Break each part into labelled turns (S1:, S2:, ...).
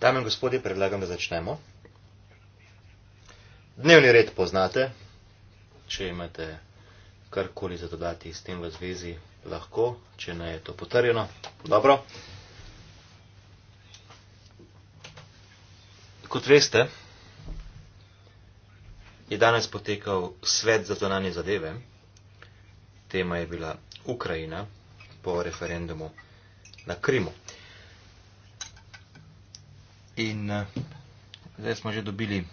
S1: dame in gospodje predlagam da začnemo dnevni red poznate če imate karkoli za dodati s tem v zvezi lahko če ne je to potrjeno dobro kot veste je danes potekal svet za zunanje zadeve tema je bila ukrajina po referendumu na Krimu. In eh, zdaj smo že dobili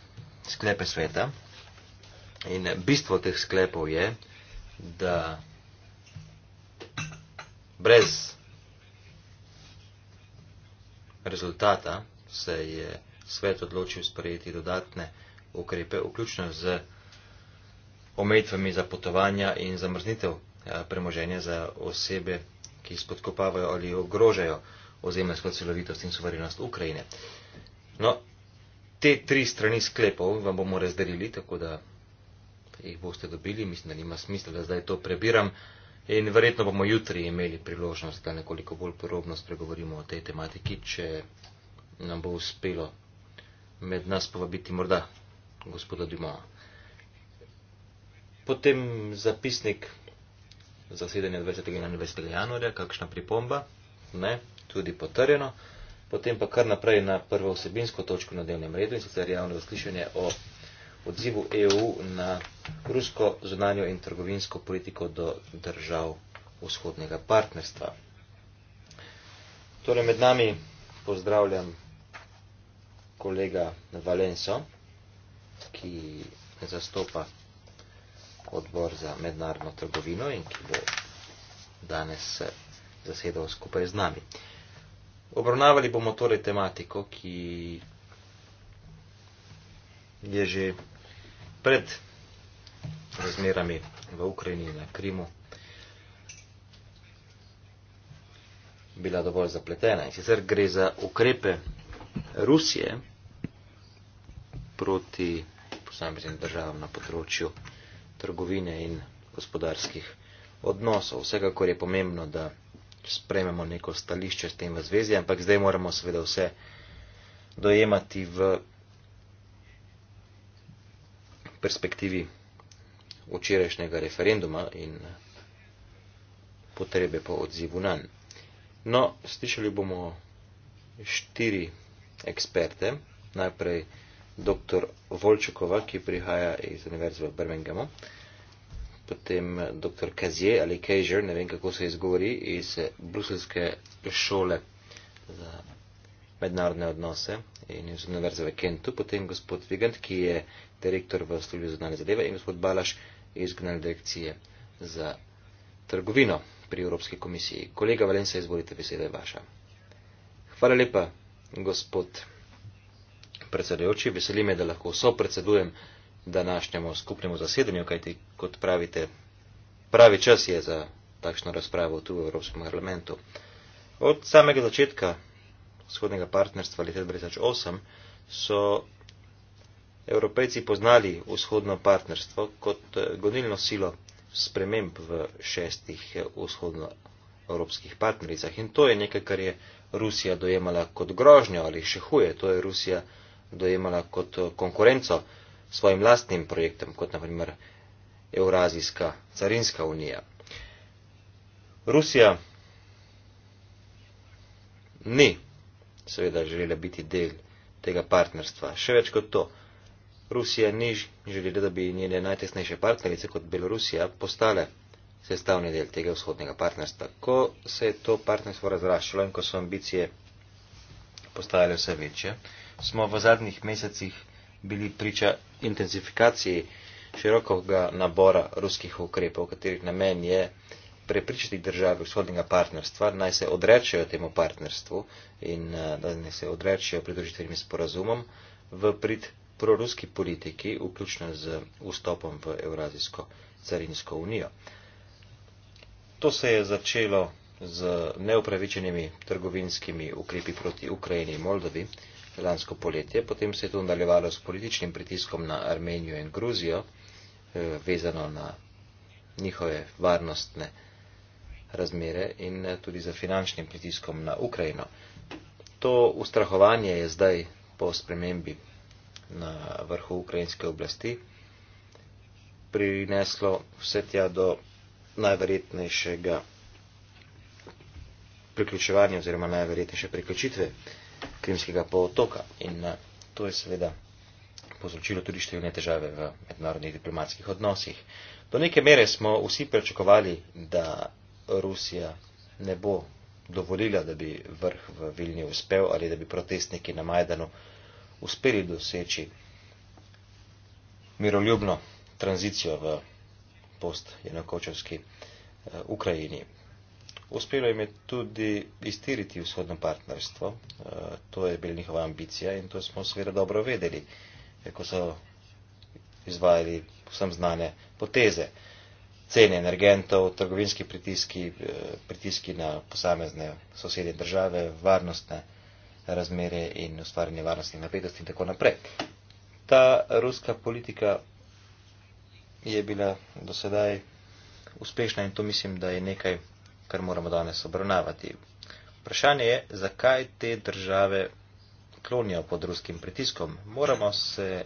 S1: sklepe sveta. In eh, bistvo teh sklepov je, da brez rezultata se je svet odločil sprejeti dodatne ukrepe, vključno z omejitvami za potovanja in zamrznitev eh, premoženja za osebe ki spodkopavajo ali ogrožajo ozemljsko celovitost in suverenost Ukrajine. No, te tri strani sklepov vam bomo razdelili, tako da jih boste dobili. Mislim, da nima smisla, da zdaj to prebiram. In verjetno bomo jutri imeli priložnost, da nekoliko bolj podrobno spregovorimo o tej tematiki, če nam bo uspelo med nas povabiti morda gospoda Dimova. Potem zapisnik zasedanje 20. in 21. januarja, kakšna pripomba, ne, tudi potrjeno. Potem pa kar naprej na prvo osebinsko točko na dnevnem redu in sicer javno zaslišanje o odzivu EU na rusko zunanjo in trgovinsko politiko do držav vzhodnega partnerstva. Torej med nami pozdravljam kolega Valenso, ki zastopa odbor za mednarodno trgovino in ki bo danes zasedal skupaj z nami. Obravnavali bomo torej tematiko, ki je že pred razmerami v Ukrajini in na Krimu bila dovolj zapletena. In sicer gre za ukrepe Rusije proti posameznim državam na področju trgovine in gospodarskih odnosov. Vsekakor je pomembno, da sprememo neko stališče s tem v zvezi, ampak zdaj moramo seveda vse dojemati v perspektivi včerajšnjega referenduma in potrebe po odzivu na nj. No, slišali bomo štiri eksperte. Najprej dr. Volčukova, ki prihaja iz Univerze v Birminghamu, potem dr. Kazier ali Kazier, ne vem kako se izgovori, iz Bruselske šole za mednarodne odnose in iz Univerze v Kentu, potem gospod Vigant, ki je direktor v službi za zunanje zadeve in gospod Balaš iz Generalne direkcije za trgovino pri Evropski komisiji. Kolega Valencia, izvolite, beseda je vaša. Hvala lepa, gospod predsedujoči, veseli me, da lahko so predsedujem današnjemu skupnemu zasedanju, kajti, kot pravite, pravi čas je za takšno razpravo tu v Evropskem parlamentu. Od samega začetka vzhodnega partnerstva leta 2008 so evropejci poznali vzhodno partnerstvo kot eh, gonilno silo sprememb v šestih eh, vzhodnoevropskih partnericah. In to je nekaj, kar je Rusija dojemala kot grožnjo ali še huje. To je Rusija dojemala kot eh, konkurenco svojim lastnim projektom, kot naprimer Eurazijska carinska unija. Rusija ni seveda želela biti del tega partnerstva. Še več kot to, Rusija ni želela, da bi njene najtesnejše partnerice kot Belorusija postale sestavni del tega vzhodnega partnerstva. Ko se je to partnerstvo razraščalo in ko so ambicije postajale vse večje, smo v zadnjih mesecih bili priča intenzifikaciji širokega nabora ruskih ukrepov, katerih namen je prepričati države vzhodnega partnerstva, naj se odrečejo temu partnerstvu in eh, da naj se odrečejo pridružitvenim sporazumom v prid proruski politiki, vključno z vstopom v Eurazijsko carinsko unijo. To se je začelo z neupravičenimi trgovinskimi ukrepi proti Ukrajini in Moldovi, lansko poletje, potem se je to nadaljevalo s političnim pritiskom na Armenijo in Gruzijo, eh, vezano na njihove varnostne razmere in eh, tudi za finančnim pritiskom na Ukrajino. To ustrahovanje je zdaj po spremembi na vrhu ukrajinske oblasti prineslo vse tja do najverjetnejšega priključevanja oziroma najverjetnejše priključitve. Krimskega polotoka in eh, to je seveda povzročilo tudi številne težave v mednarodnih diplomatskih odnosih. Do neke mere smo vsi prečakovali, da Rusija ne bo dovolila, da bi vrh v Vilni uspel ali da bi protestniki na Majdanu uspeli doseči miroljubno tranzicijo v post-jenokočevski eh, Ukrajini. Uspelo jim je tudi iztiriti vzhodno partnerstvo, eh, to je bila njihova ambicija in to smo seveda dobro vedeli, eh, ko so izvajali vsem znane poteze. Cene energentov, trgovinski pritiski, eh, pritiski na posamezne sosedje države, varnostne razmere in ustvarjanje varnostnih napetosti in tako naprej. Ta ruska politika je bila do sedaj uspešna in to mislim, da je nekaj kar moramo danes obravnavati. Vprašanje je, zakaj te države klonijo pod ruskim pritiskom. Moramo se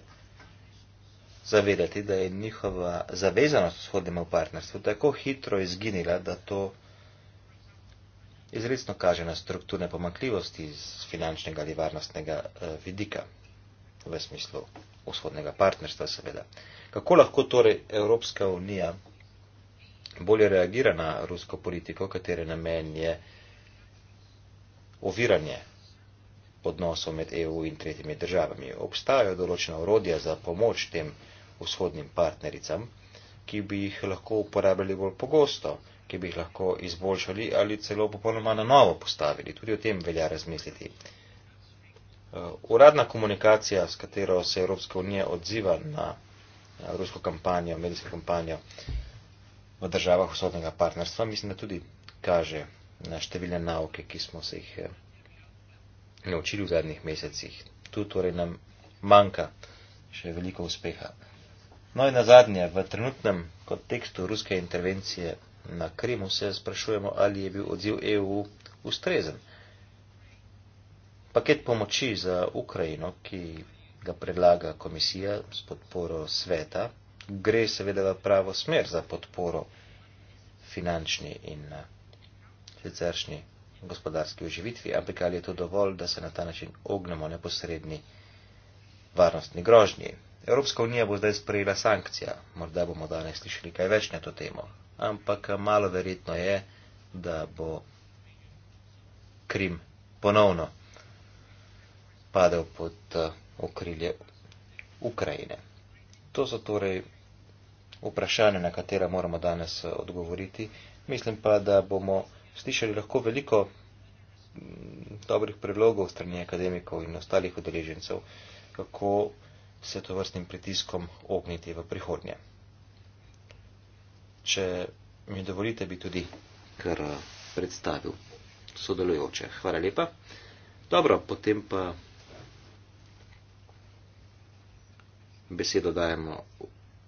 S1: zavedati, da je njihova zavezanost vzhodnemu partnerstvu tako hitro izginila, da to izredno kaže na strukturne pomakljivosti z finančnega ali varnostnega eh, vidika v smislu vzhodnega partnerstva, seveda. Kako lahko torej Evropska unija bolje reagira na rusko politiko, katere namen je oviranje odnosov med EU in tretjimi državami. Obstajajo določena urodja za pomoč tem vzhodnim partnericam, ki bi jih lahko uporabljali bolj pogosto, ki bi jih lahko izboljšali ali celo popolnoma na novo postavili. Tudi o tem velja razmisliti. Uh, uradna komunikacija, s katero se Evropska unija odziva na rusko kampanjo, medijsko kampanjo, v državah vzhodnega partnerstva, mislim, da tudi kaže na številne nauke, ki smo se jih eh, naučili v zadnjih mesecih. Tu torej nam manjka še veliko uspeha. No in na zadnje, v trenutnem kontekstu ruske intervencije na Krimu se sprašujemo, ali je bil odziv EU ustrezen. Paket pomoči za Ukrajino, ki ga predlaga komisija s podporo sveta, gre seveda v pravo smer za podporo finančni in eh, siceršnji gospodarski oživitvi, ampak ali je to dovolj, da se na ta način ognemo neposredni varnostni grožnji. Evropska unija bo zdaj sprejela sankcija, morda bomo danes slišali kaj več na to temo, ampak eh, malo verjetno je, da bo Krim ponovno padel pod eh, okrilje Ukrajine. To so torej vprašanja, na katera moramo danes eh, odgovoriti. Mislim pa, da bomo slišali lahko veliko mm, dobrih predlogov strani akademikov in ostalih udeležencev, kako se to vrstnim pritiskom ogniti v prihodnje. Če mi dovolite, bi tudi kar eh, predstavil sodelujoče. Hvala lepa. Dobro, potem pa besedo dajemo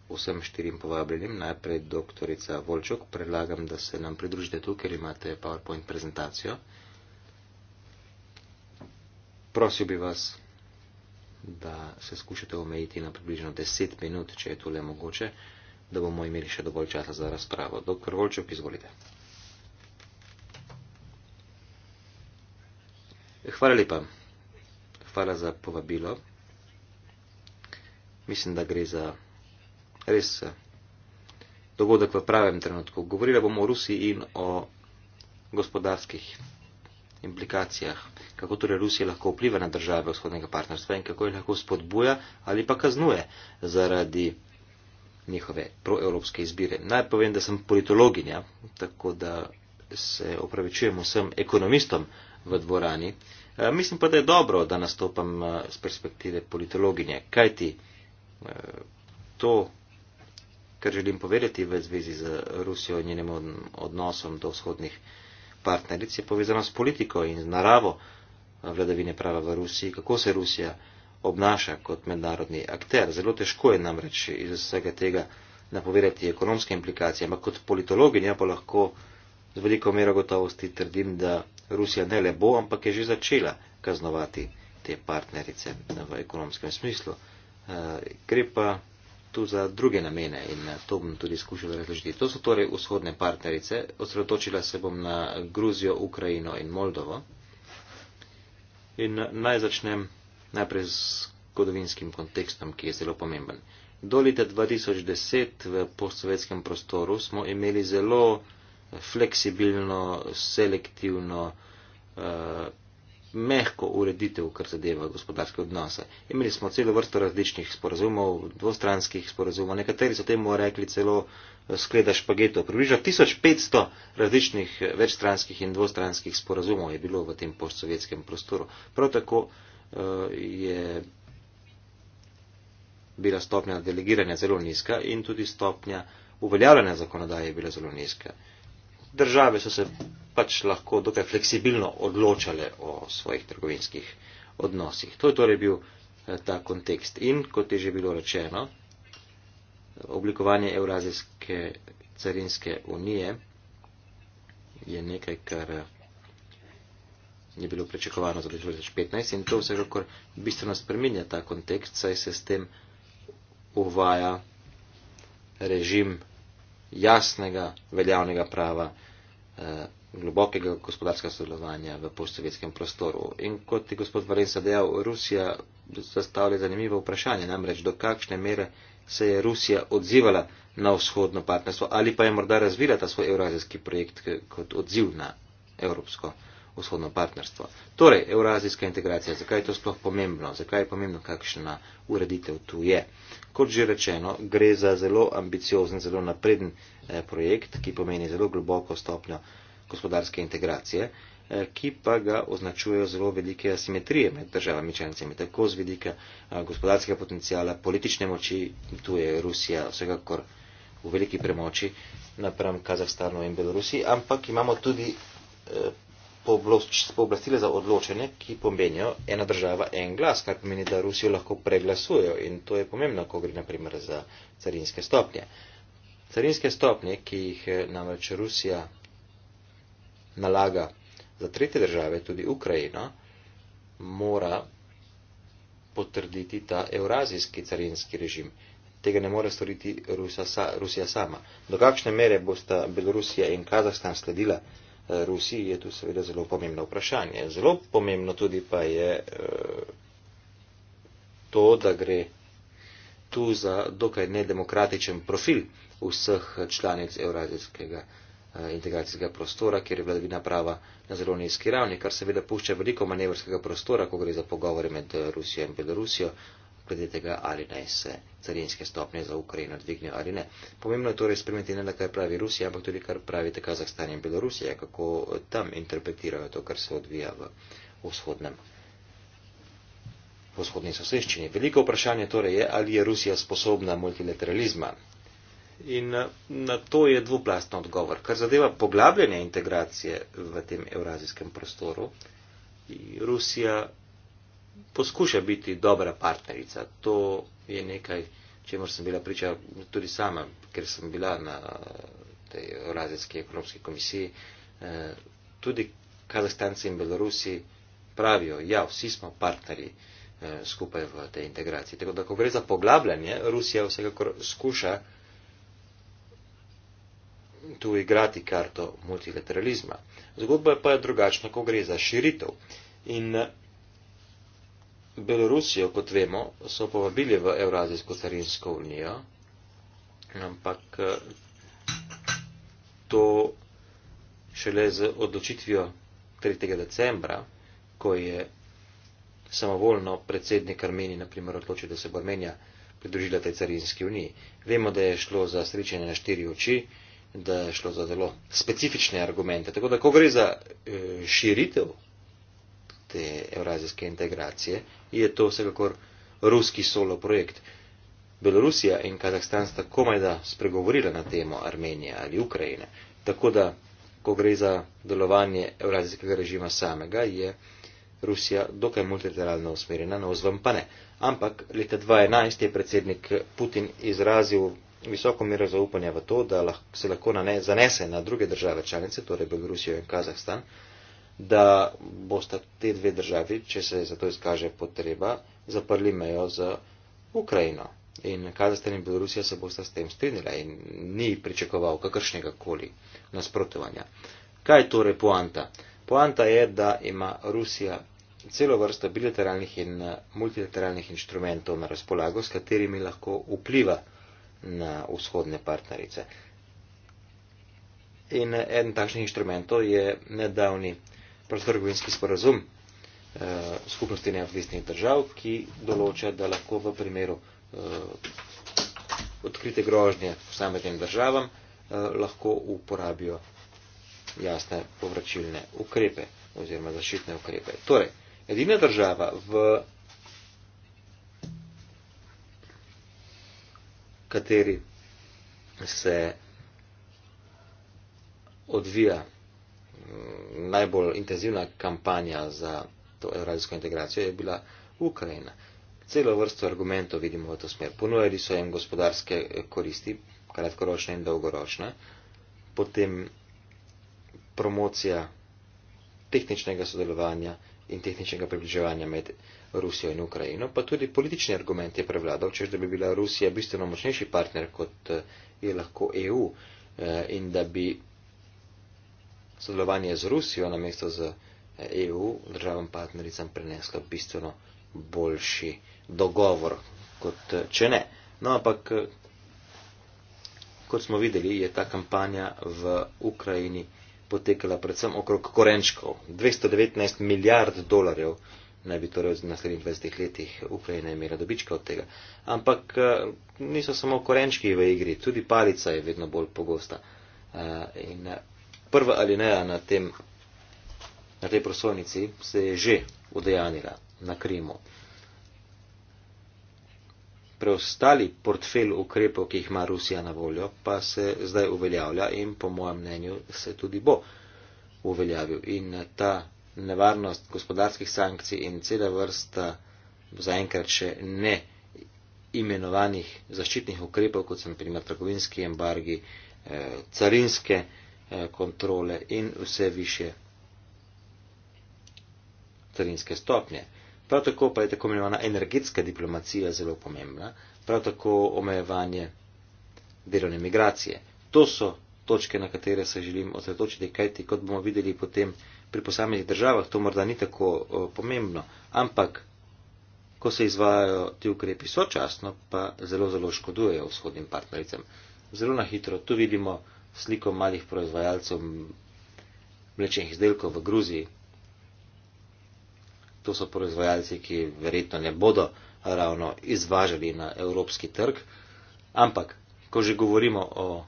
S1: vsem štirim povabljenim, najprej doktorica Volčok, predlagam, da se nam pridružite tu, ker imate PowerPoint prezentacijo. Prosil bi vas, da se skušate omejiti na približno 10 minut, če je to le mogoče, da bomo imeli še dovolj časa za razpravo. Doktor Volčok, izvolite. Hvala lepa. Hvala za povabilo. Mislim, da gre za res eh, dogodek v pravem trenutku. Govorili bomo o Rusiji in o gospodarskih implikacijah, kako torej Rusija lahko vpliva na države vzhodnega partnerstva in kako jih lahko spodbuja ali pa kaznuje zaradi njihove proevropske izbire. Naj povem, da sem politologinja, tako da se opravičujem vsem ekonomistom v dvorani. Eh, mislim pa, da je dobro, da nastopam eh, z perspektive politologinje, kajti to, kar želim povedati v zvezi z Rusijo in njenim odnosom do vzhodnih partneric, je povezano s politiko in z naravo eh, vladavine prava v Rusiji, kako se Rusija obnaša kot mednarodni akter. Zelo težko je namreč iz vsega tega napovedati ekonomske implikacije, ampak kot politologinja pa lahko z veliko mero gotovosti trdim, da Rusija ne le bo, ampak je že začela kaznovati te partnerice v ekonomskem smislu. Eh, gre pa tu za druge namene in to bom tudi skušal razložiti. To so torej vzhodne partnerice. Osredotočila se bom na Gruzijo, Ukrajino in Moldovo. In naj začnem najprej z zgodovinskim kontekstom, ki je zelo pomemben. Do leta 2010 v postsovjetskem prostoru smo imeli zelo fleksibilno, selektivno uh, mehko ureditev, kar zadeva gospodarske odnose. Imeli smo celo vrsto različnih sporazumov, dvostranskih sporazumov, nekateri so temu rekli celo eh, skleda špagetov. Približno 1500 različnih večstranskih in dvostranskih sporazumov je bilo v tem postsovjetskem prostoru. Prav tako eh, je bila stopnja delegiranja zelo nizka in tudi stopnja uveljavljanja zakonodaje je bila zelo nizka države so se pač lahko dokaj fleksibilno odločale o svojih trgovinskih odnosih. To je torej bil eh, ta kontekst. In kot je že bilo rečeno, oblikovanje Eurazijske carinske unije je nekaj, kar eh, je bilo prečakovano za 2015 in to vsekakor bistveno spreminja ta kontekst, saj se s tem uvaja režim jasnega veljavnega prava, eh, globokega gospodarskega sodelovanja v postsovjetskem prostoru. In kot je gospod Valenca dejal, Rusija zastavlja zanimivo vprašanje, namreč do kakšne mere se je Rusija odzivala na vzhodno partnerstvo ali pa je morda razvila ta svoj evrazijski projekt kot odziv na evropsko partnerstvo vzhodno partnerstvo. Torej, evrazijska integracija, zakaj je to sploh pomembno, zakaj je pomembno, kakšna ureditev tu je. Kot že rečeno, gre za zelo ambiciozen, zelo napreden eh, projekt, ki pomeni zelo globoko stopnjo gospodarske integracije, eh, ki pa ga označujejo zelo velike asimetrije med državami članicami, tako z vidika eh, gospodarskega potencijala, politične moči, tu je Rusija vsekakor v veliki premoči napram Kazahstanu in Belorusiji, ampak imamo tudi pooblastila za odločanje, ki pomenijo ena država, en glas, kar pomeni, da Rusijo lahko preglasujejo in to je pomembno, ko gre naprimer za carinske stopnje. Carinske stopnje, ki jih eh, namreč Rusija nalaga za tretje države, tudi Ukrajino, mora potrditi ta evrazijski carinski režim. Tega ne more storiti Rusa, Rusija sama. Do kakšne mere bosta Belorusija in Kazahstan sledila? Rusiji je tu seveda zelo pomembno vprašanje. Zelo pomembno tudi pa je eh, to, da gre tu za dokaj nedemokratičen profil vseh članic Eurazijskega eh, integracijskega prostora, kjer je vladavina prava na zelo nizki ravni, kar seveda pušča veliko manevrskega prostora, ko gre za pogovore med eh, Rusijo in Belorusijo, glede tega, ali naj se carinske stopnje za Ukrajino dvignejo ali ne. Pomembno je torej spremeti ne le, kaj pravi Rusija, ampak tudi, kar pravite Kazahstan in Belorusija, kako eh, tam interpretirajo to, kar se odvija v vzhodnem. V vzhodni soseščini. Veliko vprašanje torej je, ali je Rusija sposobna multilateralizma. In eh, na to je dvoplastno odgovor. Kar zadeva poglabljanje integracije v tem evrazijskem prostoru, Rusija poskuša biti dobra partnerica. To je nekaj, čemu sem bila priča tudi sama, ker sem bila na tej Eurazijski ekonomski komisiji. Eh, tudi Kazahstanci in Belorusi pravijo, ja, vsi smo partnerji eh, skupaj v tej integraciji. Tako da, ko gre za poglabljanje, Rusija vsekakor skuša tu igrati karto multilateralizma. Zgodba pa je drugačna, ko gre za širitev. In Belorusijo, kot vemo, so povabili v Evrazijsko carinsko unijo, ampak eh, to šele z odločitvijo 3. decembra, ko je samovoljno predsednik Armenije, naprimer, odločil, da se bo Armenija pridružila tej carinski uniji. Vemo, da je šlo za sričenje na štiri oči, da je šlo za zelo specifične argumente. Tako da, ko gre za e, širitev te evrazijske integracije, je to vsekakor ruski solo projekt. Belorusija in Kazahstan sta komaj da spregovorila na temo Armenije ali Ukrajine. Tako da, ko gre za delovanje evrazijskega režima samega, je Rusija dokaj multilateralno usmerjena, na ozvem pa ne. Ampak leta 2011 je predsednik Putin izrazil visoko mero zaupanja v to, da se lahko zanese na druge države članice, torej Belorusijo in Kazahstan, da bosta te dve državi, če se za to izkaže potreba, zaprli mejo z Ukrajino. In Kazahstan in Belorusija se bosta s tem strinjala in ni pričakoval kakršnega koli nasprotovanja. Kaj je torej poanta? Poanta je, da ima Rusija celo vrsto bilateralnih in eh, multilateralnih inštrumentov na razpolago, s katerimi lahko vpliva na vzhodne partnerice. In eh, en takšnih inštrumentov je nedavni prostorgovinski sporazum eh, skupnosti neodvisnih držav, ki določa, da lahko v primeru eh, odkrite grožnje posameznim državam eh, lahko uporabijo jasne povračilne ukrepe oziroma zaščitne ukrepe. Torej, edina država v kateri se odvija najbolj intenzivna kampanja za to evrazijsko integracijo je bila Ukrajina. Celo vrsto argumentov vidimo v to smer. Ponujali so jim gospodarske koristi, kratkoročne in dolgoročne, potem promocija tehničnega sodelovanja in tehničnega približevanja med Rusijo in Ukrajino, pa tudi politični argument je prevladal, čež da bi bila Rusija bistveno močnejši partner, kot eh, je lahko EU eh, in da bi sodelovanje z Rusijo na mesto z EU državam partnericam prenesla bistveno boljši dogovor, kot če ne. No, ampak, kot smo videli, je ta kampanja v Ukrajini potekala predvsem okrog korenčkov. 219 milijard dolarjev naj bi torej v naslednjih 20 letih Ukrajina imela dobička od tega. Ampak niso samo korenčki v igri, tudi palica je vedno bolj pogosta. Eh, in prva alineja na, tem, na tej prosojnici se je že udejanila na Krimu. Preostali portfel ukrepov, ki jih ima Rusija na voljo, pa se zdaj uveljavlja in po mojem mnenju se tudi bo uveljavil. In ta nevarnost gospodarskih sankcij in cela vrsta zaenkrat še ne imenovanih zaščitnih ukrepov, kot so naprimer trgovinski embargi, eh, carinske Eh, kontrole in vse više carinske stopnje. Prav tako pa je tako imenovana energetska diplomacija zelo pomembna, prav tako omejevanje delovne migracije. To so točke, na katere se želim osredotočiti, kajti kot bomo videli potem pri posameznih državah, to morda ni tako o, eh, pomembno, ampak ko se izvajajo ti ukrepi sočasno, pa zelo, zelo škodujejo vzhodnim partnericam. Zelo na hitro tu vidimo, sliko malih proizvajalcev mlečnih izdelkov v Gruziji. To so proizvajalci, ki verjetno ne bodo ravno izvažali na evropski trg, ampak ko že govorimo o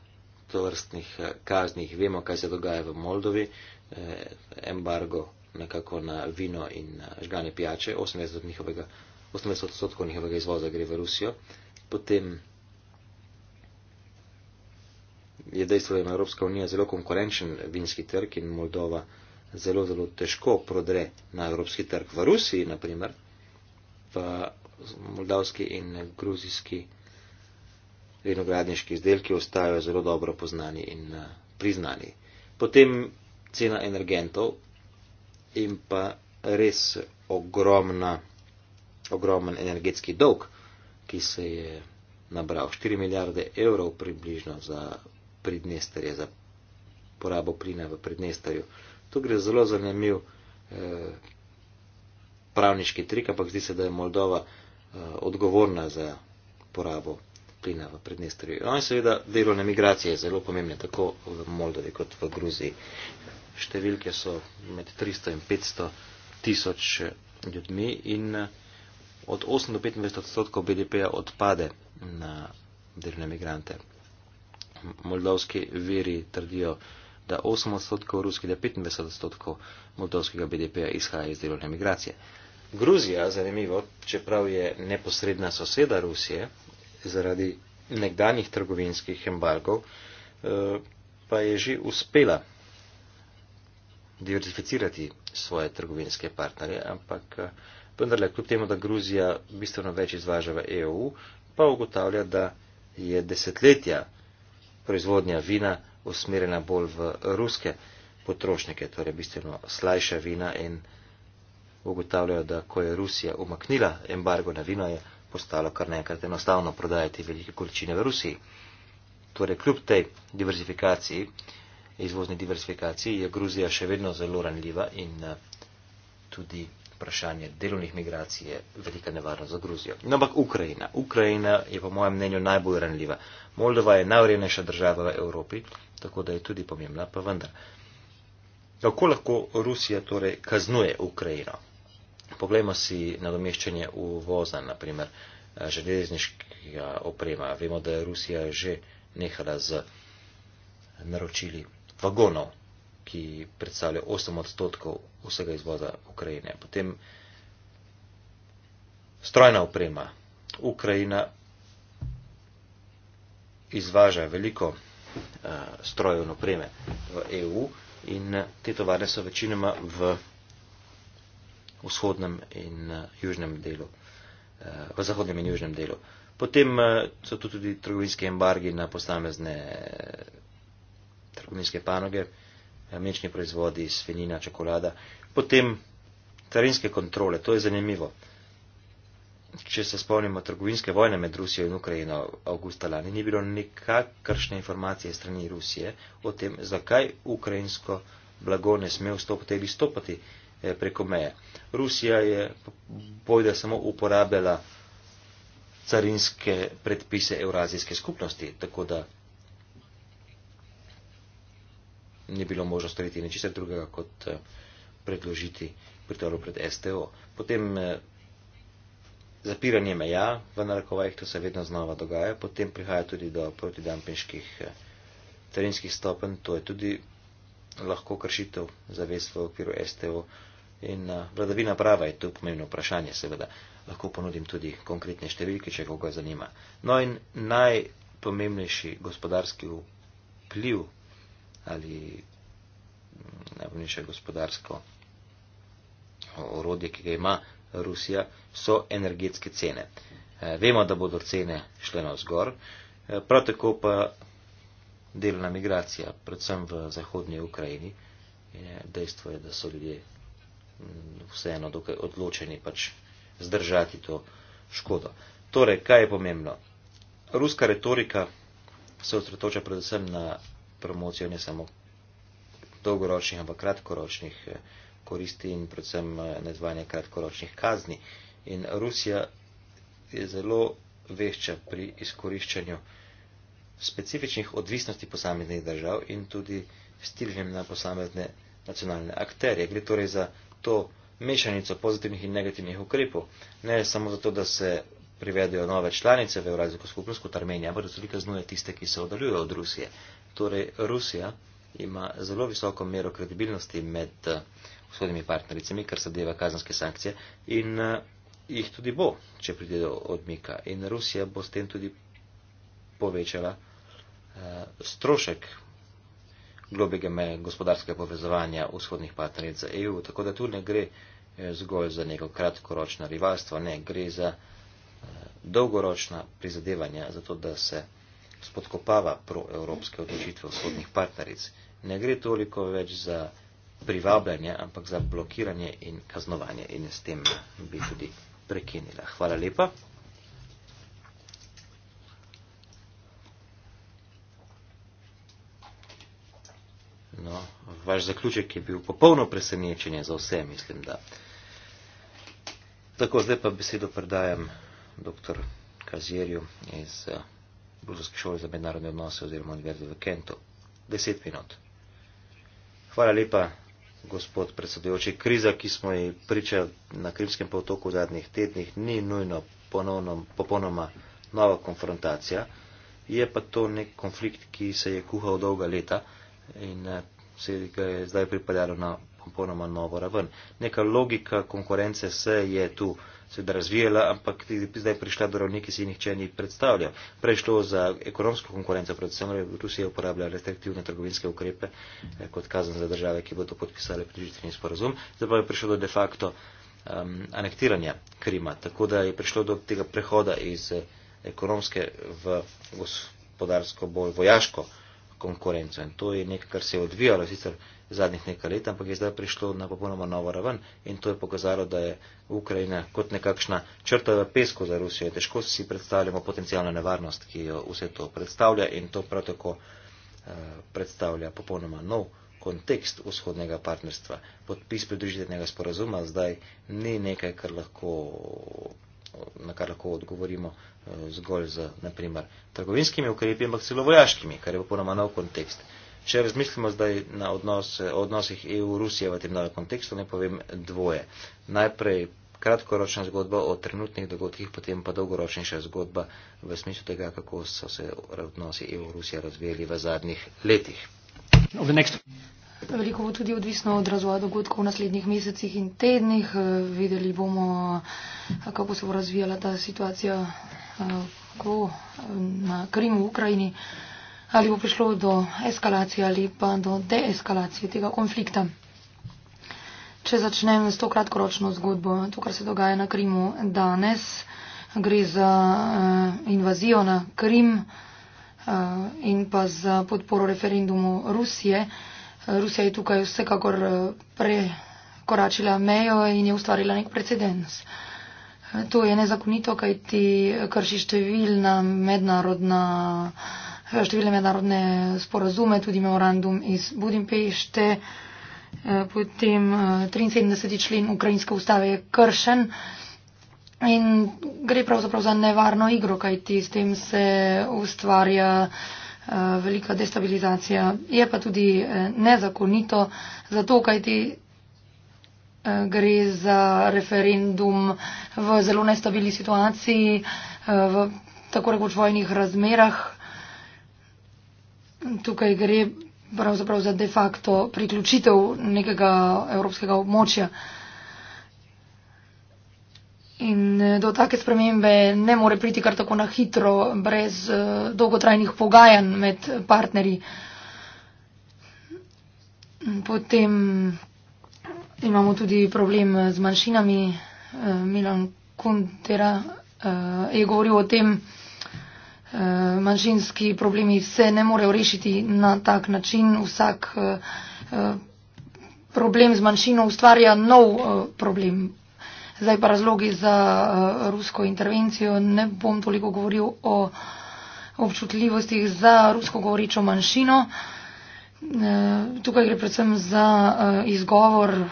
S1: tovrstnih eh, kaznih, vemo, kaj se dogaja v Moldovi, eh, embargo nekako na vino in eh, žgane pijače, 80 odstotkov njihovega izvoza gre v Rusijo, potem je dejstvo, da ima Evropska unija zelo konkurenčen vinski trg in Moldova zelo, zelo težko prodre na evropski trg. V Rusiji, naprimer, v moldavski in gruzijski vinogradniški izdelki ostajajo zelo dobro poznani in eh, priznani. Potem cena energentov in pa res ogromna, ogromen energetski dolg, ki se je nabral 4 milijarde evrov približno za Pridnesterje, za porabo plina v Pridnesterju. Tu gre zelo zanimiv eh, pravniški trik, ampak zdi se, da je Moldova eh, odgovorna za porabo plina v Pridnesterju. No in seveda delovne migracije je zelo pomembne, tako v Moldovi kot v Gruziji. Številke so med 300 in 500 tisoč eh, ljudmi in eh, od 8 do 25 odstotkov BDP-ja odpade na delovne migrante moldavski veri trdijo, da 8 odstotkov ruski, da 25 odstotkov moldavskega BDP-ja izhaja iz delovne migracije. Gruzija, zanimivo, čeprav je neposredna soseda Rusije zaradi nekdanjih trgovinskih embargov, eh, pa je že uspela diversificirati svoje trgovinske partnerje, ampak eh, vendarle, kljub temu, da Gruzija bistveno več izvaža v EU, pa ugotavlja, da je desetletja proizvodnja vina usmerjena bolj v ruske potrošnike, torej bistveno slajša vina in ugotavljajo, da ko je Rusija umaknila embargo na vino, je postalo kar nekrat enostavno prodajati velike količine v Rusiji. Torej, kljub tej diversifikaciji, izvozni diversifikaciji, je Gruzija še vedno zelo ranljiva in eh, tudi vprašanje delovnih migracij je velika nevarnost za Gruzijo. No, ampak Ukrajina. Ukrajina je po mojem mnenju najbolj ranljiva. Moldova je najvrednejša država v Evropi, tako da je tudi pomembna, pa vendar. Kako lahko Rusija torej kaznuje Ukrajino? Poglejmo si nadomeščanje uvoza, naprimer eh, železniškega oprema. Vemo, da je Rusija že nehala z naročili vagonov, ki predstavljajo 8 odstotkov vsega izvoza Ukrajine. Potem strojna oprema. Ukrajina izvaža veliko uh, strojev in opreme v EU in eh, te tovarne so večinoma v vzhodnem in uh, južnem delu, uh, v zahodnem in južnem delu. Potem uh, so tu tudi trgovinske embargi na posamezne uh, trgovinske panoge, uh, mlečni proizvodi, svinina, čokolada. Potem carinske kontrole, to je zanimivo če se spomnimo trgovinske vojne med Rusijo in Ukrajino avgusta lani, ni bilo nikakršne informacije strani Rusije o tem, zakaj ukrajinsko blago ne sme vstopiti ali stopati eh, preko meje. Rusija je bojda samo uporabljala carinske predpise Eurazijske skupnosti, tako da ni bilo možno storiti ničesar drugega kot eh, predložiti pritoru pred STO. Potem eh, zapiranje meja, v narekovajih to se vedno znova dogaja, potem prihaja tudi do protidampinških eh, carinskih stopenj, to je tudi lahko kršitev zavez v okviru STO in eh, vladavina prava je tu pomembno vprašanje, seveda lahko ponudim tudi konkretne številke, če koga zanima. No in najpomembnejši gospodarski vpliv ali mm, najpomembnejše gospodarsko orodje, ki ga ima Rusija, so energetske cene. Eh, vemo, da bodo cene šle na vzgor, eh, prav tako pa delna migracija, predvsem v zahodnji Ukrajini. Dejstvo je, da so ljudje mm, vseeno dokaj odločeni pač zdržati to škodo. Torej, kaj je pomembno? Ruska retorika se osredotoča predvsem na promocijo ne samo dolgoročnih, ampak kratkoročnih eh, koristi in predvsem eh, nezvanje kratkoročnih kazni. In Rusija je zelo vešča pri izkoriščanju specifičnih odvisnosti posameznih držav in tudi stilhem na posamezne nacionalne akterje. Gre torej za to mešanico pozitivnih in negativnih ukrepov. Ne samo zato, da se privedejo nove članice v Evrazijsko skupnost kot Armenija, ampak da se kaznuje tiste, ki se oddaljujejo od Rusije. Torej, Rusija ima zelo visoko mero kredibilnosti med uh, vzhodnimi partnericami, kar zadeva kazanske sankcije in uh, jih tudi bo, če pride do odmika. In Rusija bo s tem tudi povečala uh, strošek globega meja gospodarskega povezovanja vzhodnih partneric za EU. Tako da tu ne gre eh, zgolj za neko kratkoročno rivalstvo, ne gre za uh, dolgoročna prizadevanja za to, da se spodkopava proevropske odločitve vzhodnih partneric. Ne gre toliko več za privabljanje, ampak za blokiranje in kaznovanje. In s tem bi tudi prekinila. Hvala lepa. No, vaš zaključek je bil popolno presenečenje za vse, mislim, da. Tako, zdaj pa besedo predajam dr. Kazirju iz eh, Bruzovske šole za mednarodne odnose oziroma Univerze v Kentu. Deset minut. Hvala lepa gospod predsedujoči, kriza, ki smo ji pričali na Krimskem potoku v zadnjih tednih, ni nujno ponovno, popolnoma nova konfrontacija, je pa to nek konflikt, ki se je kuhal dolga leta in eh, se ga je zdaj pripeljalo na popolnoma novo raven. Neka logika konkurence se je tu uh, seveda razvijala, ampak zdaj je prišla do ravni, ki si nihče ni predstavljal. Prej šlo za ekonomsko konkurenco, predvsem Rusija uporablja restriktivne trgovinske ukrepe eh, kot kazen za države, ki bodo podpisali pridružitveni sporazum. Zdaj pa je prišlo do de facto um, anektiranja Krima, tako da je prišlo do tega prehoda iz eh, ekonomske v gospodarsko bolj vojaško konkurenco. In to je nekaj, kar se je odvijalo sicer zadnjih nekaj let, ampak je zdaj prišlo na popolnoma novo raven in to je pokazalo, da je Ukrajina kot nekakšna črta v pesku za Rusijo. Težko si predstavljamo potencijalno nevarnost, ki jo vse to predstavlja in to prav tako eh, predstavlja popolnoma nov kontekst vzhodnega partnerstva. Podpis pridružitevnega sporazuma zdaj ni nekaj, kar lahko, na kar lahko odgovorimo eh, zgolj z, naprimer, trgovinskimi ukrepi, ampak celo vojaškimi, kar je popolnoma nov kontekst. Če razmislimo zdaj na odnos, odnosih EU-Rusije v tem novem kontekstu, ne povem dvoje. Najprej kratkoročna zgodba o trenutnih dogodkih, potem pa dolgoročnejša zgodba v smislu tega, kako so se odnosi EU-Rusije razvijali v zadnjih letih.
S2: Veliko bo tudi odvisno od razvoja dogodkov v naslednjih mesecih in tednih. Videli bomo, kako se bo razvijala ta situacija ko, na Krimu v Ukrajini ali bo prišlo do eskalacije ali pa do deeskalacije tega konflikta. Če začnem s to kratkoročno zgodbo, to, kar se dogaja na Krimu danes, gre za uh, invazijo na Krim uh, in pa za podporo referendumu Rusije. Rusija je tukaj vsekakor eh, prekoračila mejo in je ustvarila nek precedens. To je nezakonito, kajti krši številna mednarodna. Uh, številne mednarodne sporazume, tudi memorandum iz Budimpešte, eh, potem 73. Eh, člen ukrajinske ustave je kršen in gre pravzaprav za nevarno igro, kajti s tem se ustvarja eh, velika destabilizacija. Je pa tudi nezakonito, zato kajti gre za referendum v zelo nestabilni situaciji, v tako rekoč vojnih razmerah tukaj gre pravzaprav za de facto priključitev nekega evropskega območja. In eh, do take spremembe ne more priti kar tako na hitro, brez eh, dolgotrajnih pogajanj med partnerji. Potem imamo tudi problem eh, z manjšinami. Milan Kuntera je govoril o tem, Eh, manjšinski problemi se ne morejo rešiti na tak način. Vsak eh, eh, problem z manjšino ustvarja nov problem. Zdaj pa razlogi za rusko intervencijo. Ne bom toliko govoril o občutljivostih za rusko govorečo manjšino. Tukaj gre predvsem za izgovor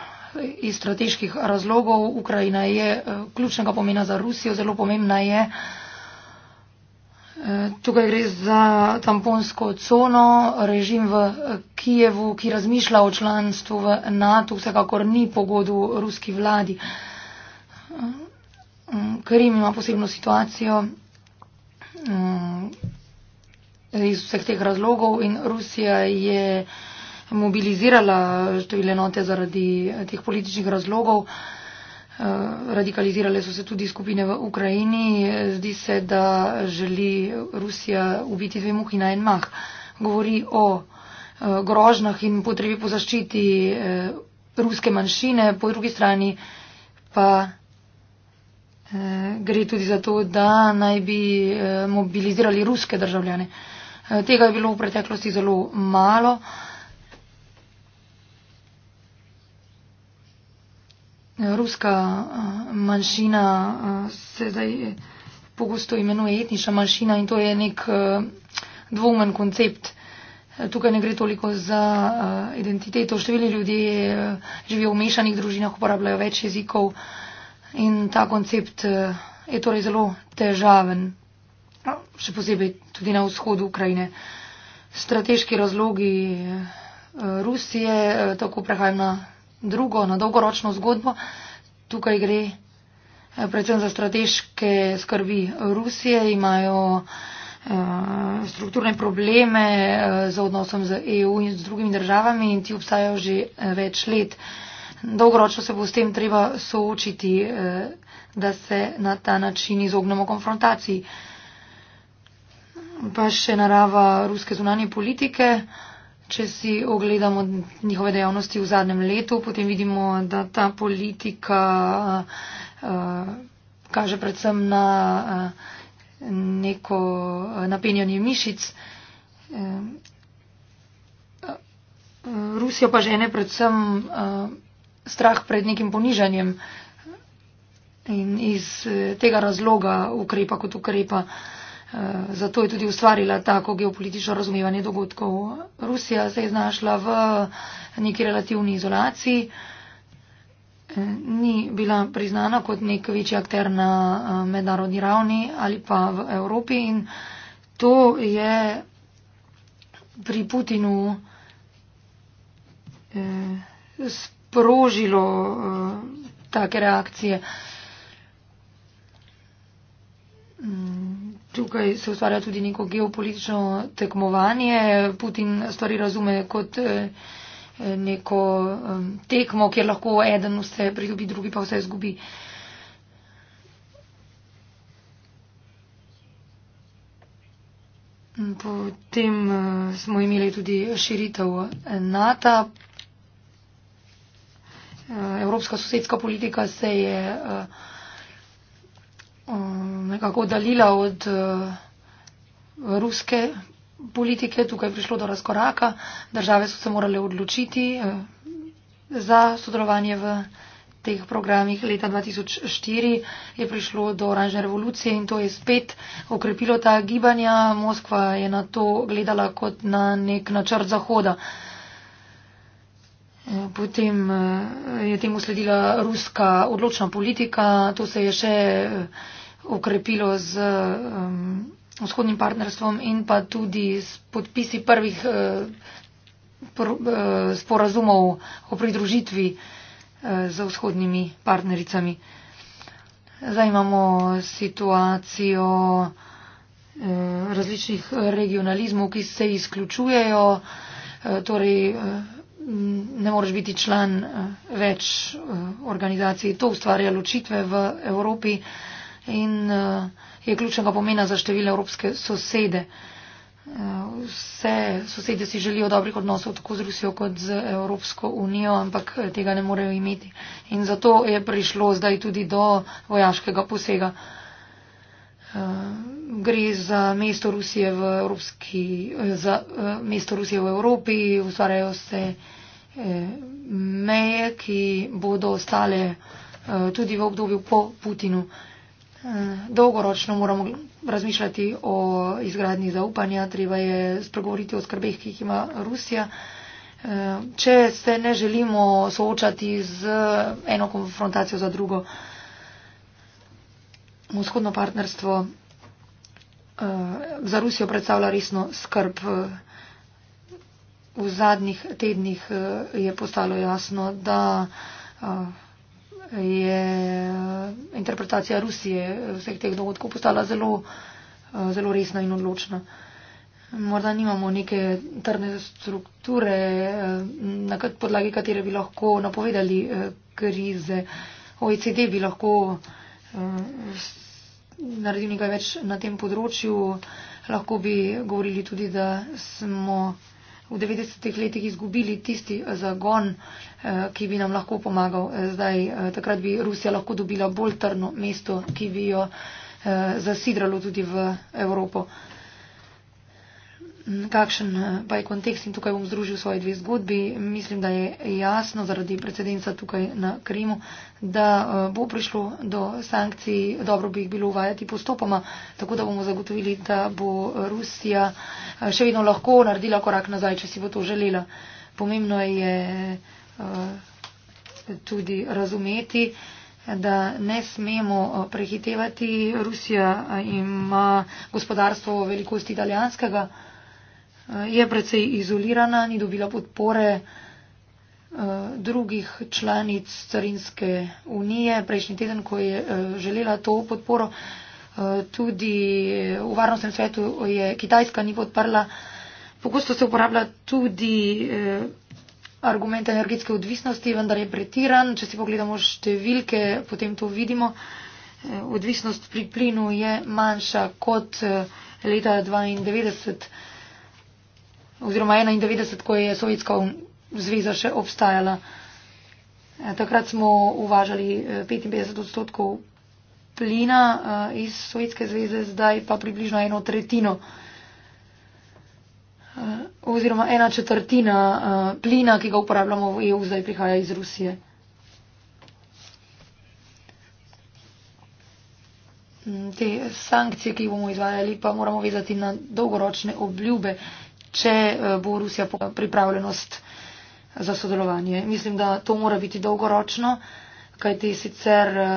S2: iz strateških razlogov. Ukrajina je ključnega pomena za Rusijo, zelo pomembna je Tukaj gre za tamponsko cono, režim v Kijevu, ki razmišlja o članstvu v NATO, vsekakor ni pogodu ruski vladi. Krim ima posebno situacijo mm, iz vseh teh razlogov in Rusija je mobilizirala številne note zaradi teh političnih razlogov. Radikalizirale so se tudi skupine v Ukrajini. Zdi se, da želi Rusija ubiti dve muhi na en mah. Govori o eh, grožnah in potrebi po zaščiti eh, ruske manjšine, po drugi strani pa eh, gre tudi za to, da naj bi mobilizirali ruske državljane. Tega je bilo v preteklosti zelo malo. ruska manjšina se zdaj pogosto imenuje etnična manjšina in to je nek dvomen koncept. Tukaj ne gre toliko za identiteto. Številni ljudje živijo v mešanih družinah, uporabljajo več jezikov in ta koncept je torej zelo težaven, še posebej tudi na vzhodu Ukrajine. Strateški razlogi Rusije, tako prehajam na drugo, na dolgoročno zgodbo. Tukaj gre eh, predvsem za strateške skrbi Rusije, imajo uh, strukturne probleme uh, z odnosom z EU in z drugimi državami in ti obstajajo že uh, več let. Dolgoročno se bo s tem treba soočiti, uh, da se na ta način izognemo konfrontaciji. Pa še narava ruske zunanje politike. Uh, Če si ogledamo njihove dejavnosti v zadnjem letu, potem vidimo, da ta politika eh, eh, kaže predvsem na eh, neko napenjanje mišic. Rusijo pa žene predvsem strah pred nekim ponižanjem in iz tega razloga ukrepa kot ukrepa. Eh, zato je tudi ustvarila tako geopolitično razumevanje dogodkov. Rusija se je znašla v neki relativni izolaciji, eh, ni bila priznana kot nek večji akter na eh, mednarodni ravni ali pa v Evropi in to je pri Putinu sprožilo take reakcije. Mm. Tukaj se ustvarja tudi neko geopolitično tekmovanje. Putin stvari razume kot eh, neko eh, tekmo, kjer lahko eden vse pridobi, drugi pa vse izgubi. Potem eh, smo imeli tudi širitev NATO. Evropska sosedska politika se je uh, Um, nekako oddaljila od uh, ruske politike, tukaj je prišlo do razkoraka, države so se morale odločiti uh, za sodelovanje v teh programih. Leta 2004 je prišlo do oranžne revolucije in to je spet okrepilo ta gibanja. Moskva je na to gledala kot na nek načrt Zahoda. Potem eh, je temu sledila ruska odločna politika, to se je še eh, okrepilo z eh, vzhodnim partnerstvom in pa tudi s podpisi prvih sporazumov o pridružitvi z vzhodnimi partnericami. Zdaj imamo situacijo različnih regionalizmov, ki se izključujejo, torej ne moreš biti član eh, več eh, organizacij. To ustvarja ločitve v Evropi in eh, je ključnega pomena za številne evropske sosede. Vse sosede si želijo dobrih odnosov tako z Rusijo kot z Evropsko unijo, ampak tega ne morejo imeti. In zato je prišlo zdaj tudi do vojaškega posega. Eh, gre za mesto Rusije v, Evropski, eh, za, uh, mesto Rusije v Evropi, ustvarjajo se meje, ki bodo ostale tudi v obdobju po Putinu. Dolgoročno moramo razmišljati o izgradni zaupanja, treba je spregovoriti o skrbeh, ki jih ima Rusija. Če se ne želimo soočati z eno konfrontacijo za drugo, mu vzhodno partnerstvo uh, za Rusijo predstavlja resno skrb. V zadnjih tednih uh, je postalo jasno, da uh, je interpretacija Rusije vseh teh dogodkov postala zelo, uh, zelo resna in odločna. Morda nimamo neke trdne strukture, na podlagi katere bi lahko napovedali krize. OECD bi lahko naredil nekaj več na tem področju. Lahko bi govorili tudi, da smo v 90-ih letih izgubili tisti zagon, eh, ki bi nam lahko pomagal. Zdaj, eh, takrat bi Rusija lahko dobila bolj trno mesto, ki bi jo eh, zasidralo tudi v Evropo kakšen eh, pa je kontekst in tukaj bom združil svoje dve zgodbi. Mislim, da je jasno zaradi precedenca tukaj na Krimu, da eh, bo prišlo do sankcij, dobro bi jih bilo uvajati postopoma, tako da bomo zagotovili, da bo Rusija eh, še vedno lahko naredila korak nazaj, če si bo to želela. Pomembno je tudi razumeti, da ne smemo prehitevati. Rusija ima gospodarstvo velikosti italijanskega je precej izolirana, ni dobila podpore eh, drugih članic Carinske unije. Prejšnji teden, ko je eh, želela to podporo, eh, tudi v varnostnem svetu je Kitajska ni podprla. Pogosto se uporablja tudi argument energetske odvisnosti, vendar je pretiran. Če si pogledamo številke, potem to vidimo. Odvisnost pri plinu je manjša kot leta 1992 oziroma 91, ko je Sovjetska zveza še obstajala. Eh, takrat smo uvažali 55 eh, odstotkov plina eh, iz Sovjetske zveze, zdaj pa približno eno tretjino oziroma ena četrtina plina, ki ga uporabljamo v EU, zdaj prihaja iz Rusije. Mm, te sankcije, ki jih bomo izvajali, pa moramo vezati na dolgoročne obljube če eh, bo Rusija pripravljenost za sodelovanje. Mislim, da to mora biti dolgoročno, kajti sicer eh,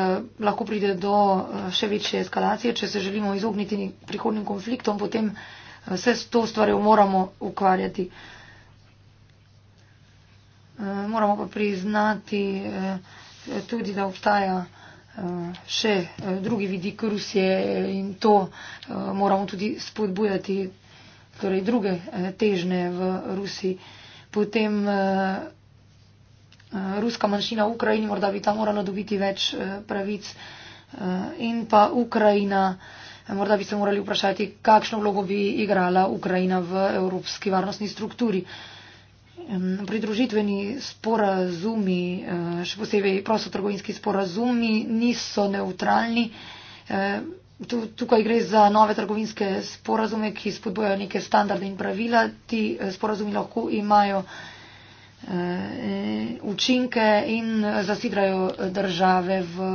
S2: lahko pride do eh, še večje eskalacije, če se želimo izogniti prihodnim konfliktom, potem se s to stvarjo moramo ukvarjati. Moramo pa priznati tudi, da obstaja še drugi vidik Rusije in to moramo tudi spodbujati torej druge eh, težne v Rusiji. Potem eh, eh, ruska manjšina v Ukrajini, morda bi tam morala dobiti več pravic. In pa Ukrajina, morda bi se morali vprašati, kakšno vlogo bi igrala Ukrajina v evropski varnostni strukturi. Pridružitveni sporazumi, še posebej prostotrgovinski sporazumi, niso neutralni. Tukaj gre za nove trgovinske sporazume, ki spodbojajo neke standarde in pravila. Ti eh, sporazumi lahko imajo eh, učinke in eh, zasidrajo države v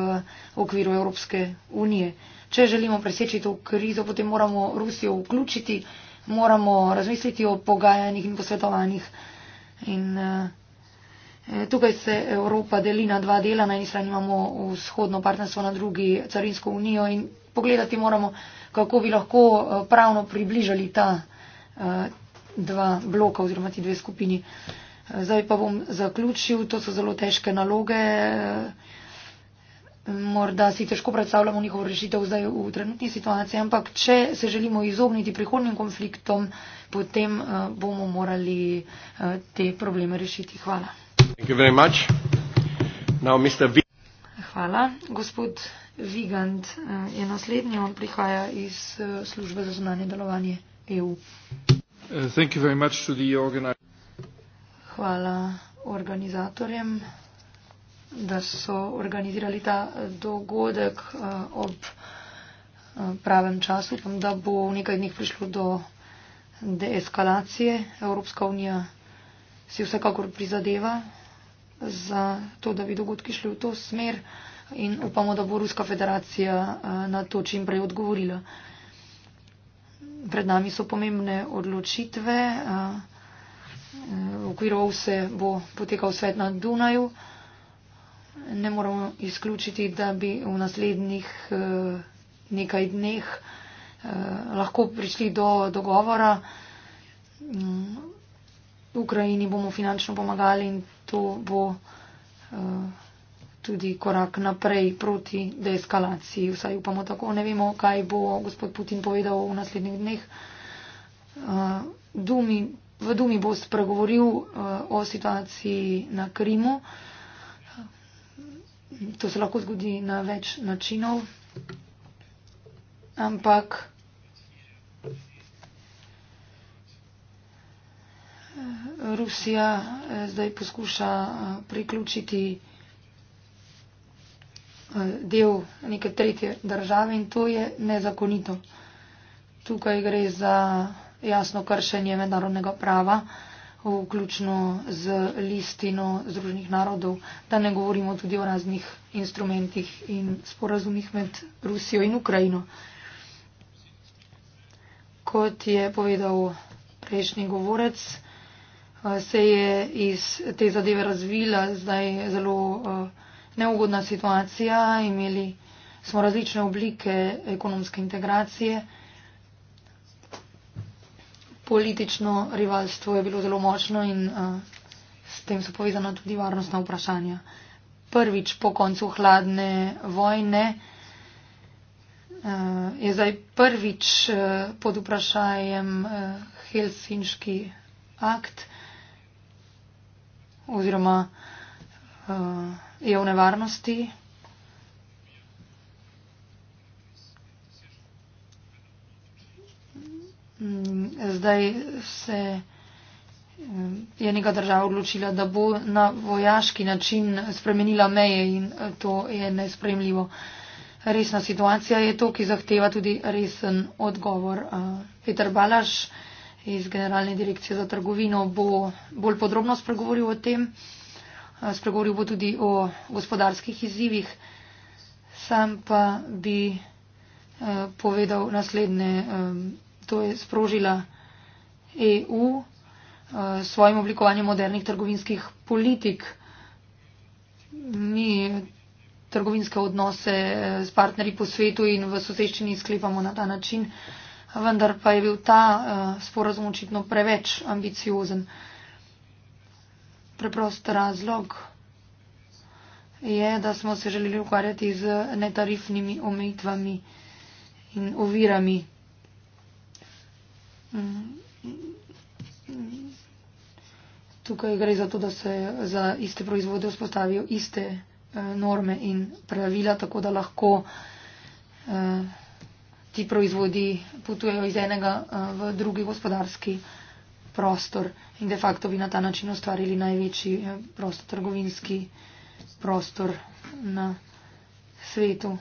S2: okviru Evropske unije. Če želimo preseči to krizo, potem moramo Rusijo vključiti, moramo razmisliti o pogajanjih in posvetovanjih. In tukaj se Evropa deli na dva dela, na eni strani imamo vzhodno partnerstvo, na drugi carinsko unijo in pogledati moramo, kako bi lahko eh, pravno približali ta eh, dva bloka oziroma ti dve skupini. Eh, zdaj pa bom zaključil, to so zelo težke naloge. Morda si težko predstavljamo njihovo rešitev zdaj v trenutni situaciji, ampak če se želimo izogniti prihodnjim konfliktom, potem uh, bomo morali uh, te probleme rešiti. Hvala. Hvala, gospod. Vigant eh, je naslednji, on prihaja iz eh, službe za zunanje delovanje EU.
S3: Eh, thank you very much to the
S2: Hvala organizatorjem, da so organizirali ta dogodek ob pravem času. Upam, da bo v nekaj dneh prišlo do deeskalacije. Evropska unija si vsekakor prizadeva za to, da bi dogodki šli v to smer in upamo, da bo Ruska federacija eh, na to čim prej odgovorila. Pred nami so pomembne odločitve. V eh, okviru vse bo potekal svet na Dunaju. Ne moramo izključiti, da bi v naslednjih eh, nekaj dneh lahko prišli do dogovora. Mm, Ukrajini bomo finančno pomagali in to bo tudi korak naprej proti deeskalaciji. Vsaj upamo tako, ne vemo, kaj bo gospod Putin povedal v naslednjih dneh. Eh, Dumi, v Dumi bo spregovoril eh, o situaciji na Krimu. To se lahko zgodi na več načinov. Ampak eh, Rusija zdaj poskuša priključiti Eh, del neke tretje države in to je nezakonito. Tukaj gre za jasno kršenje mednarodnega prava, vključno z listino Združenih narodov, da ne govorimo tudi o raznih instrumentih in sporazumih med Rusijo in Ukrajino. Kot je povedal prejšnji govorec, eh, se je iz te zadeve razvila zdaj zelo uh, neugodna situacija, imeli smo različne oblike ekonomske integracije, politično rivalstvo je bilo zelo močno in uh, s tem so povezana tudi varnostna vprašanja. Prvič po koncu hladne vojne uh, je zdaj prvič uh, pod vprašanjem uh, Helsinški akt oziroma uh, eh, je v nevarnosti. Mm, zdaj se eh, je neka država odločila, da bo na vojaški način spremenila meje in eh, to je nespremljivo. Resna situacija je to, ki zahteva tudi resen odgovor. Peter Balaš iz Generalne direkcije za trgovino bo bolj podrobno spregovoril o tem spregovoril bo tudi o gospodarskih izzivih. Sam pa bi eh, povedal naslednje. Eh, to je sprožila EU eh, s svojim oblikovanjem modernih trgovinskih politik. Mi trgovinske odnose s partnerji po svetu in v soseščini sklepamo na ta način, vendar pa je bil ta sporazum očitno preveč ambiciozen preprost razlog je, da smo se želeli ukvarjati z netarifnimi omejitvami in ovirami. Tukaj gre za to, da se za iste proizvode vzpostavijo iste eh, norme in pravila, tako da lahko eh, ti proizvodi potujejo iz enega eh, v drugi gospodarski prostor in de facto bi na ta način ustvarili največji eh, prostotrgovinski prostor na svetu.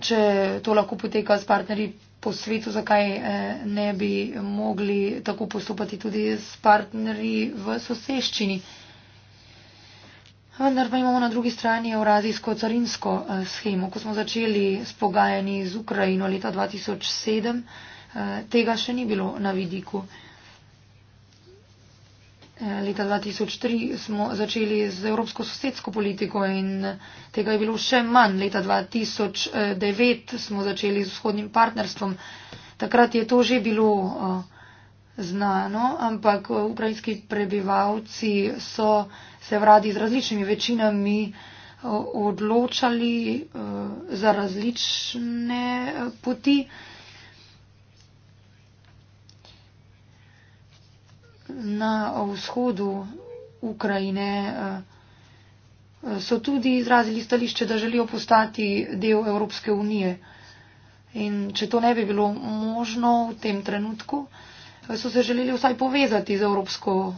S2: Če to lahko poteka s partnerji po svetu, zakaj eh, ne bi mogli tako postopati tudi s partnerji v soseščini? Vendar pa imamo na drugi strani eurazijsko-carinsko eh, schemo. Ko smo začeli s pogajanji z Ukrajino leta 2007, Eh, tega še ni bilo na vidiku. Eh, leta 2003 smo začeli z evropsko sosedsko politiko in tega je bilo še manj. Leta 2009 smo začeli z vzhodnim partnerstvom. Takrat je to že bilo eh, znano, ampak ukrajinski prebivalci so se vradi z različnimi večinami odločali za različne poti. na vzhodu Ukrajine eh, so tudi izrazili stališče, da želijo postati del Evropske unije. In če to ne bi bilo možno v tem trenutku, eh, so se želeli vsaj povezati z Evropsko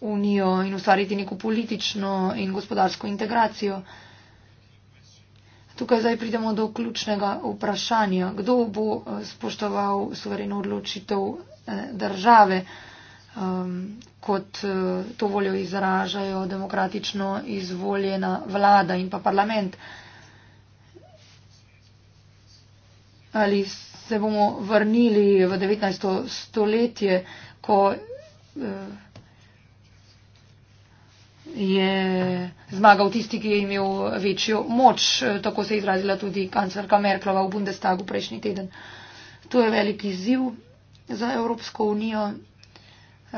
S2: unijo in ustvariti neko politično in gospodarsko integracijo. Tukaj zdaj pridemo do ključnega vprašanja, kdo bo eh, spoštoval suvereno odločitev države um, kot uh, to voljo izražajo demokratično izvoljena vlada in pa parlament. Ali se bomo vrnili v 19. stoletje, ko uh, je zmagal tisti, ki je imel večjo moč, tako se je izrazila tudi kanclerka Merklova v Bundestagu prejšnji teden. To je velik izziv za Evropsko unijo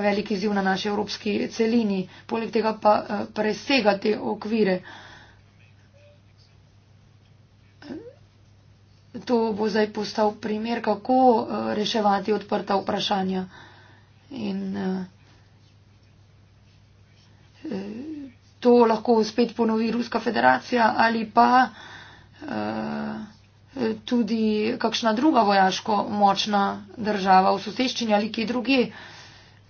S2: veliki ziv na naši evropski celini, poleg tega pa eh, presega te okvire. To bo zdaj postal primer, kako eh, reševati odprta vprašanja. In eh, to lahko spet ponovi Ruska federacija ali pa tudi kakšna druga vojaško močna država v soseščini ali kje drugje.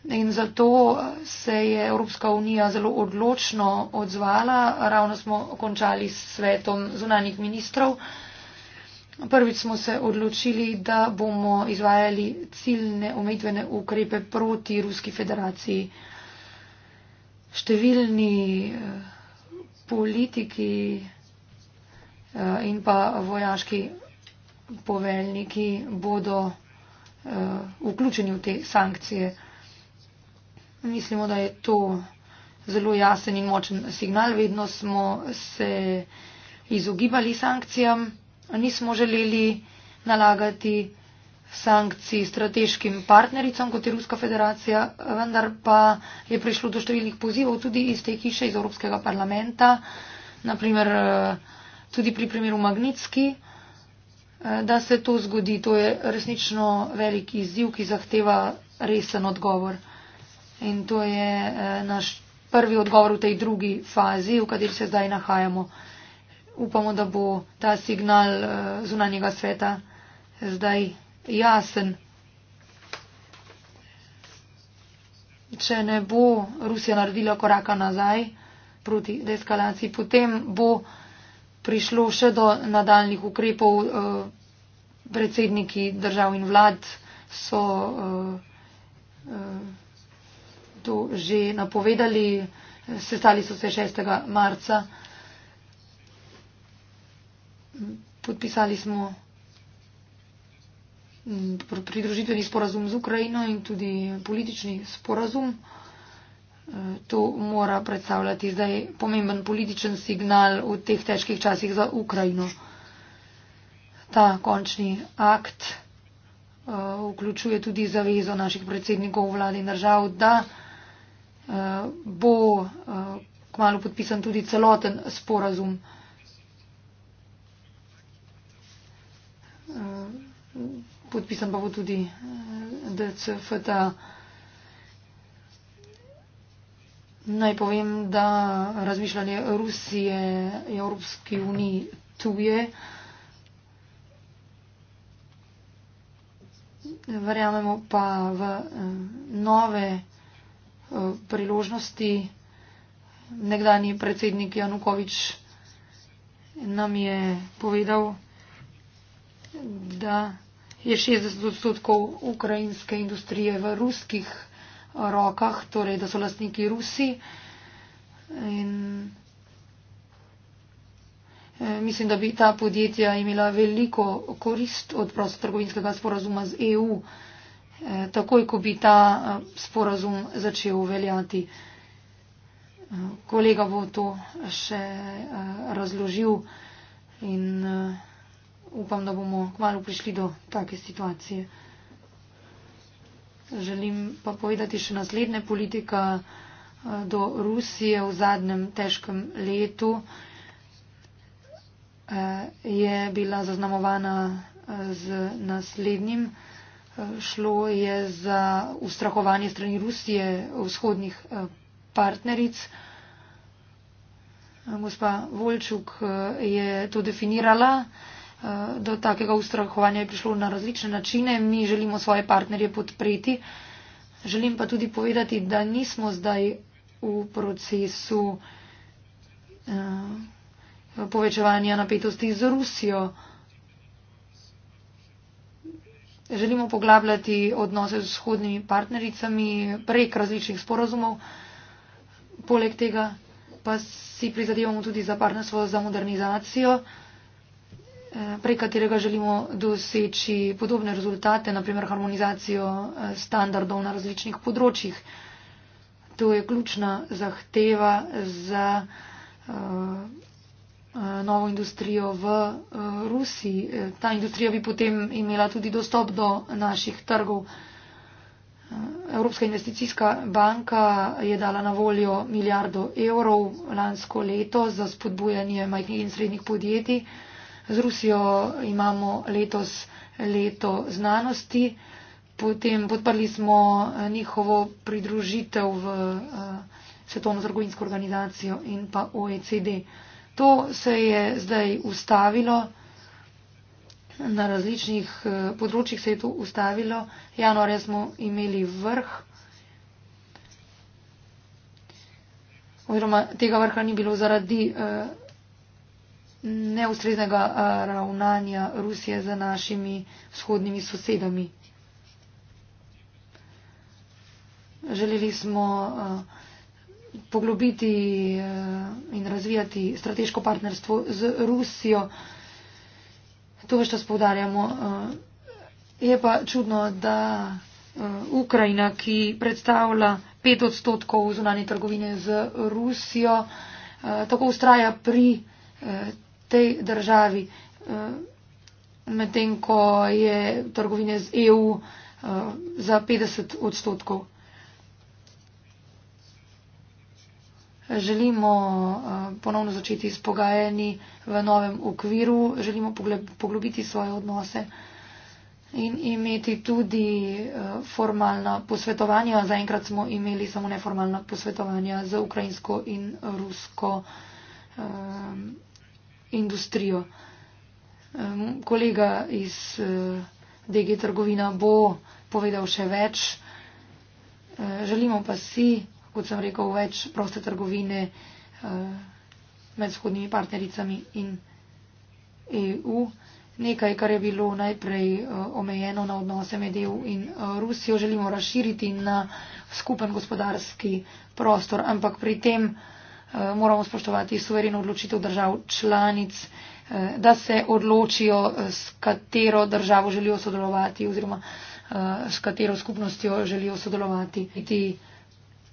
S2: In zato se je Evropska unija zelo odločno odzvala. Ravno smo končali s svetom zunanih ministrov. Prvič smo se odločili, da bomo izvajali ciljne omejitvene ukrepe proti Ruski federaciji. Številni eh, politiki eh, in pa vojaški poveljniki bodo eh, vključeni v te sankcije. Mislimo, da je to zelo jasen in močen signal. Vedno smo se izogibali sankcijam, nismo želeli nalagati sankcij strateškim partnericam, kot je Ruska federacija, vendar pa je prišlo do številnih pozivov tudi iz te hiše iz Evropskega parlamenta, naprimer eh, tudi pri primeru Magnitski, eh, da se to zgodi. To je resnično velik izziv, ki zahteva resen odgovor. In to je eh, naš prvi odgovor v tej drugi fazi, v kateri se zdaj nahajamo. Upamo, da bo ta signal eh, zunanjega sveta zdaj jasen. Če ne bo Rusija naredila koraka nazaj proti deeskalaciji, potem bo prišlo še do nadaljnih ukrepov. Eh, predsedniki držav in vlad so. Uh, uh, tu že napovedali, sestali so se 6. marca, podpisali smo mm, pridružitveni sporazum z Ukrajino in tudi politični sporazum. E, to mora predstavljati zdaj pomemben političen signal v teh težkih časih za Ukrajino. Ta končni akt uh, vključuje tudi zavezo naših predsednikov vlade in držav, da uh, Eh, bo eh, kmalo podpisan tudi celoten sporazum. Eh, podpisan pa bo tudi DCFT. Naj povem, da razmišljanje Rusije, Evropski uniji tuje. Verjamemo pa v nove priložnosti. Nekdani predsednik Janukovič nam je povedal, da je 60 odstotkov ukrajinske industrije v ruskih rokah, torej da so lastniki Rusi. In eh, mislim, da bi ta podjetja imela veliko korist od prostotrgovinskega sporazuma z EU. Eh, takoj, ko bi ta eh, sporazum začel veljati. Eh, kolega bo to še razložil in upam, da bomo kmalo prišli do take situacije. Želim pa povedati še naslednje politika do Rusije v zadnjem težkem letu je bila zaznamovana z naslednjim šlo je za ustrahovanje strani Rusije vzhodnih eh, partneric. Gospa Volčuk eh, je to definirala. Eh, do takega ustrahovanja je prišlo na različne načine. Mi želimo svoje partnerje podpreti. Želim pa tudi povedati, da nismo zdaj v procesu povečevanja napetosti z Rusijo želimo poglabljati odnose z vzhodnimi partnericami prek različnih sporozumov. Poleg tega pa si prizadevamo tudi za partnerstvo za modernizacijo, eh, prek katerega želimo doseči podobne rezultate, naprimer harmonizacijo eh, standardov na različnih področjih. To je ključna zahteva za. Uh, Eh, novo industrijo v eh, Rusiji. Eh, ta industrija bi potem imela tudi dostop do naših trgov. Evropska investicijska banka je dala na voljo milijardo evrov lansko leto za spodbujanje majhnih in srednjih podjetij. Z Rusijo imamo letos leto znanosti, potem podprli smo njihovo pridružitev v Svetovno trgovinsko organizacijo in pa OECD. To se je zdaj ustavilo, na različnih eh, področjih se je to ustavilo. Januarja smo imeli vrh, oziroma tega vrha ni bilo zaradi eh, neustreznega eh, ravnanja Rusije z našimi vzhodnimi sosedami. Želeli smo poglobiti in razvijati strateško partnerstvo z Rusijo. To več, da spovdarjamo. Eh, je pa čudno, da eh, Ukrajina, ki predstavlja 5 odstotkov zunanje trgovine z Rusijo, eh, tako ustraja pri tej državi, medtem ko je trgovine z EU za 50 odstotkov. Želimo eh, ponovno začeti s pogajanji v novem okviru, želimo poglobiti svoje odnose in imeti tudi eh, formalna posvetovanja. Zaenkrat smo imeli samo neformalna posvetovanja z ukrajinsko in rusko um, industrijo. Um, kolega iz uh, DG trgovina bo povedal še več. Uh, želimo pa si, kot sem rekel, več proste trgovine eh, med vzhodnimi partnericami in EU. Nekaj, kar je bilo najprej eh, omejeno na odnose med EU in eh, Rusijo, želimo razširiti na skupen gospodarski prostor, ampak pri tem moramo spoštovati suvereno odločitev držav članic, da se odločijo, s katero državo želijo sodelovati oziroma s katero skupnostjo želijo sodelovati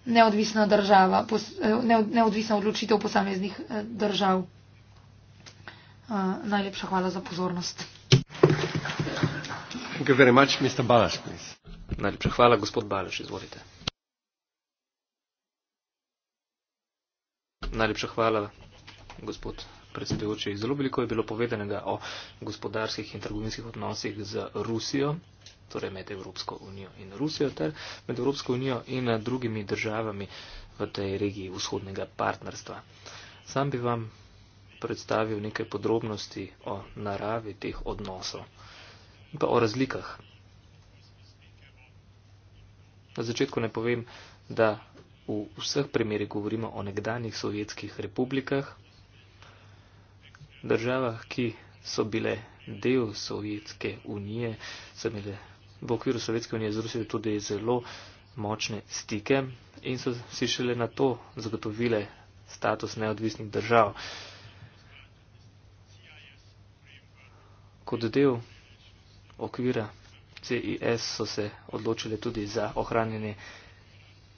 S2: neodvisna država, eh, neodvisna odločitev posameznih eh, držav. Eh, najlepša hvala za pozornost.
S4: Najlepša hvala, gospod Balaš, izvolite. Najlepša hvala, gospod predsedujoči. Zelo veliko je bilo povedanega o gospodarskih in trgovinskih odnosih z Rusijo, torej med Evropsko unijo in Rusijo, ter med Evropsko unijo in drugimi državami v tej regiji vzhodnega partnerstva. Sam bi vam predstavil nekaj podrobnosti o naravi teh odnosov in pa o razlikah. Na začetku ne povem, da v vseh primerih govorimo o nekdanjih sovjetskih republikah, državah, ki so bile del Sovjetske unije, so imele v okviru Sovjetske unije z Rusijo tudi zelo močne stike in so si šele na to zagotovile status neodvisnih držav. Kot del okvira CIS so se odločili tudi za ohranjanje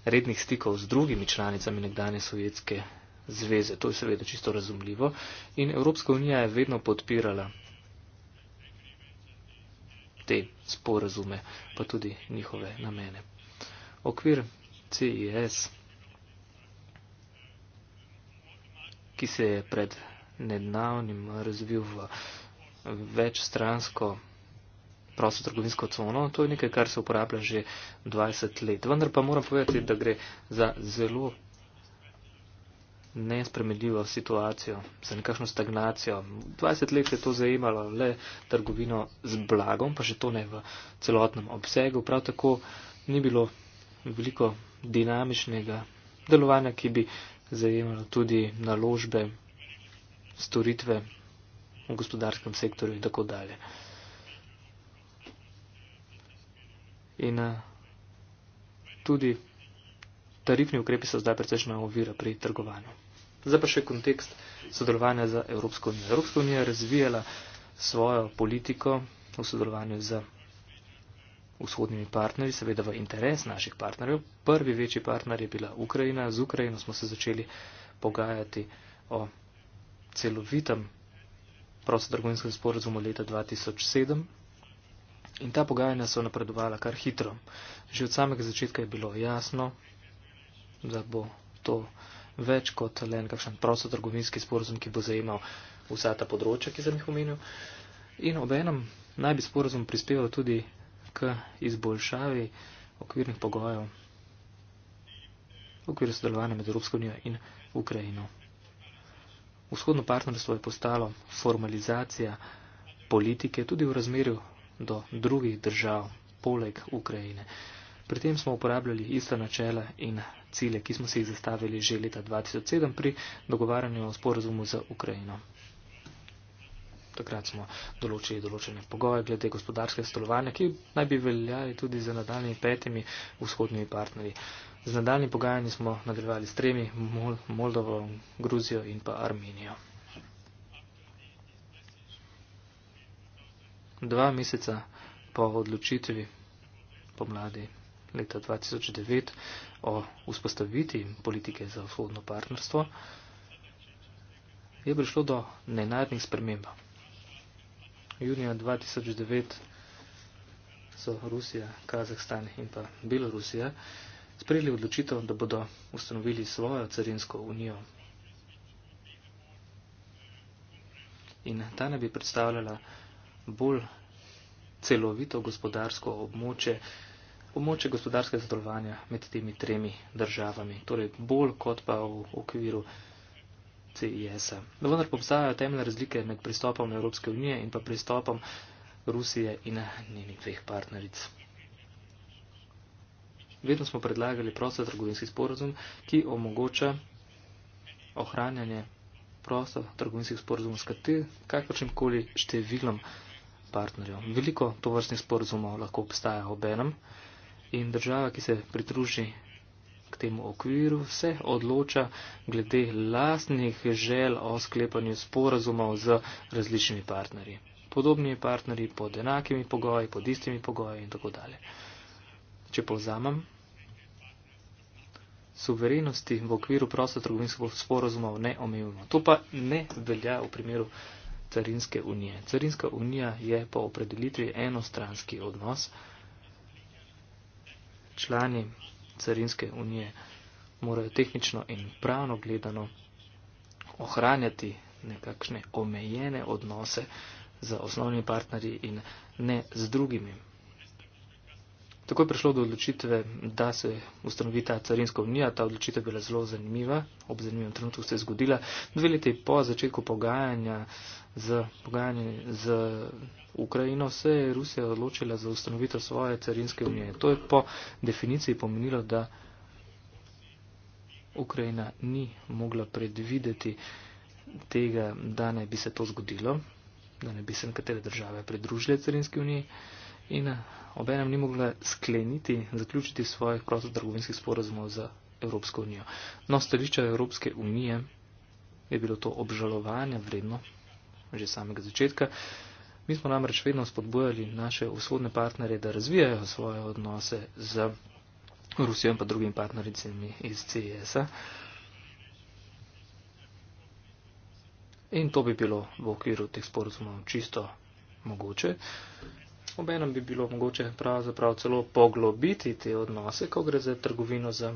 S4: rednih stikov z drugimi članicami nekdanje Sovjetske zveze. To je seveda čisto razumljivo in Evropska unija je vedno podpirala te sporazume, pa tudi njihove namene. Okvir CIS, e ki se je pred nednavnim razvil v večstransko prosto trgovinsko cono, to je nekaj, kar se uporablja že 20 let. Vendar pa moram povedati, da gre za zelo nespremenljivo situacijo, za nekakšno stagnacijo. 20 let je to zajemalo le trgovino z blagom, pa še to ne v celotnem obsegu. Prav tako ni bilo veliko dinamičnega delovanja, ki bi zajemalo tudi naložbe, storitve v gospodarskem sektorju in tako dalje. In eh, tudi tarifni ukrepi so zdaj precejšna ovira pri trgovanju. Zdaj pa še kontekst sodelovanja za Evropsko unijo. Evropska unija je razvijala svojo politiko v sodelovanju z vzhodnimi partnerji, seveda v interes naših partnerjev. Prvi večji partner je bila Ukrajina. Z Ukrajino smo se začeli pogajati o celovitem prostodrgovinskem sporazumu leta 2007. In ta pogajanja so napredovala kar hitro. Že od samega začetka je bilo jasno, da bo to več kot le nekakšen prostotrgovinski sporozum, ki bo zajemal vsa ta področja, ki sem jih omenil. In obenem naj bi sporozum prispeval tudi k izboljšavi okvirnih pogojev v okviru sodelovanja med Evropsko unijo in Ukrajino. Vzhodno partnerstvo je postalo formalizacija politike tudi v razmerju do drugih držav poleg Ukrajine. Pri tem smo uporabljali ista načela in cilje, ki smo si jih zastavili že leta 2007 pri dogovarjanju o sporazumu z Ukrajino. Takrat smo določili določene pogoje glede gospodarske stolovanja, ki naj bi veljali tudi za nadaljnji petimi vzhodnimi partnerji. Z nadaljnji pogajanji smo nadaljevali s tremi Mol Moldovo, Gruzijo in pa Armenijo. Dva meseca po odločitvi pomladi leta 2009 o vzpostavitvi politike za vzhodno partnerstvo, je prišlo do nenadnih sprememb. Junija 2009 so Rusija, Kazahstan in pa Belorusija sprejeli odločitev, da bodo ustanovili svojo carinsko unijo. In ta ne bi predstavljala bolj celovito gospodarsko območje, območje gospodarskega sodelovanja med temi tremi državami, torej bolj kot pa v okviru CIS-a. No, vendar obstajajo temeljne razlike med pristopom Evropske unije in pa pristopom Rusije in njenih dveh partneric. Vedno smo predlagali prosto trgovinski sporozum, ki omogoča ohranjanje prosto trgovinskih sporozumov s kakršnim koli številom partnerjev. Veliko tovrstnih sporozumov lahko obstaja ob enem in država, ki se pridruži k temu okviru, se odloča glede lastnih žel o sklepanju sporazumov z različnimi partnerji. Podobni partnerji pod enakimi pogoji, pod istimi pogoji in tako dalje. Če povzamem, suverenosti v okviru prostotrgovinskih sporazumov ne omejujemo. To pa ne velja v primeru carinske unije. Carinska unija je po opredelitvi enostranski odnos člani carinske unije morajo tehnično in pravno gledano ohranjati nekakšne omejene odnose z osnovnimi partnerji in ne z drugimi. Tako je prišlo do odločitve, da se ustanovi ta carinska unija. Ta odločitev je bila zelo zanimiva, ob zanimivem trenutku se je zgodila. Dve leti po začetku pogajanja z, pogajanja z Ukrajino se je Rusija odločila za ustanovitev svoje carinske unije. To je po definiciji pomenilo, da Ukrajina ni mogla predvideti tega, da ne bi se to zgodilo, da ne bi se nekatere države pridružile carinski uniji in eh, obenem ni mogla skleniti, zaključiti svojih prostotrgovinskih sporazumov za Evropsko unijo. No, stališče Evropske unije je bilo to obžalovanje vredno, že samega začetka. Mi smo namreč vedno spodbojali naše vzhodne partnere, da razvijajo svoje odnose z Rusijo in pa drugimi partnericami iz CES-a. In to bi bilo v okviru teh sporozumov čisto mogoče obenem bi bilo mogoče pravzaprav celo poglobiti te odnose, ko gre za trgovino z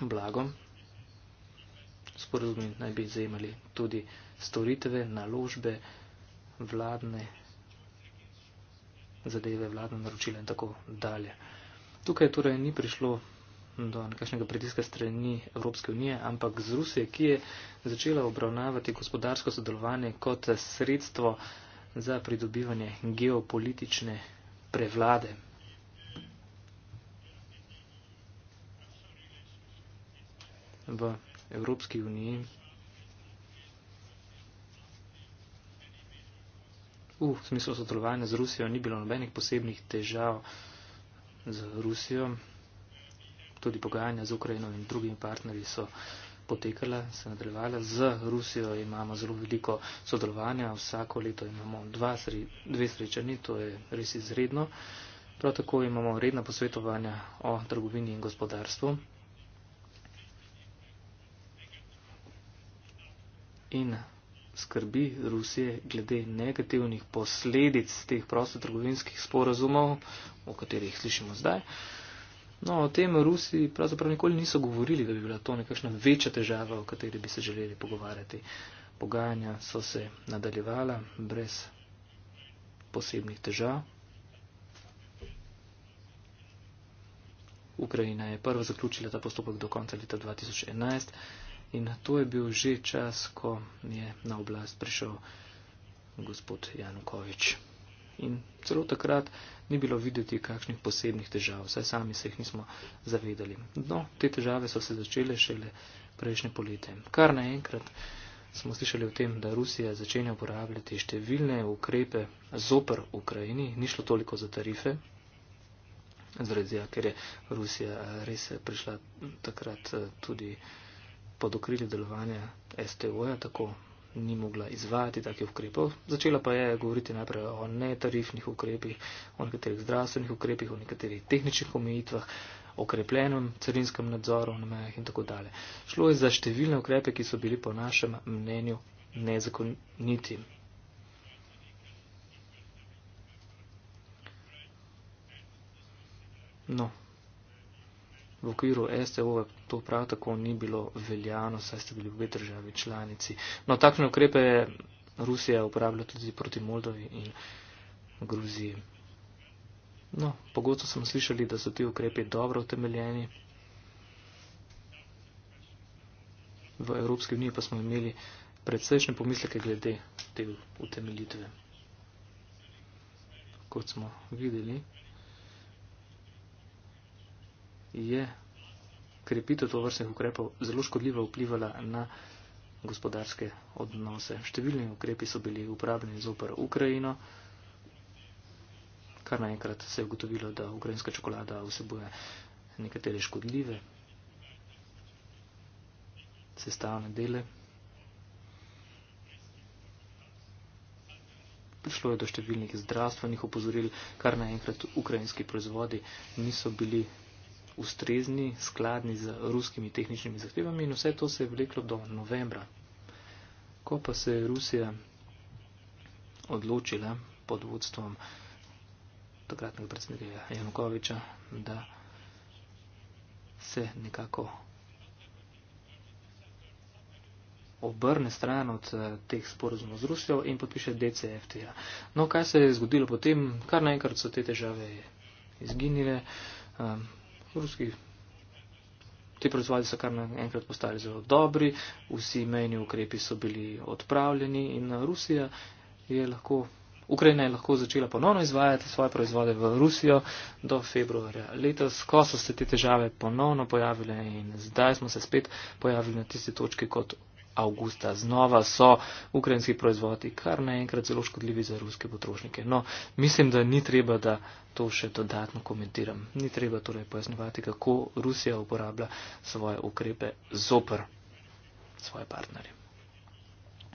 S4: blagom. Sporozumi naj bi zajemali tudi storitve, naložbe, vladne zadeve, vladne naročile in tako dalje. Tukaj torej ni prišlo do nekakšnega pritiska strani Evropske unije, ampak z Rusije, ki je začela obravnavati gospodarsko sodelovanje kot sredstvo, za pridobivanje geopolitične prevlade. v Evropski uniji. V smislu sodelovanja z Rusijo ni bilo nobenih posebnih težav z Rusijo. Tudi pogajanja z Ukrajino in drugimi partnerji so potekala, se nadaljevala. Z Rusijo imamo zelo veliko sodelovanja, vsako leto imamo dva, sri, dve srečani, to je res izredno. Prav tako imamo redna posvetovanja o trgovini in gospodarstvu. In skrbi Rusije glede negativnih posledic teh prostotrgovinskih sporazumov, o katerih slišimo zdaj. Uh, No, o tem Rusi pravzaprav nikoli niso govorili, da bi bila to nekakšna večja težava, o kateri bi se želeli pogovarjati. Pogajanja so se nadaljevala brez posebnih težav. Ukrajina je prva zaključila ta postopek do konca leta 2011 in to je bil že čas, ko je na oblast prišel gospod Janukovič in celo takrat ni bilo videti kakšnih posebnih težav, saj sami se jih nismo zavedali. No, te težave so se začele šele prejšnje polete. Kar naenkrat smo slišali o tem, da Rusija začenja uporabljati številne ukrepe zoper Ukrajini, ni šlo toliko za tarife, zaradi tega, ker je Rusija res prišla takrat eh, tudi pod okrilje delovanja STO-ja, tako ni mogla izvajati takih ukrepov. Začela pa je govoriti najprej o netarifnih ukrepih, o nekaterih zdravstvenih ukrepih, o nekaterih tehničnih omejitvah, o okrepljenem carinskem nadzoru na mejah in tako dalje. Šlo je za številne ukrepe, ki so bili po našem mnenju nezakoniti. No, v okviru STO to prav tako ni bilo veljano, saj ste bili v državi članici. No, takšne ukrepe je Rusija uporabljala tudi proti Moldovi in Gruziji. No, pogosto smo slišali, da so ti ukrepi dobro utemeljeni. V Evropski uniji pa smo imeli predsečne pomisleke glede te utemeljitve. Kot smo videli, je krepitev to vrstnih ukrepov zelo škodljivo vplivala na gospodarske odnose. Številni ukrepi so bili uporabljeni zoper Ukrajino, kar naenkrat se je ugotovilo, da ukrajinska čokolada vsebuje nekatere škodljive sestavne dele. Prišlo je do številnih zdravstvenih opozoril, kar naenkrat ukrajinski proizvodi niso bili ustrezni, skladni z ruskimi tehničnimi zahtevami in vse to se je vleklo do novembra. Ko pa se je Rusija odločila pod vodstvom takratnega predsednika Janukoviča, da se nekako obrne stran od eh, teh sporozumov z Rusijo in podpiše DCFTA. No, kaj se je zgodilo potem? Kar naenkrat so te težave izginile. Eh, ruski. Ti proizvodi so kar naenkrat postali zelo dobri, vsi menji ukrepi so bili odpravljeni in Rusija je lahko, Ukrajina je lahko začela ponovno izvajati svoje proizvode v Rusijo do februarja letos, ko so se te težave ponovno pojavile in zdaj smo se spet pojavili na tisti točki kot avgusta. Znova so ukrajinski proizvodi kar naenkrat zelo škodljivi za ruske potrošnike. No, mislim, da ni treba, da to še dodatno komentiram. Ni treba torej pojasnjevati, kako Rusija uporablja svoje ukrepe zopr svoje partnerje.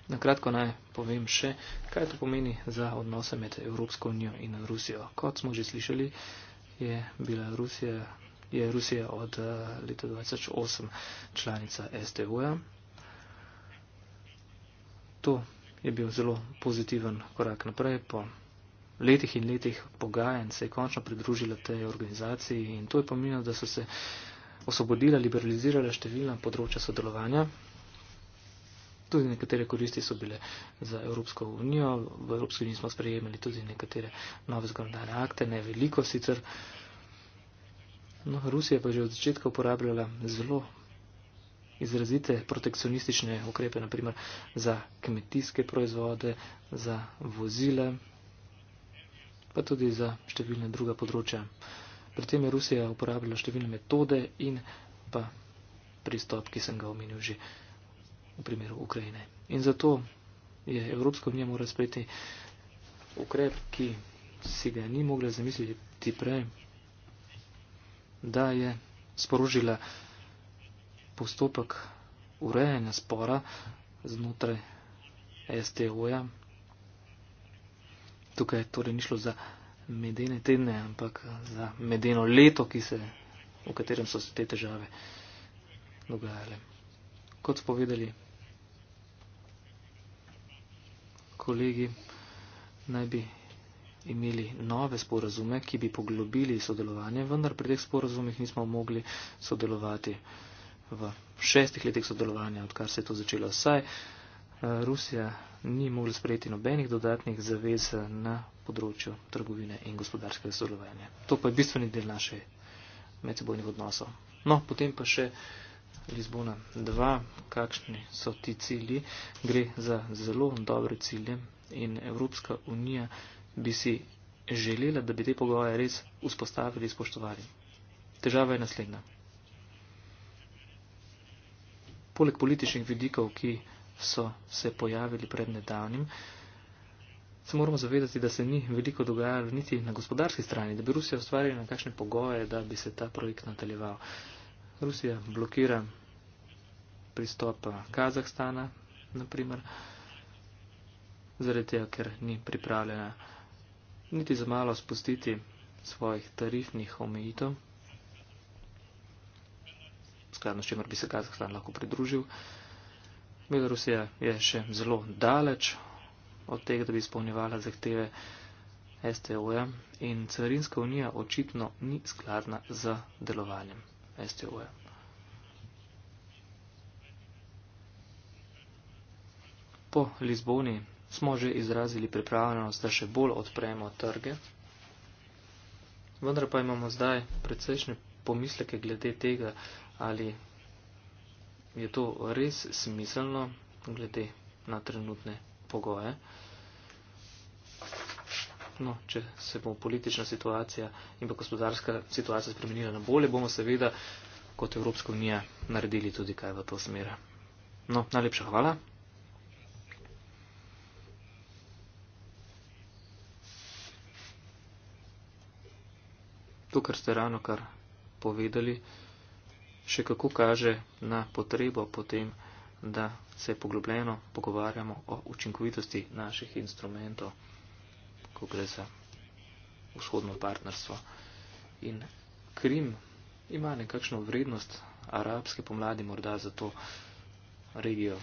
S4: Na kratko naj povem še, kaj to pomeni za odnose med Evropsko unijo in Rusijo. Kot smo že slišali, je bila Rusija, je Rusija od eh, leta 2008 članica STO-ja to je bil zelo pozitiven korak naprej. Po letih in letih pogajanj se je končno pridružila tej organizaciji in to je pomenilo, da so se osvobodila, liberalizirala številna področja sodelovanja. Tudi nekatere koristi so bile za Evropsko unijo, v Evropski uniji smo sprejemali tudi nekatere nove zakonodajne akte, ne veliko sicer. No, Rusija pa je že od začetka uporabljala zelo izrazite protekcionistične ukrepe, naprimer za kmetijske proizvode, za vozile, pa tudi za številne druga področja. Pri tem je Rusija uporabljala številne metode in pa pristop, ki sem ga omenil že v primeru Ukrajine. In zato je Evropska unija mora sprejeti ukrep, ki si ga ni mogla zamisliti prej, da je sporožila postopek urejanja spora znotraj STO-ja. Tukaj torej ni šlo za medene tedne, ampak za medeno leto, se, v katerem so se te težave dogajale. Kot so povedali kolegi, naj bi imeli nove sporazume, ki bi poglobili sodelovanje, vendar pri teh sporazumih nismo mogli sodelovati v šestih letih sodelovanja, odkar se je to začelo. Saj eh, Rusija ni mogla sprejeti nobenih dodatnih zavez eh, na področju trgovine in gospodarskega sodelovanja. To pa je bistveni del naše medsebojnih odnosov. No, potem pa še Lizbona 2, kakšni so ti cilji. Gre za zelo dobre cilje in Evropska unija bi si želela, da bi te pogoje res vzpostavili in spoštovali. Težava je naslednja poleg političnih vidikov, ki so se pojavili pred nedavnim, se moramo zavedati, da se ni veliko dogajalo niti na gospodarski strani, da bi Rusija ustvarila na kakšne pogoje, da bi se ta projekt nadaljeval. Rusija blokira pristop eh, Kazahstana, naprimer, zaradi tega, ker ni pripravljena niti za malo spustiti svojih tarifnih omejitev, skladno s čimer bi se Kazahstan lahko pridružil. Belorusija je še zelo daleč od tega, da bi izpolnjevala zahteve STO-ja in Carinska unija očitno ni skladna z delovanjem STO-ja. Po Lizboni smo že izrazili pripravljenost, da še bolj odpremo trge, vendar pa imamo zdaj precejšnje pomisleke glede tega, ali je to res smiselno glede na trenutne pogoje. No, če se bo politična situacija in pa gospodarska situacija spremenila na bolje, bomo seveda kot Evropska unija naredili tudi kaj v to smer. No, najlepša hvala. To, kar ste ravno kar povedali, še kako kaže na potrebo potem, da se poglobljeno pogovarjamo o učinkovitosti naših instrumentov, ko gre za vzhodno partnerstvo. In Krim ima nekakšno vrednost arabske pomladi morda za to regijo.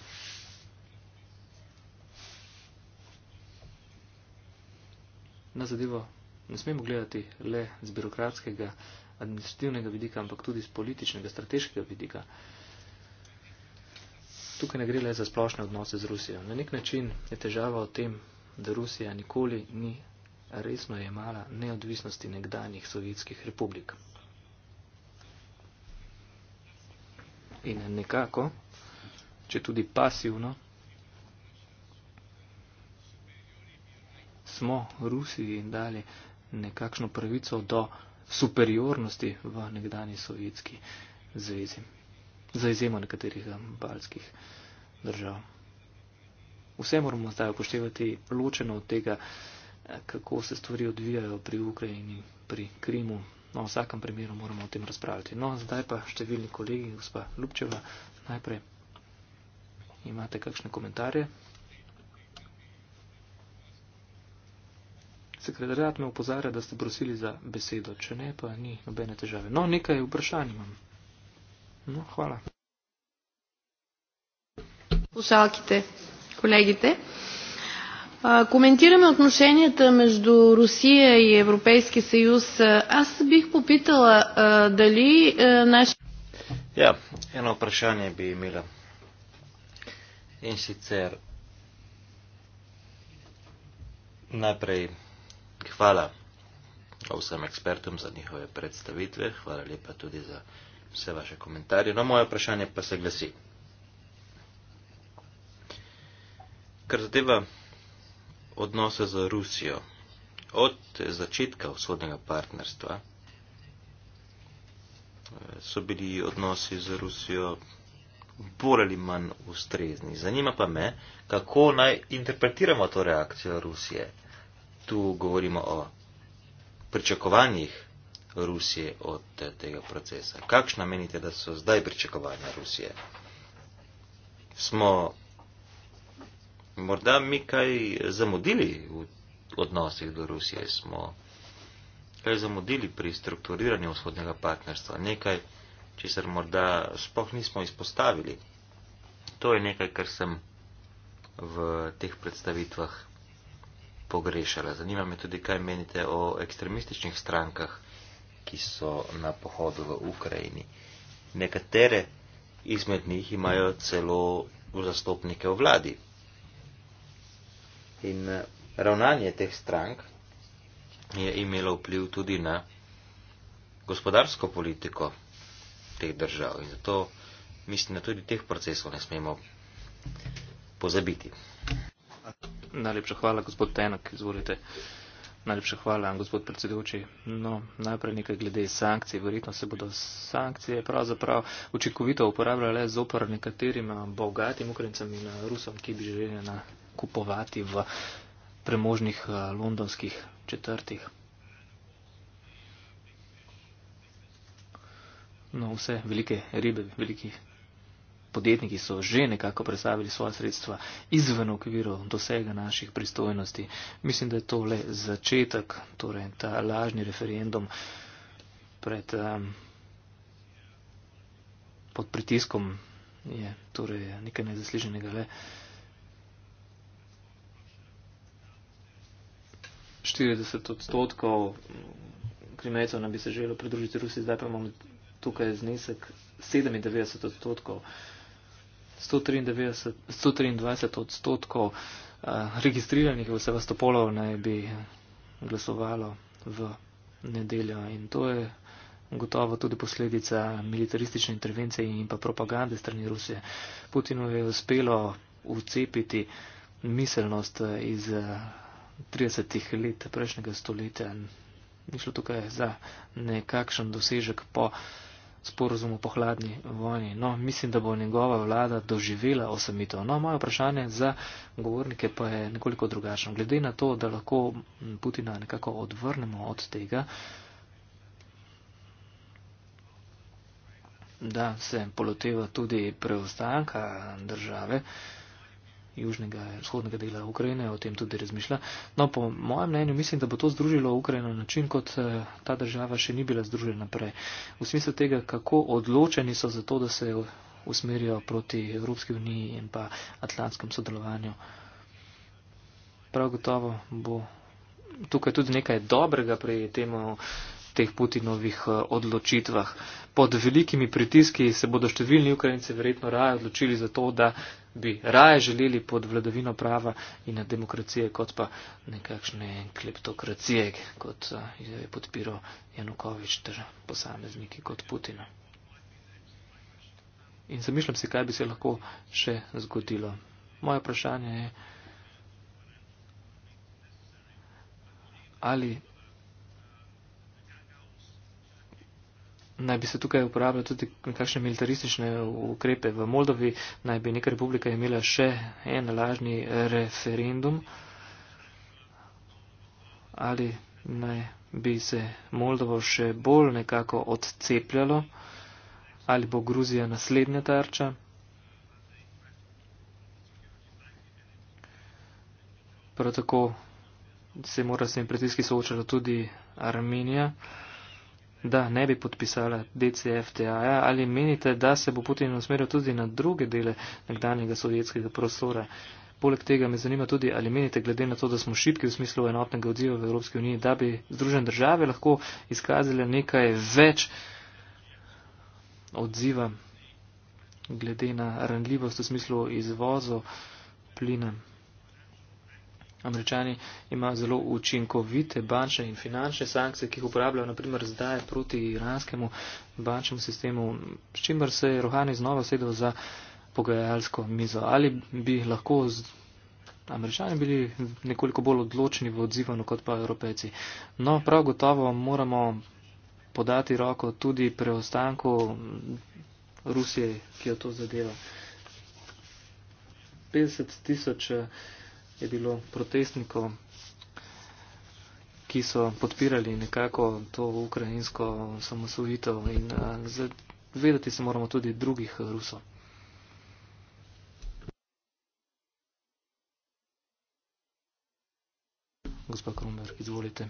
S4: Na zadevo ne smemo gledati le z birokratskega administrativnega vidika, ampak tudi z političnega, strateškega vidika. Tukaj ne gre le za splošne odnose z Rusijo. Na nek način je težava v tem, da Rusija nikoli ni resno jemala neodvisnosti nekdanjih sovjetskih republik. In nekako, če tudi pasivno, smo Rusiji dali nekakšno pravico do superiornosti v nekdani sovjetski zvezi, za izjemo nekaterih um, baljskih držav. Vse moramo zdaj upoštevati ločeno od tega, eh, kako se stvari odvijajo pri Ukrajini, pri Krimu. No, v vsakem primeru moramo o tem razpravljati. No, zdaj pa številni kolegi, gospa Lubčeva, najprej imate kakšne komentarje. Sekretariat me upozarja, da ste prosili za besedo, če ne, pa ni nobene težave. No, nekaj vprašanj imam. No, hvala.
S2: Ušalkite, kolegite. Коментираме отношенията между Русия и Европейски съюз. Аз бих попитала дали наши...
S1: Я, едно прашание би имела. Инсицер. Напред hvala vsem ekspertom za njihove predstavitve, hvala lepa tudi za vse vaše komentarje. No, moje vprašanje pa se glasi. Kar zadeva odnose z Rusijo, od začetka vzhodnega partnerstva eh, so bili odnosi z Rusijo bolj ali manj ustrezni. Zanima pa me, kako naj interpretiramo to reakcijo Rusije tu govorimo o pričakovanjih Rusije od eh, tega procesa. Kakšna menite, da so zdaj pričakovanja Rusije? Smo morda mi kaj zamudili v odnosih do Rusije? Smo kaj zamudili pri strukturiranju vzhodnega partnerstva? Nekaj, česar morda sploh nismo izpostavili. To je nekaj, kar sem v teh predstavitvah pogrešala. Zanima me tudi, kaj menite o ekstremističnih strankah, ki so na pohodu v Ukrajini. Nekatere izmed njih imajo celo zastopnike v vladi. In eh, ravnanje teh strank je imelo vpliv tudi na gospodarsko politiko teh držav. In zato mislim, da tudi teh procesov ne smemo pozabiti.
S4: Najlepša hvala, gospod Tenak, izvolite. Najlepša hvala, gospod predsedujoči. No, najprej nekaj glede sankcij. Verjetno se bodo sankcije pravzaprav učinkovito uporabljale zopr nekaterim eh, bogatim ukrajincem in eh, rusom, ki bi želeli nakupovati v premožnih eh, londonskih četrtih. No, vse velike ribe, veliki podjetniki so že nekako predstavili svoje sredstva izven okvirov dosega naših pristojnosti. Mislim, da je to le začetek, torej ta lažni referendum pred, um, pod pritiskom je torej nekaj nezasliženega le. 40 odstotkov krimecov nam bi se želo pridružiti Rusiji, zdaj pa imamo tukaj znesek 97 odstotkov. 193 odstotkov eh, registriranih v Sevastopolov naj bi glasovalo v nedeljo in to je gotovo tudi posledica militaristične intervencije in pa propagande strani Rusije. Putinu je uspelo ucepiti miselnost iz 30. Eh, let prejšnjega stoletja. Ni šlo tukaj za nekakšen dosežek po sporozumu po hladni vojni. No, mislim, da bo njegova vlada doživela osamitev. No, moje vprašanje za govornike pa je nekoliko drugačno. Glede na to, da lahko Putina nekako odvrnemo od tega, da se poloteva tudi preostanka države, južnega in vzhodnega dela Ukrajine, o tem tudi razmišlja. No, po mojem mnenju mislim, da bo to združilo Ukrajino na način, kot eh, ta država še ni bila združena prej. V smislu tega, kako odločeni so za to, da se usmerijo proti Evropski uniji in pa atlantskem sodelovanju. Prav gotovo bo tukaj tudi nekaj dobrega pri temo teh Putinovih eh, odločitvah. Pod velikimi pritiski se bodo številni Ukrajinci verjetno raje odločili za to, da bi raje želeli pod vladovino prava in demokracije, kot pa nekakšne kleptokracije, kot jo eh, je podpiral Janukovič ter posamezniki kot Putina. In zamišljam si, kaj bi se lahko še zgodilo. Moje vprašanje je, ali naj bi se tukaj uporabljali tudi nekakšne militaristične ukrepe. V Moldovi naj bi neka republika imela še en lažni referendum. Ali naj bi se Moldovo še bolj nekako odcepljalo, ali bo Gruzija naslednja tarča. Prav tako se mora s tem pritiski soočala tudi Armenija da ne bi podpisala DCFTA-ja e, ali menite, da se bo Putin usmeril tudi na druge dele nekdanjega sovjetskega prostora. Poleg tega me zanima tudi, ali menite, glede na to, da smo šibki v smislu enotnega odziva v Evropski uniji, da bi Združene države lahko izkazile nekaj več odziva glede na ranljivost v smislu izvozo plina. Američani imajo zelo učinkovite bančne in finančne sankcije, ki jih uporabljajo naprimer zdaj proti iranskemu bančnemu sistemu, s čimer se je Rohani znova sedel za pogajalsko mizo. Ali bi lahko z... američani bili nekoliko bolj odločni v odzivanju kot pa evropejci? No, prav gotovo moramo podati roko tudi preostanku Rusije, ki jo to zadeva. 50 tisoč 000 je bilo protestnikov, ki so podpirali nekako to ukrajinsko samosovitev in eh, zvedati se moramo tudi drugih eh, Rusov. Gospa Kromberg, izvolite.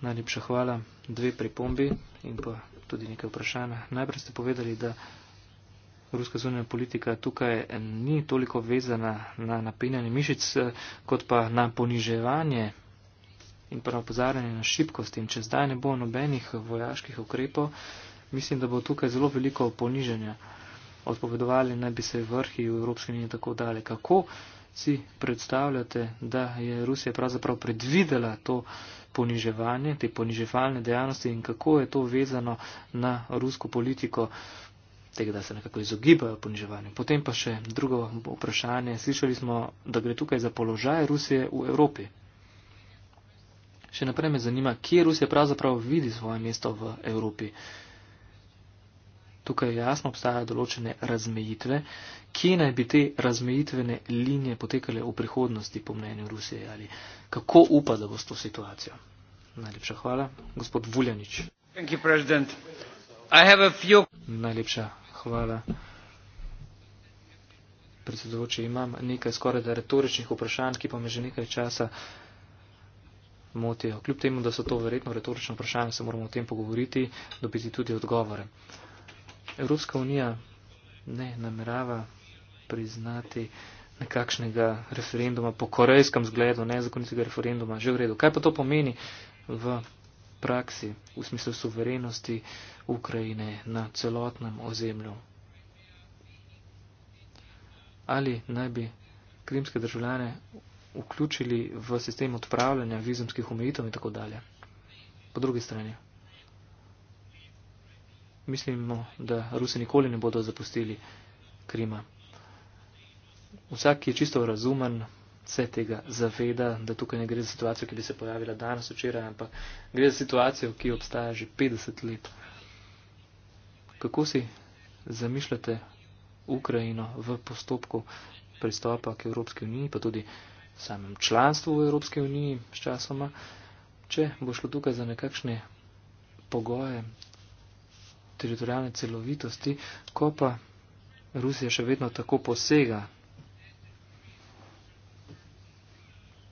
S4: Najlepša hvala. Dve pripombi in pa tudi nekaj vprašanja. Najprej ste povedali, da ruska zunanja politika tukaj ni toliko vezana na napinjanje mišic, eh, kot pa na poniževanje in pa na opozarjanje na šibkost. In če zdaj ne bo nobenih vojaških ukrepov, mislim, da bo tukaj zelo veliko poniženja. Odpovedovali naj bi se vrhi v Evropski uniji in tako dalje. Kako si predstavljate, da je Rusija pravzaprav predvidela to poniževanje, te poniževalne dejavnosti in kako je to vezano na rusko politiko? tega, da se nekako izogibajo poniževanju. Potem pa še drugo vprašanje. Slišali smo, da gre tukaj za položaj Rusije v Evropi. Še naprej me zanima, kje Rusija pravzaprav vidi svoje mesto v Evropi. Tukaj jasno obstajajo določene razmejitve. Kje naj bi te razmejitvene linije potekale v prihodnosti, po mnenju Rusije, ali kako upa, da bo s to situacijo? Najlepša hvala, gospod Vuljanič. Najlepša Hvala. Predsedujoči, imam nekaj skoraj da retoričnih vprašanj, ki pa me že nekaj časa motijo. Kljub temu, da so to verjetno retorično vprašanje, se moramo o tem pogovoriti, dobiti tudi odgovore. Evropska unija ne namerava priznati nekakšnega referenduma po korejskem zgledu, nezakonitega referenduma, že v redu. Kaj pa to pomeni v praksi, v smislu suverenosti Ukrajine na celotnem ozemlju. Ali naj bi krimske državljane vključili v sistem odpravljanja vizumskih omejitev in tako dalje. Po drugi strani, mislimo, da Rusi nikoli ne bodo zapustili Krima. Vsak, ki je čisto razumen, se tega zaveda, da tukaj ne gre za situacijo, ki bi se pojavila danes, včeraj, ampak gre za situacijo, ki obstaja že 50 let. Kako si zamišljate Ukrajino v postopku pristopa k Evropski uniji, pa tudi samem članstvu v Evropski uniji s časoma, če bo šlo tukaj za nekakšne pogoje teritorijalne celovitosti, ko pa Rusija še vedno tako posega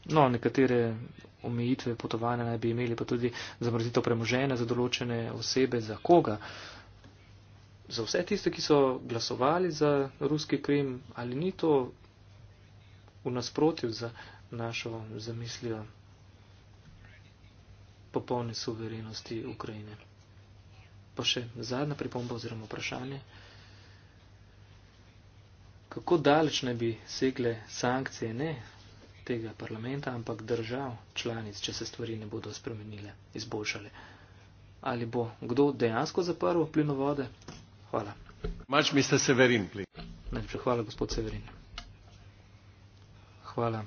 S4: No, nekatere omejitve potovanja naj bi imeli, pa tudi zamrzitev premoženja za določene osebe, za koga. Za vse tiste, ki so glasovali za ruski krim, ali ni to v nasprotju z našo zamislijo popolne suverenosti Ukrajine. Pa še zadnja pripomba oziroma vprašanje. Kako daleč naj bi segle sankcije? Ne, tega parlamenta, ampak držav članic, če se stvari ne bodo spremenile, izboljšale. Ali bo kdo dejansko zaprl plinovode? Hvala. Mač mister Severin, plin. Najlepša hvala, gospod Severin. Hvala.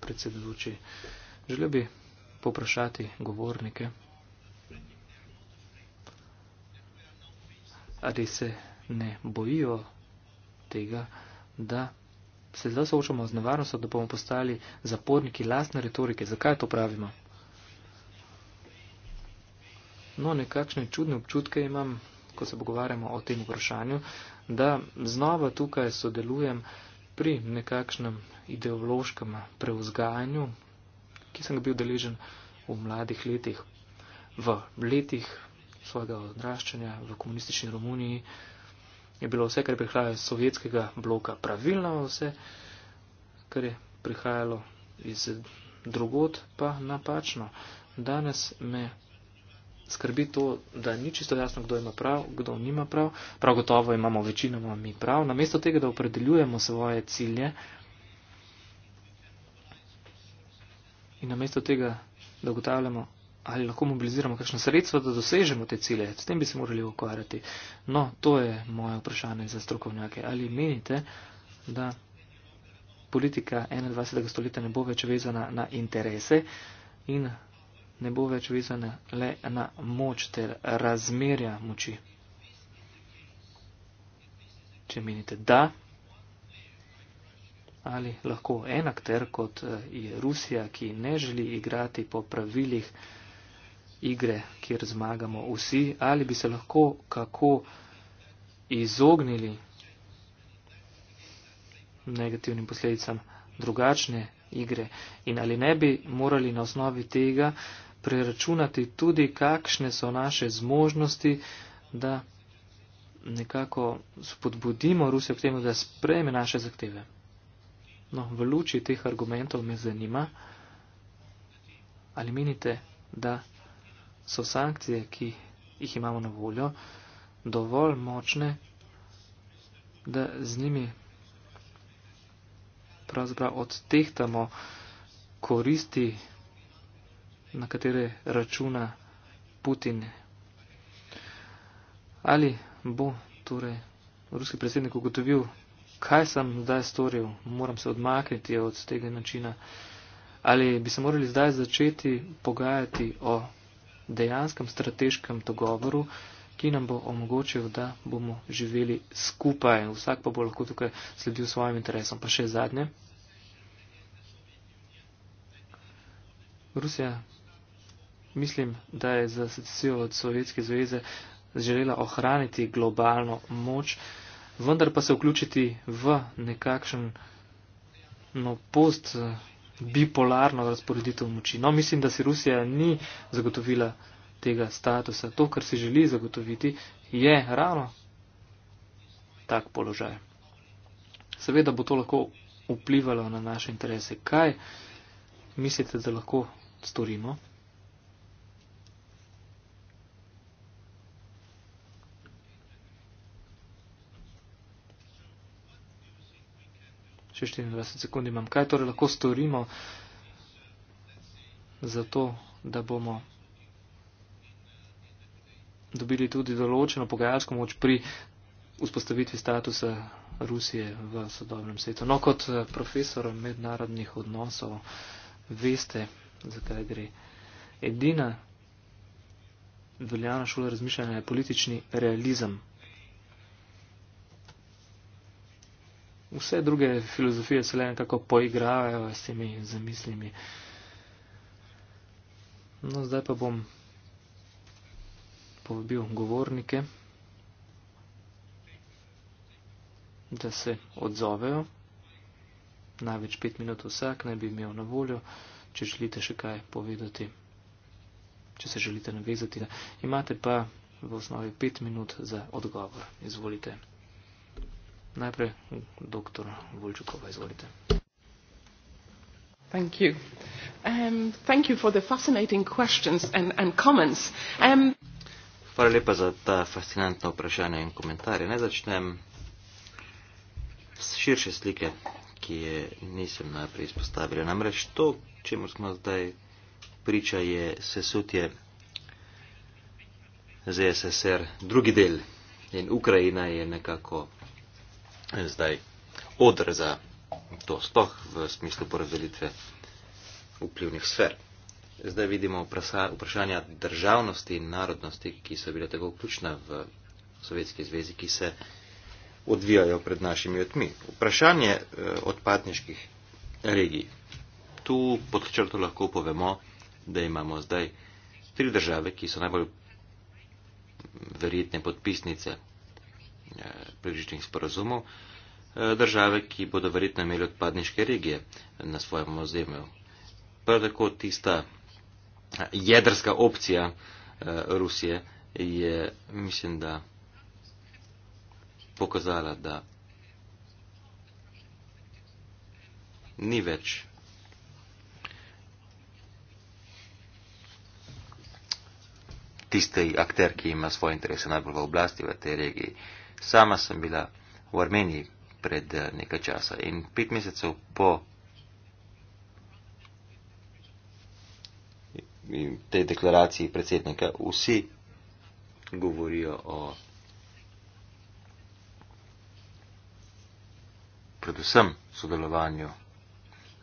S4: Predsedujoči, želel bi poprašati govornike, ali se ne bojijo tega, da se zdaj soočamo z nevarnostjo, da bomo postali zaporniki lastne retorike. Zakaj to pravimo? No, nekakšne čudne občutke imam, ko se pogovarjamo o tem vprašanju, da znova tukaj sodelujem pri nekakšnem ideološkem preuzgajanju, ki sem ga bil deležen v mladih letih, v letih svojega odraščanja v komunistični Romuniji, je bilo vse, kar prihaja iz sovjetskega bloka, pravilno vse, kar je prihajalo iz drugot, pa napačno. Danes me skrbi to, da ni čisto jasno, kdo ima prav, kdo nima prav. Prav gotovo imamo večinoma mi prav. Namesto tega, da opredeljujemo svoje cilje in namesto tega, da ugotavljamo, ali lahko mobiliziramo kakšne sredstva, da dosežemo te cilje. S tem bi se morali ukvarjati. No, to je moje vprašanje za strokovnjake. Ali menite, da politika 21. stoletja ne bo več vezana na interese in ne bo več vezana le na moč ter razmerja moči? Če menite da, ali lahko enak ter kot eh, je Rusija, ki ne želi igrati po pravilih, igre, kjer zmagamo vsi, ali bi se lahko kako izognili negativnim posledicam drugačne igre in ali ne bi morali na osnovi tega preračunati tudi, kakšne so naše zmožnosti, da nekako spodbudimo Rusijo k temu, da sprejme naše zahteve. No, v luči teh argumentov me zanima, ali menite, da so sankcije, ki jih imamo na voljo, dovolj močne, da z njimi pravzaprav odtehtamo koristi, na katere računa Putin. Ali bo torej ruski predsednik ugotovil, kaj sem zdaj storil, moram se odmakniti od tega načina, ali bi se morali zdaj začeti pogajati o dejanskem strateškem dogovoru, ki nam bo omogočil, da bomo živeli skupaj. Vsak pa bo lahko tukaj sledil svojim interesom. Pa še zadnje. Rusija, mislim, da je za secesijo od Sovjetske zveze želela ohraniti globalno moč, vendar pa se vključiti v nekakšen no, post bipolarno razporeditev moči. No, mislim, da si Rusija ni zagotovila tega statusa. To, kar si želi zagotoviti, je ravno tak položaj. Seveda bo to lahko vplivalo na naše interese. Kaj mislite, da lahko storimo? še 24 sekund imam. Kaj torej lahko storimo za to, da bomo dobili tudi določeno pogajalsko moč pri vzpostavitvi statusa Rusije v sodobnem svetu. No, kot eh, profesor mednarodnih odnosov veste, zakaj gre. Edina veljana šola razmišljanja je politični realizem. vse druge filozofije se le nekako poigravajo s temi zamislimi. No, zdaj pa bom povabil govornike, da se odzovejo. Največ pet minut vsak naj bi imel na voljo, če želite še kaj povedati, če se želite navezati. Imate pa v osnovi pet minut za odgovor. Izvolite. Najprej dr. Vulčukova, izvolite.
S3: Thank you. Um, thank you for the fascinating questions and, and comments. Um,
S1: Hvala lepa za ta fascinantna vprašanja in komentarje. Naj začnem s širše slike, ki je nisem najprej izpostavila. Namreč to, čemu smo zdaj priča, je sesutje ZSSR, drugi del. In Ukrajina je nekako zdaj odr za to sploh v smislu porazdelitve vplivnih sfer. Zdaj vidimo vprašanja državnosti in narodnosti, ki so bile tako ključna v Sovjetski zvezi, ki se odvijajo pred našimi otmi. Vprašanje eh, odpadniških regij. Tu pod črto lahko povemo, da imamo zdaj tri države, ki so najbolj verjetne podpisnice Eh, približnih sporazumov eh, države, ki bodo verjetno imeli odpadniške regije na svojem ozemlju. Prav tako tista eh, jedrska opcija Rusije je, mislim, da pokazala, da ni več tistej akter, ki ima svoje interese najbolj v oblasti v tej regiji. Uh, Sama sem bila v Armeniji pred eh, nekaj časa in pet mesecev po tej deklaraciji predsednika vsi govorijo o predvsem sodelovanju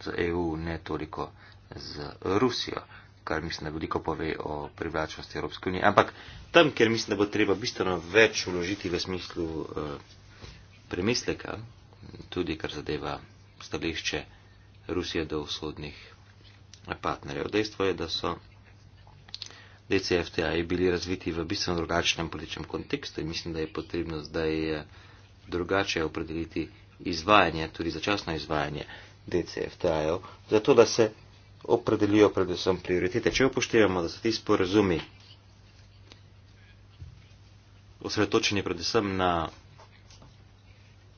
S1: z EU, ne toliko z Rusijo kar mislim, da veliko pove o privlačnosti Evropske unije. Ampak tam, kjer mislim, da bo treba bistveno več uložiti v smislu eh, premisleka, tudi kar zadeva stališče Rusije do vzhodnih partnerjev. Dejstvo je, da so DCFTA bili razviti v bistveno drugačnem političnem kontekstu in mislim, da je potrebno zdaj eh, drugače opredeliti izvajanje, tudi začasno izvajanje DCFTA-jev, zato da se opredelijo predvsem prioritete. Če upoštevamo, da so ti sporazumi osredotočeni predvsem na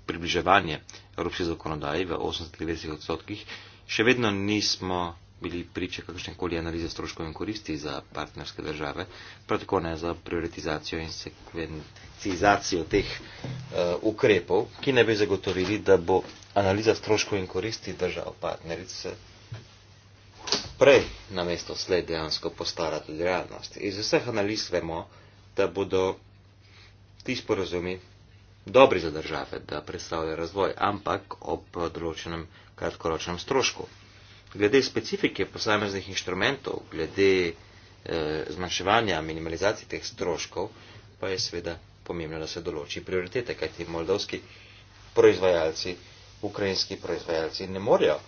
S1: približevanje evropske zakonodaje v 80 odstotkih, še vedno nismo bili priče kakršnekoli analize stroškov in koristi za partnerske države, prav tako ne za prioritizacijo in sekvencizacijo teh uh, ukrepov, ki ne bi zagotovili, da bo analiza stroškov in koristi držav partneric prej namesto slej dejansko postala tudi realnost. Iz vseh analiz vemo, da bodo ti sporozumi dobri za države, da predstavljajo razvoj, ampak ob določenem kratkoročnem strošku. Glede specifike posameznih inštrumentov, glede eh, zmanjševanja, minimalizacije teh stroškov, pa je seveda pomembno, da se določi prioritete, kajti moldovski proizvajalci, ukrajinski proizvajalci ne morejo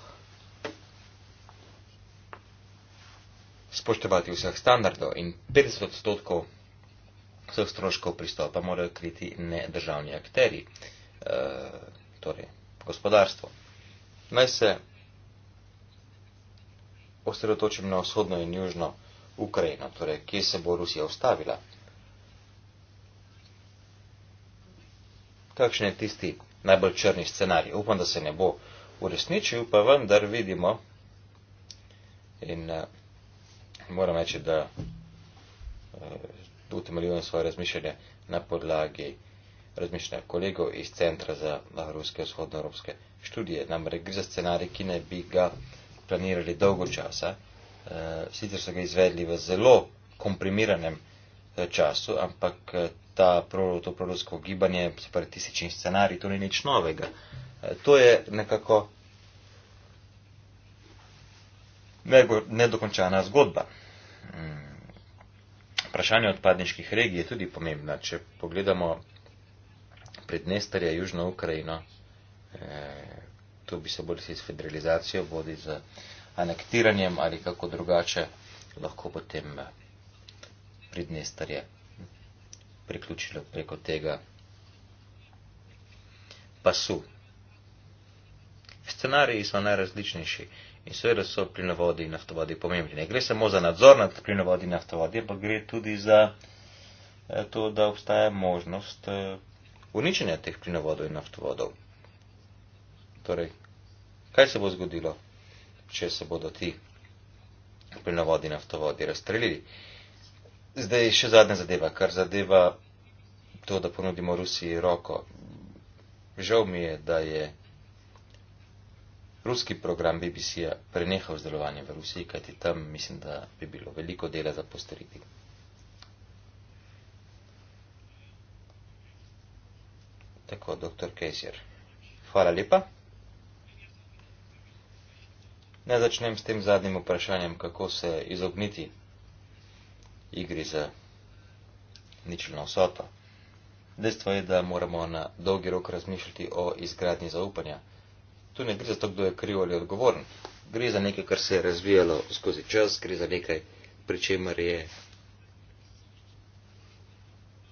S1: spoštovati vseh standardov in 50 odstotkov vseh stroškov pristopa morajo kriti ne državni akteri, e, eh, torej gospodarstvo. Naj se osredotočim na vzhodno in južno Ukrajino, torej kje se bo Rusija ustavila. Kakšen je tisti najbolj črni scenarij? Upam, da se ne bo uresničil, pa vendar vidimo in uh, moram reči, da e, eh, utemeljujem svoje razmišljanje na podlagi razmišljanja kolegov iz Centra za ruske vzhodnoevropske študije. Namreč gre za scenarij, ki ne bi ga planirali dolgo časa. E, sicer so ga izvedli v zelo komprimiranem e, času, ampak ta proru, to prorusko gibanje, separatistični scenarij, to ni nič novega. E, to je nekako nedokončana zgodba. Mm. Vprašanje odpadniških regij je tudi pomembna. Če pogledamo prednestarja Južno Ukrajino, eh, to bi se bolj s federalizacijo vodi z anektiranjem ali kako drugače lahko potem eh, prednestarje priključilo preko tega pasu. Scenariji so najrazličnejši. In seveda so plinovodi in naftovodi pomembni. Ne gre samo za nadzor nad plinovodi in naftovodi, ampak gre tudi za eh, to, da obstaja možnost eh, uničenja teh plinovodov in naftovodov. Torej, kaj se bo zgodilo, če se bodo ti plinovodi in naftovodi razstrelili? Zdaj je še zadnja zadeva, kar zadeva to, da ponudimo Rusiji roko. Žal mi je, da je ruski program BBC-ja prenehal z delovanjem v Rusiji, kajti tam mislim, da bi bilo veliko dela za postoriti. Tako, dr. Kejser, hvala lepa. Ne začnem s tem zadnjim vprašanjem, kako se izogniti igri za ničelno vsoto. Dejstvo je, da moramo na dolgi rok razmišljati o izgradnji zaupanja. Tu ne gre za to, kdo je kriv ali odgovoren. Gre za nekaj, kar se je razvijalo skozi čas, gre za nekaj, pri čemer je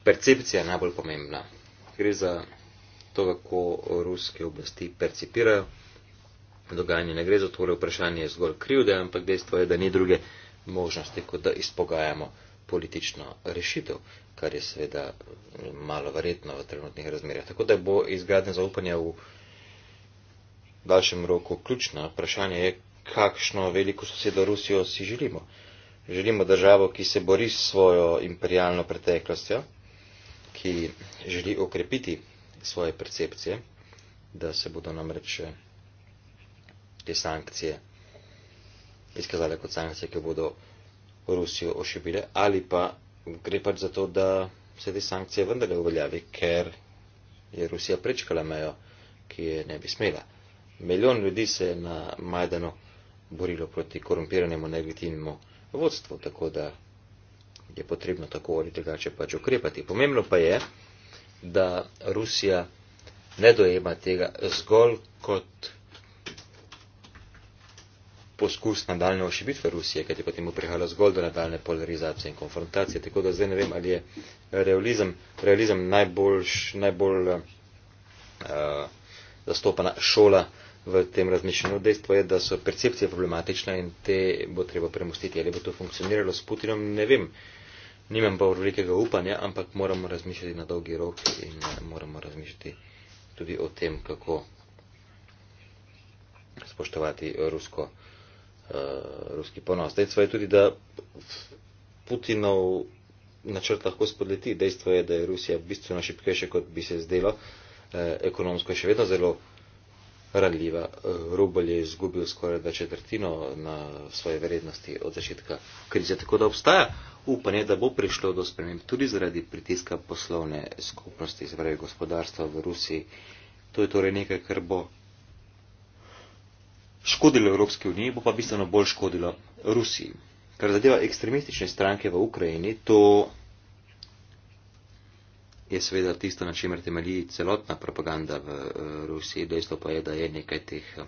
S1: percepcija najbolj pomembna. Gre za to, kako ruske oblasti percipirajo dogajanje. Ne gre za to, da torej vprašanje je zgolj krivde, ampak dejstvo je, da ni druge možnosti, kot da izpogajamo politično rešitev, kar je seveda malo verjetno v trenutnih razmerah. Tako da bo izgradnja zaupanja v daljšem roku ključna. Vprašanje je, kakšno veliko sosedo Rusijo si želimo. Želimo državo, ki se bori s svojo imperialno preteklostjo, ki želi okrepiti svoje percepcije, da se bodo namreč eh, te sankcije izkazale kot sankcije, ki bodo Rusijo ošibile, ali pa gre pač za to, da se te sankcije vendarle uveljavi, ker je Rusija prečkala mejo, ki je ne bi smela. Milijon ljudi se je na Majdanu borilo proti korumpiranemu negativnemu vodstvu, tako da je potrebno tako ali drugače pač ukrepati. Pomembno pa je, da Rusija ne dojema tega zgolj kot poskus nadaljne ošibitve Rusije, kajti potem bo prihajalo zgolj do nadaljne polarizacije in konfrontacije. Tako da zdaj ne vem, ali je realizem, realizem najbolj, najbolj uh, eh, zastopana šola v tem razmišljanju. Dejstvo je, da so percepcije problematične in te bo treba premustiti. Ali bo to funkcioniralo s Putinom, ne vem. Nimam pa velikega upanja, ampak moramo razmišljati na dolgi rok in eh, moramo razmišljati tudi o tem, kako spoštovati rusko, uh, ruski ponos. Dejstvo je tudi, da Putinov načrt lahko spodleti. Dejstvo je, da je Rusija bistveno šipkejša, kot bi se zdelo, uh, ekonomsko še vedno zelo ranljiva. Rubelj je izgubil skoraj da četrtino na svoje vrednosti od začetka krize, tako da obstaja upanje, da bo prišlo do sprememb tudi zaradi pritiska poslovne skupnosti, zaradi gospodarstva v Rusiji. To je torej nekaj, kar bo škodilo Evropski uniji, bo pa bistveno bolj škodilo Rusiji. Kar zadeva ekstremistične stranke v Ukrajini, to je seveda tisto, na čemer temelji celotna propaganda v eh, Rusiji. Dejstvo pa je, da je nekaj teh eh,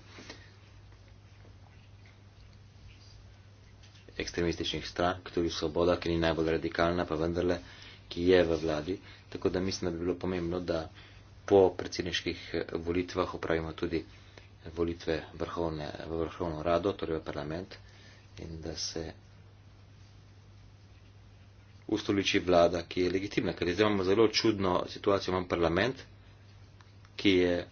S1: ekstremističnih strank, tudi svoboda, ki ni najbolj radikalna, pa vendarle, ki je v vladi. Tako da mislim, da bi bilo pomembno, da po predsedniških eh, volitvah opravimo tudi volitve vrhovne, v vrhovno rado, torej v parlament, in da se ustoliči vlada, ki je legitimna, ker zdaj imamo zelo čudno situacijo, imamo parlament, ki je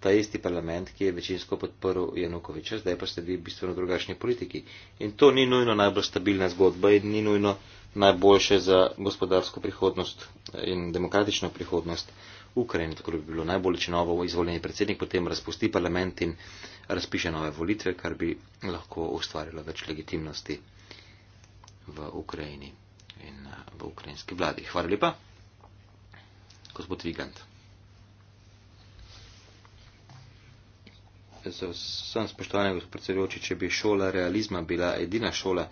S1: ta isti parlament, ki je večinsko podporil Janukoviča, zdaj pa ste vi bistveno drugačni politiki. In to ni nujno najbolj stabilna zgodba in ni nujno najboljše za gospodarsko prihodnost in demokratično prihodnost Ukrajine, tako bi bilo najbolje, če novo izvoljeni predsednik potem razpusti parlament in razpiše nove volitve, kar bi lahko ustvarilo več legitimnosti v Ukrajini in eh, v ukrajinski vladi. Hvala lepa. Gospod Vigant. Sem spoštovani gospod predsedujoči, če bi šola realizma bila edina šola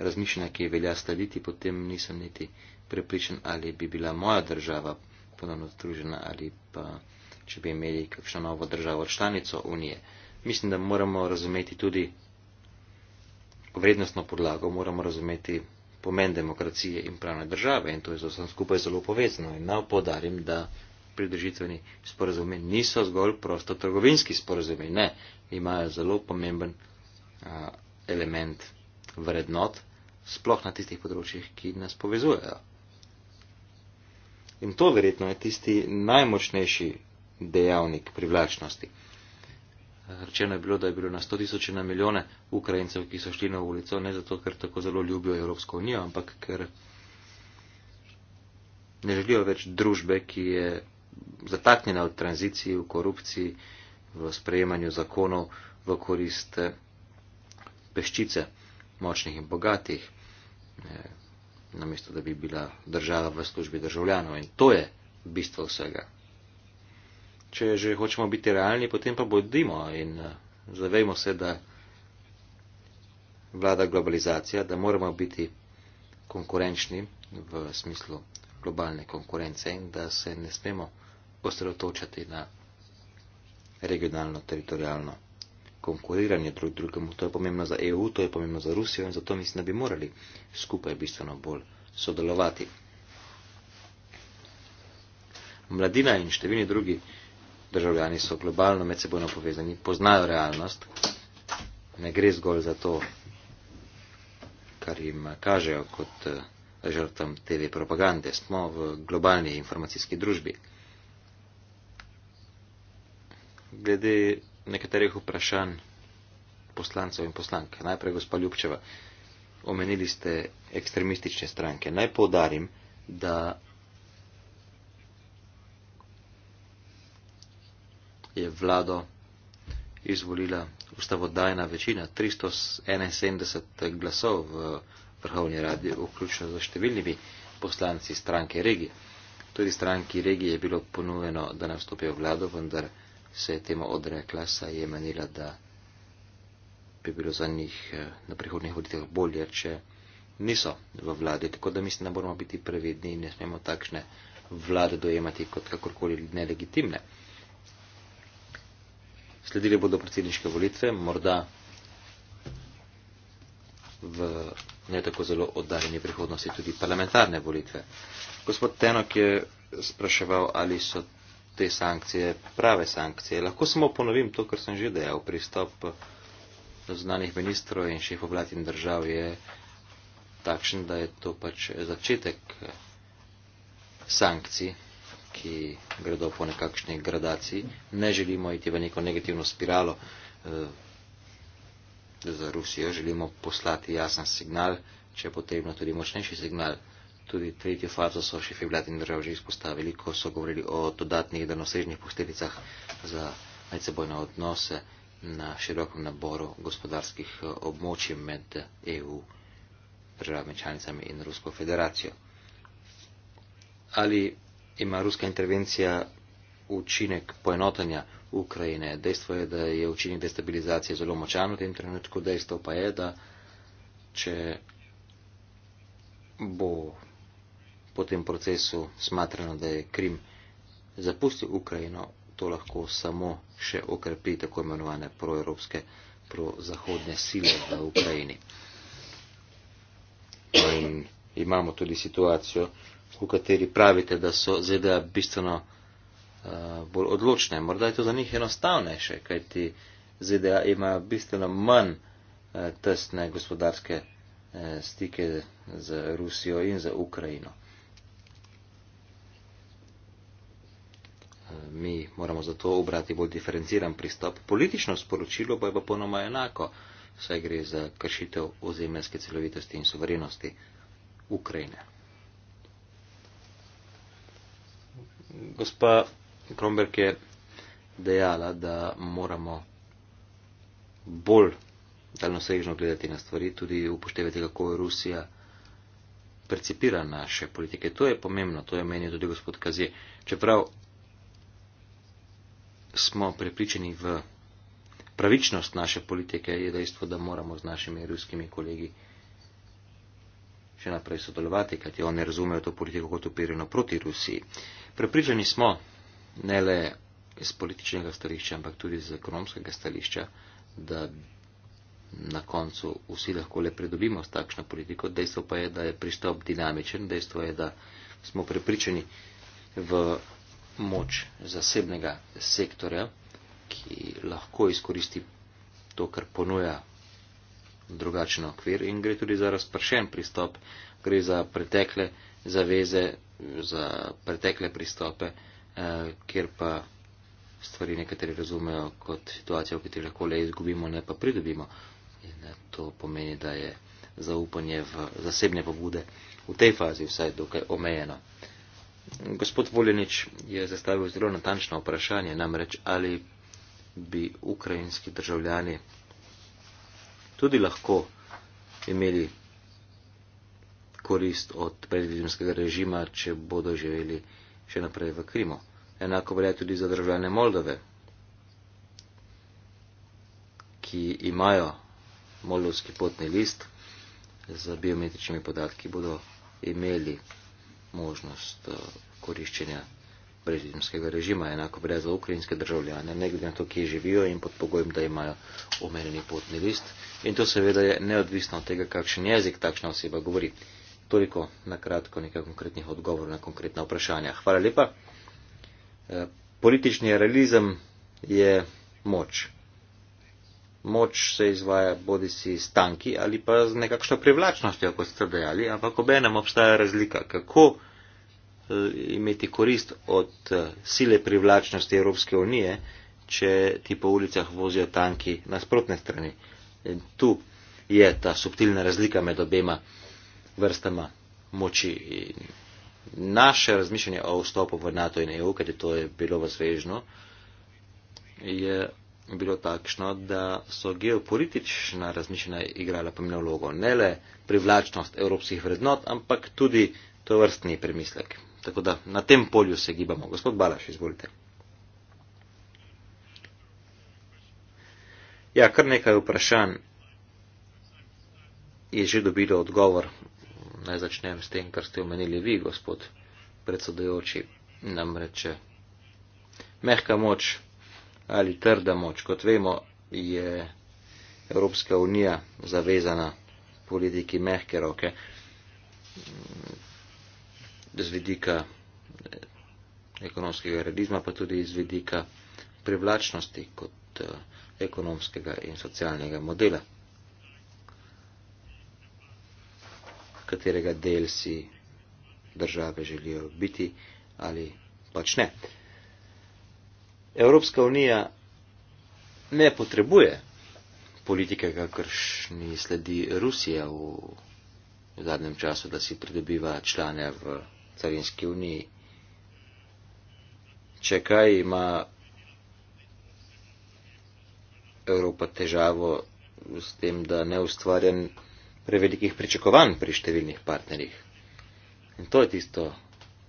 S1: razmišljanja, ki je velja slediti, potem nisem niti prepričan, ali bi bila moja država ponovno združena ali pa če bi imeli kakšno novo državo članico Unije. Mislim, da moramo razumeti tudi vrednostno podlago, moramo razumeti pomen demokracije in pravne države in to je vsem skupaj zelo povezano. In nav podarim, da pridržitveni sporozumi niso zgolj prosto trgovinski sporozumi, ne, imajo zelo pomemben a, element vrednot, sploh na tistih področjih, ki nas povezujejo. In to verjetno je tisti najmočnejši dejavnik privlačnosti. Rečeno je bilo, da je bilo na 100 tisoč na milijone Ukrajincev, ki so šli na ulico, ne zato, ker tako zelo ljubijo Evropsko unijo, ampak ker ne želijo več družbe, ki je zataknjena v tranziciji, v korupciji, v sprejemanju zakonov v korist eh, peščice močnih in bogatih, eh, namesto da bi bila država v službi državljanov. In to je bistvo vsega če že hočemo biti realni, potem pa bodimo in eh, zavejmo se, da vlada globalizacija, da moramo biti konkurenčni v smislu globalne konkurence in da se ne smemo osredotočati na regionalno, teritorijalno konkuriranje drug drugemu. To je pomembno za EU, to je pomembno za Rusijo in zato mislim, da bi morali skupaj bistveno bolj sodelovati. Mladina in številni drugi državljani so globalno medsebojno povezani, poznajo realnost, ne gre zgolj za to, kar jim kažejo kot eh, žrtvam TV propagande. Smo v globalni informacijski družbi. Glede nekaterih vprašanj poslancev in poslank, najprej gospa Ljubčeva, omenili ste ekstremistične stranke. Naj povdarim, da je vlado izvolila ustavodajna večina 371 glasov v vrhovni radi, vključno z številnimi poslanci stranke regije. Tudi stranki regije je bilo ponujeno, da nastopi v vlado, vendar se je temu odrekla, saj je menila, da bi bilo za njih eh, na prihodnih volitev bolje, če niso v vladi. Tako da mislim, da moramo biti previdni in ne smemo takšne vlade dojemati kot kakorkoli nelegitimne. Sledili bodo predsedniške volitve, morda v ne tako zelo oddaljeni prihodnosti tudi parlamentarne volitve. Gospod Tenok je spraševal, ali so te sankcije prave sankcije. Lahko samo ponovim to, kar sem že dejal. Pristop znanih ministrov in šefov vlad in držav je takšen, da je to pač začetek sankcij ki gredo po nekakšni gradaciji. Ne želimo iti v neko negativno spiralo eh, za Rusijo, želimo poslati jasen signal, če je potrebno tudi močnejši signal. Tudi tretjo fazo so šefi vlad in držav že izpostavili, ko so govorili o dodatnih danosežnih posledicah za medsebojne odnose na širokem naboru gospodarskih eh, območij med EU eh, e državami članicami in Rusko federacijo. Ali ima ruska intervencija učinek poenotanja Ukrajine. Dejstvo je, da je učinek destabilizacije zelo močan v tem trenutku. Dejstvo pa je, da če bo po tem procesu smatrano, da je Krim zapustil Ukrajino, to lahko samo še okrepi tako imenovane proevropske, prozahodne sile v Ukrajini. In imamo tudi situacijo, v kateri pravite, da so ZDA bistveno uh, bolj odločne. Morda je to za njih enostavnejše, kajti ZDA imajo bistveno manj uh, tesne gospodarske uh, stike z Rusijo in z Ukrajino. Mi moramo zato obrati bolj diferenciran pristop. Politično sporočilo pa je pa ponoma enako, saj gre za kršitev ozemljske celovitosti in soverenosti Ukrajine. Gospa Kromberg je dejala, da moramo bolj daljnosežno gledati na stvari, tudi upoštevati, kako Rusija percipira naše politike. To je pomembno, to je meni tudi gospod Kazije. Čeprav smo prepričani v pravičnost naše politike, je dejstvo, da moramo z našimi ruskimi kolegi še naprej sodelovati, kajti oni razumejo to politiko kot upirjeno proti Rusiji. Prepričani smo, ne le iz političnega stališča, ampak tudi iz ekonomskega stališča, da na koncu vsi lahko le predobimo s takšno politiko. Dejstvo pa je, da je pristop dinamičen, dejstvo je, da smo prepričani v moč zasebnega sektorja, ki lahko izkoristi to, kar ponuja drugačen okvir in gre tudi za razpršen pristop, gre za pretekle zaveze, za pretekle pristope, eh, kjer pa stvari nekateri razumejo kot situacijo, v kateri lahko le izgubimo, ne pa pridobimo. In eh, to pomeni, da je zaupanje v zasebne pobude v tej fazi vsaj dokaj omejeno. Gospod Voljenič je zastavil zelo natančno vprašanje, namreč ali bi ukrajinski državljani tudi lahko imeli korist od predvidimskega režima, če bodo živeli še naprej v Krimu. Enako velja tudi za državljane Moldove, ki imajo moldovski potni list za biometričnimi podatki, bodo imeli možnost eh, koriščenja predvidimskega režima. Enako velja za ukrajinske državljane, ne glede na to, kje živijo in pod pogojem, da imajo omenjeni potni list. In to seveda je neodvisno od tega, kakšen jezik takšna oseba govori. Toliko na kratko nekaj konkretnih odgovorov na konkretna vprašanja. Hvala lepa. E, politični realizem je moč. Moč se izvaja bodi si s tanki ali pa z nekakšno privlačnostjo, kot ste dejali, ampak obenem obstaja razlika, kako e, imeti korist od e, sile privlačnosti Evropske unije, če ti po ulicah vozijo tanki na sprotne strani. In tu je ta subtilna razlika med obema vrstama moči. In naše razmišljanje o vstopu v NATO in EU, kajti to je bilo v svežnju, je bilo takšno, da so geopolitična razmišljanja igrala pomembno vlogo. Ne le privlačnost evropskih vrednot, ampak tudi to vrstni premislek. Tako da na tem polju se gibamo. Gospod Balaš, izvolite. Ja, kar nekaj vprašanj je že dobilo odgovor naj začnem s tem, kar ste omenili vi, gospod predsedujoči. Namreč eh, mehka moč ali trda moč, kot vemo, je Evropska unija zavezana politiki mehke roke z vidika eh, ekonomskega realizma, pa tudi z vidika privlačnosti kot eh, ekonomskega in socialnega modela. katerega del si države želijo biti ali pač ne. Evropska unija ne potrebuje politike, kakršni sledi Rusija v zadnjem času, da si pridobiva člane v carinski uniji. Če kaj ima Evropa težavo s tem, da ne ustvarja prevelikih pričakovanj pri številnih partnerjih. In to je tisto,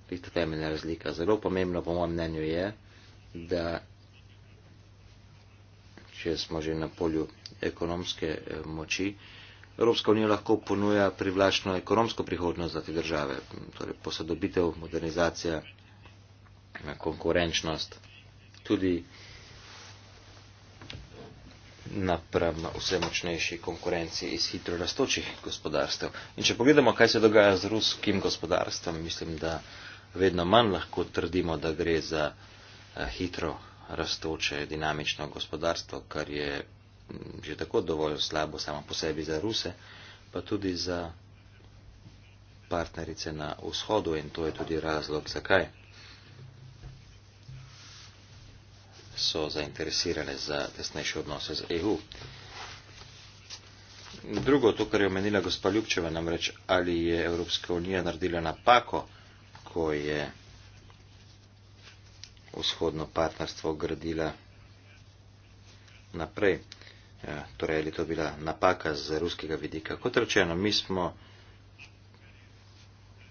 S1: tisto temeljna razlika. Zelo pomembno, po mojem mnenju, je, da če smo že na polju ekonomske eh, moči, Evropska unija lahko ponuja privlačno ekonomsko prihodnost za te države. Torej posodobitev, modernizacija, konkurenčnost, tudi naprem vse močnejši konkurenci iz hitro rastočih gospodarstev. In če pogledamo, kaj se dogaja z ruskim gospodarstvom, mislim, da vedno manj lahko trdimo, da gre za eh, hitro rastoče dinamično gospodarstvo, kar je mm, že tako dovolj slabo samo po sebi za Ruse, pa tudi za partnerice na vzhodu in to je tudi razlog, zakaj. so zainteresirane za tesnejše odnose z EU. Drugo, to, kar je omenila gospa Ljubčeva, namreč ali je Evropska unija naredila napako, ko je vzhodno partnerstvo gradila naprej. Ja, torej, ali to bila napaka z ruskega vidika. Kot rečeno, mi smo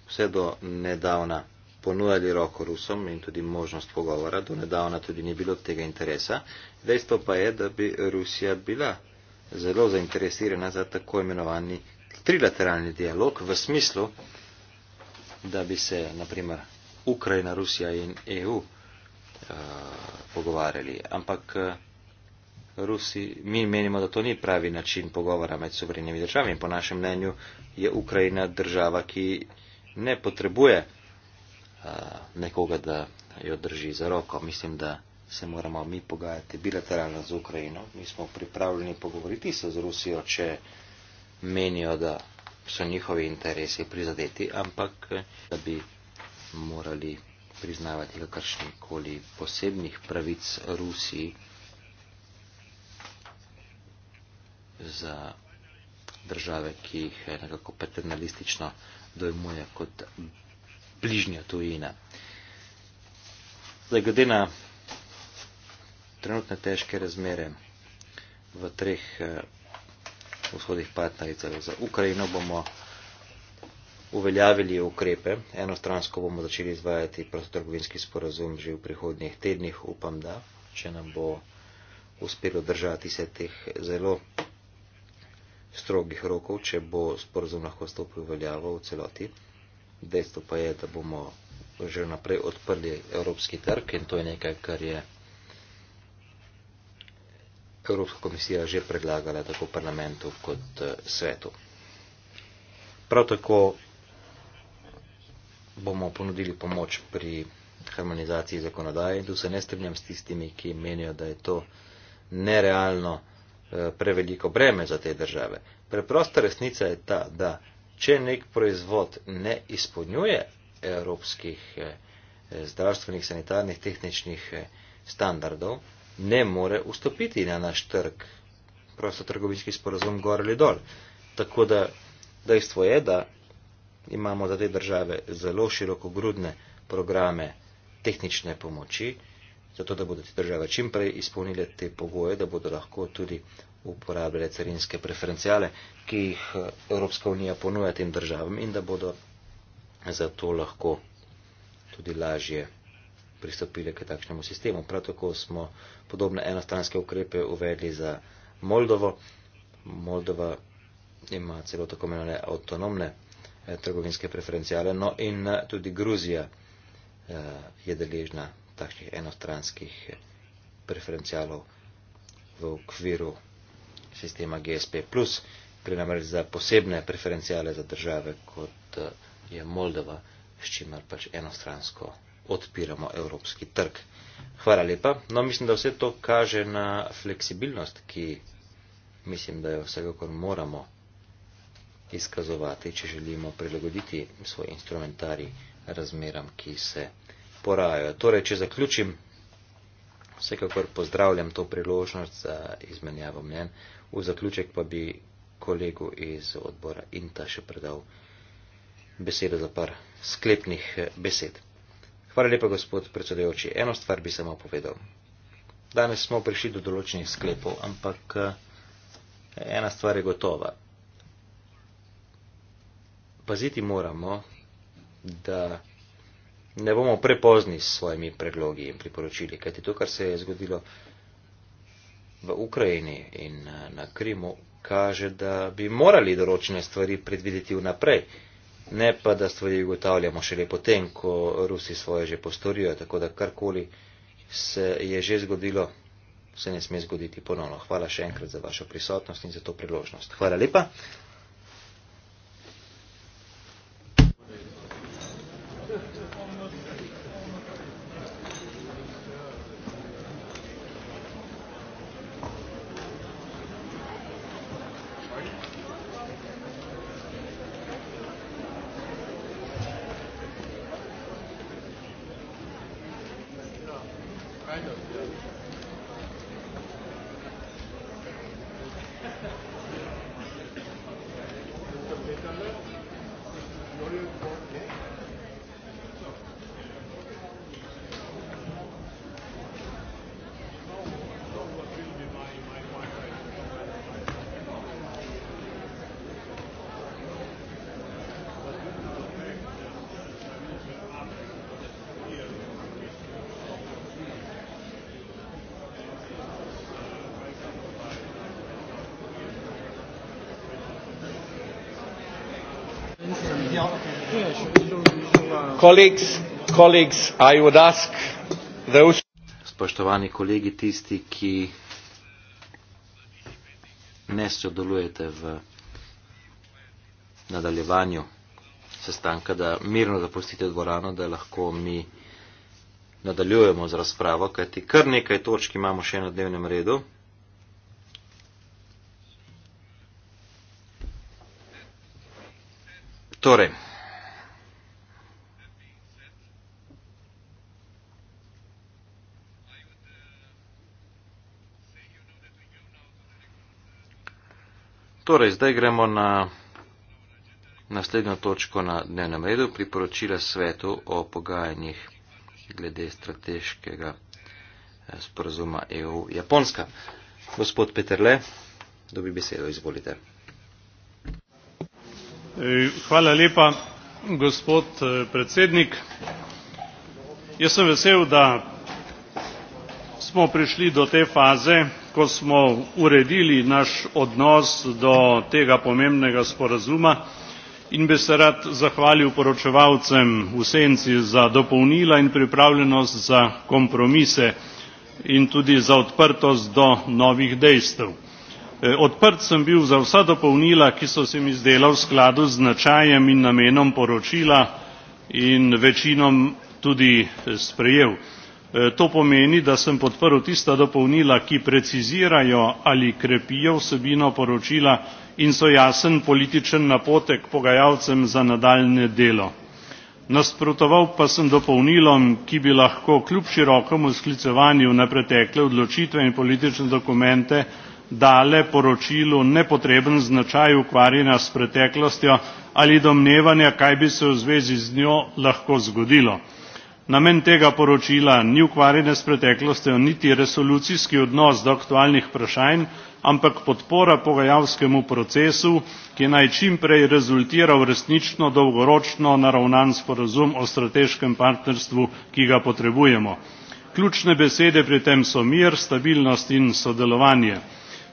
S1: vse do nedavna ponujali roko Rusom in tudi možnost pogovora, do nedavna tudi ni bilo tega interesa. Dejstvo pa je, da bi Rusija bila zelo zainteresirana za tako imenovani trilateralni dialog v smislu, da bi se, naprimer, Ukrajina, Rusija in EU eh, pogovarjali. Ampak eh, Rusi, mi menimo, da to ni pravi način pogovora med sovrenimi državami in po našem mnenju je Ukrajina država, ki ne potrebuje Eh, nekoga, da jo drži za roko. Mislim, da se moramo mi pogajati bilateralno z Ukrajino. Mi smo pripravljeni pogovoriti se z Rusijo, če menijo, da so njihovi interesi prizadeti, ampak eh, da bi morali priznavati kakršnikoli posebnih pravic Rusiji za države, ki jih eh, nekako paternalistično dojmuje kot bližnja tujina. Zdaj, glede na trenutne težke razmere v treh eh, vzhodih partnericah za Ukrajino bomo uveljavili ukrepe. Enostransko bomo začeli izvajati prostotrgovinski sporazum že v prihodnjih tednih. Upam, da če nam bo uspelo držati se teh zelo strogih rokov, če bo sporazum lahko stopil v veljavo v celoti dejstvo pa je, da bomo že naprej odprli evropski trg in to je nekaj, kar je Evropska komisija že predlagala tako parlamentu kot eh, svetu. Prav tako bomo ponudili pomoč pri harmonizaciji zakonodaje in tu se ne strinjam s tistimi, ki menijo, da je to nerealno eh, preveliko breme za te države. Preprosta resnica je ta, da če nek proizvod ne izpolnjuje evropskih eh, zdravstvenih, sanitarnih, tehničnih eh, standardov, ne more vstopiti na naš trg. Prosto trgovinski sporazum gor ali dol. Tako da dejstvo je, da imamo za te države zelo širokogrudne programe tehnične pomoči, zato da bodo te države čimprej izpolnile te pogoje, da bodo lahko tudi uporabljale carinske preferencijale, ki jih eh, Evropska unija ponuja tem državam in da bodo zato lahko tudi lažje pristopile k takšnemu sistemu. Prav tako smo podobne enostranske ukrepe uvedli za Moldovo. Moldova ima celo tako imenovane avtonomne eh, trgovinske preferencijale, no in eh, tudi Gruzija je deležna takšnih enostranskih preferencijalov v okviru sistema GSP. Gre namreč za posebne preferencijale za države, kot eh, je Moldova, s čimer pač enostransko odpiramo evropski trg. Hvala lepa. No, mislim, da vse to kaže na fleksibilnost, ki mislim, da jo vsekakor moramo izkazovati, če želimo prilagoditi svoj instrumentari razmeram, ki se porajajo. Torej, če zaključim vsekakor pozdravljam to priložnost za izmenjavo mnen. V zaključek pa bi kolegu iz odbora Inta še predal besedo za par sklepnih eh, besed. Hvala lepa, gospod predsedujoči. Eno stvar bi samo povedal. Danes smo prišli do določenih sklepov, ampak eh, ena stvar je gotova. Paziti moramo, da ne bomo prepozni s svojimi predlogi in priporočili, kajti to, kar se je zgodilo v Ukrajini in eh, na Krimu, kaže, da bi morali določene stvari predvideti vnaprej, ne pa, da stvari ugotavljamo šele potem, ko Rusi svoje že postorijo, tako da karkoli se je že zgodilo, se ne sme zgoditi ponovno. Hvala še enkrat za vašo prisotnost in za to priložnost. Hvala lepa. spoštovani kolegi tisti ki ne sodelujete v nadaljevanju sestanka da mirno zapustite dvorano da lahko mi nadaljujemo z razpravo kajti kar nekaj točk imamo še na dnevnem redu Torej, zdaj gremo na naslednjo točko na dnevnem redu, priporočila svetu o pogajanjih glede strateškega eh, sporazuma EU-Japonska.
S3: Gospod Peterle, dobi besedo, izvolite. Eh, hvala lepa, gospod eh, predsednik. Jaz sem vesel, da smo prišli do te faze, ko smo uredili naš odnos do tega pomembnega sporazuma in bi se rad zahvalil poročevalcem v senci za dopolnila in pripravljenost za kompromise in tudi za odprtost do novih dejstev. E, odprt sem bil za vsa dopolnila, ki so se mi zdela v skladu z značajem in namenom poročila in večinom tudi e, sprejel. Eh, to pomeni, da sem podprl tista dopolnila, ki precizirajo ali krepijo vsebino poročila in so jasen političen napotek pogajalcem za nadaljne delo. Nasprotoval pa sem dopolnilom, ki bi lahko kljub širokemu sklicevanju na pretekle odločitve in politične dokumente dale poročilu nepotreben značaj ukvarjanja s preteklostjo ali domnevanja, kaj bi se v zvezi z njo lahko zgodilo. Namen tega poročila ni ukvarjanje s preteklostjo niti resolucijski odnos do aktualnih vprašanj, ampak podpora pogajalskemu procesu, ki naj čimprej rezultira v resnično dolgoročno naravnan sporazum o strateškem partnerstvu, ki ga potrebujemo. Ključne besede pri tem so mir, stabilnost in sodelovanje.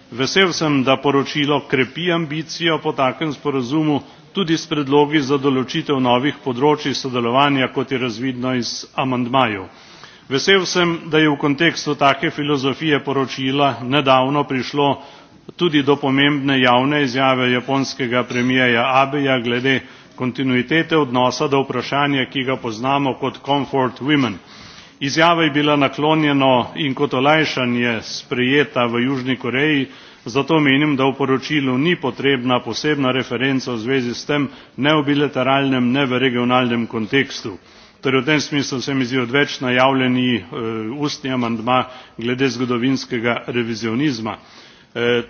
S3: Vesel sem, da poročilo krepi ambicijo po takem sporazumu, tudi s predlogi za določitev novih področij sodelovanja kot je razvidno iz amandmajev. vesel sem da je v kontekstu take filozofije poročila nedavno prišlo tudi do pomembne javne izjave japonskega premijeja abeja glede kontinuitete odnosa do vprašanja ki ga poznamo kot comfort women izjava je bila naklonjeno in kot olajšanje sprejeta v južni koreji zato menim da v poročilu ni potrebna posebna referenca v zvezi s tem ne v bilateralnem ne v regionalnem kontekstu torej v tem smislu se mi zdi odveč najavljeni eh, ustni amandma glede zgodovinskega revizionizma. Eh,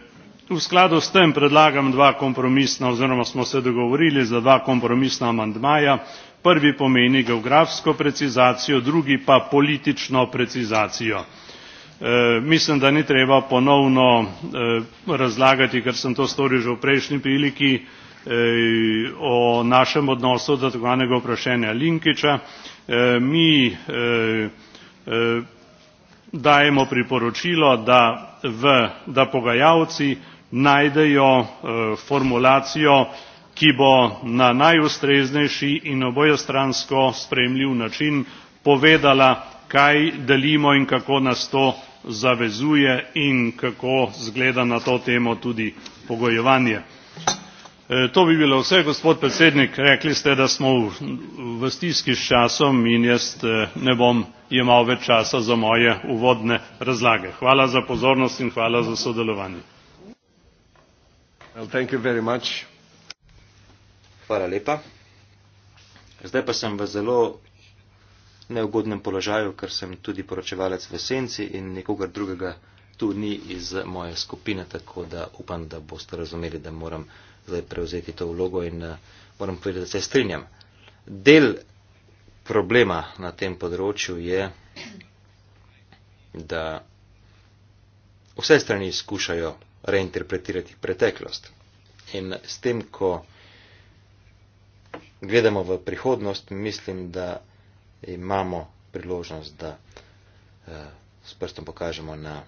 S3: v skladu s tem predlagam dva kompromisna oziroma smo se dogovorili za dva kompromisna amandmaja prvi pomeni geografsko precizacijo drugi pa politično precizacijo. Eh, mislim da ni treba ponovno eh, razlagati ker sem to storil že v prejšnji priliki eh, o našem odnosu do tako imenovanega vprašanja linkića mi dajemo priporočilo da v da pogajalci najdejo formulacijo ki bo na najustreznejši in obojestransko sprejemljiv način povedala kaj delimo in kako nas to zavezuje in kako zgleda na to temo tudi pogojevanje. E, to bi bilo vse, gospod predsednik, rekli ste, da smo v, v stiski s časom in jaz e, ne bom imel več časa za moje uvodne razlage. Hvala za pozornost in hvala za sodelovanje. Well,
S1: hvala lepa. Zdaj pa sem v zelo neugodnem položaju, ker sem tudi poročevalec v senci in nikogar drugega tu ni iz moje skupine, tako da upam, da boste razumeli, da moram zdaj prevzeti to vlogo in eh, moram povedati, da se strinjam. Del problema na tem področju je, da vse strani skušajo reinterpretirati preteklost. In s tem, ko gledamo v prihodnost, mislim, da imamo priložnost, da eh, s prstom pokažemo na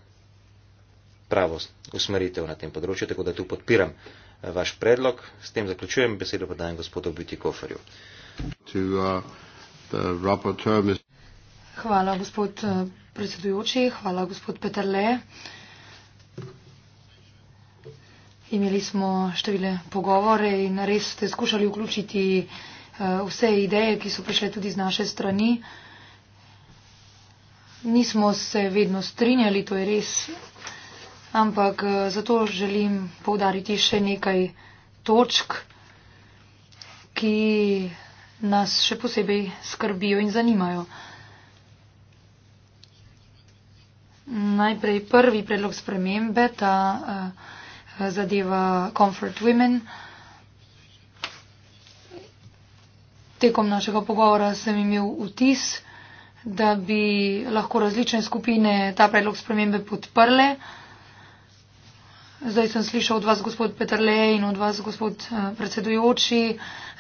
S1: pravo usmeritev na tem področju, tako da tu podpiram eh, vaš predlog. S tem zaključujem besedo pa dajem gospodu Biti Koferju.
S3: Uh,
S2: hvala, gospod eh, predsedujoči, hvala, gospod Peter Le. Imeli smo številne pogovore in res ste skušali vključiti Eh, vse ideje, ki so prišle tudi z naše strani. Nismo se vedno strinjali, to je res, ampak eh, zato želim povdariti še nekaj točk, ki nas še posebej skrbijo in zanimajo. Najprej prvi predlog spremembe, ta uh, zadeva Comfort Women. Uh, tekom našega pogovora sem imel vtis, da bi lahko različne skupine ta predlog spremembe podprle. Zdaj sem slišal od vas, gospod Petrle in od vas, gospod eh, predsedujoči,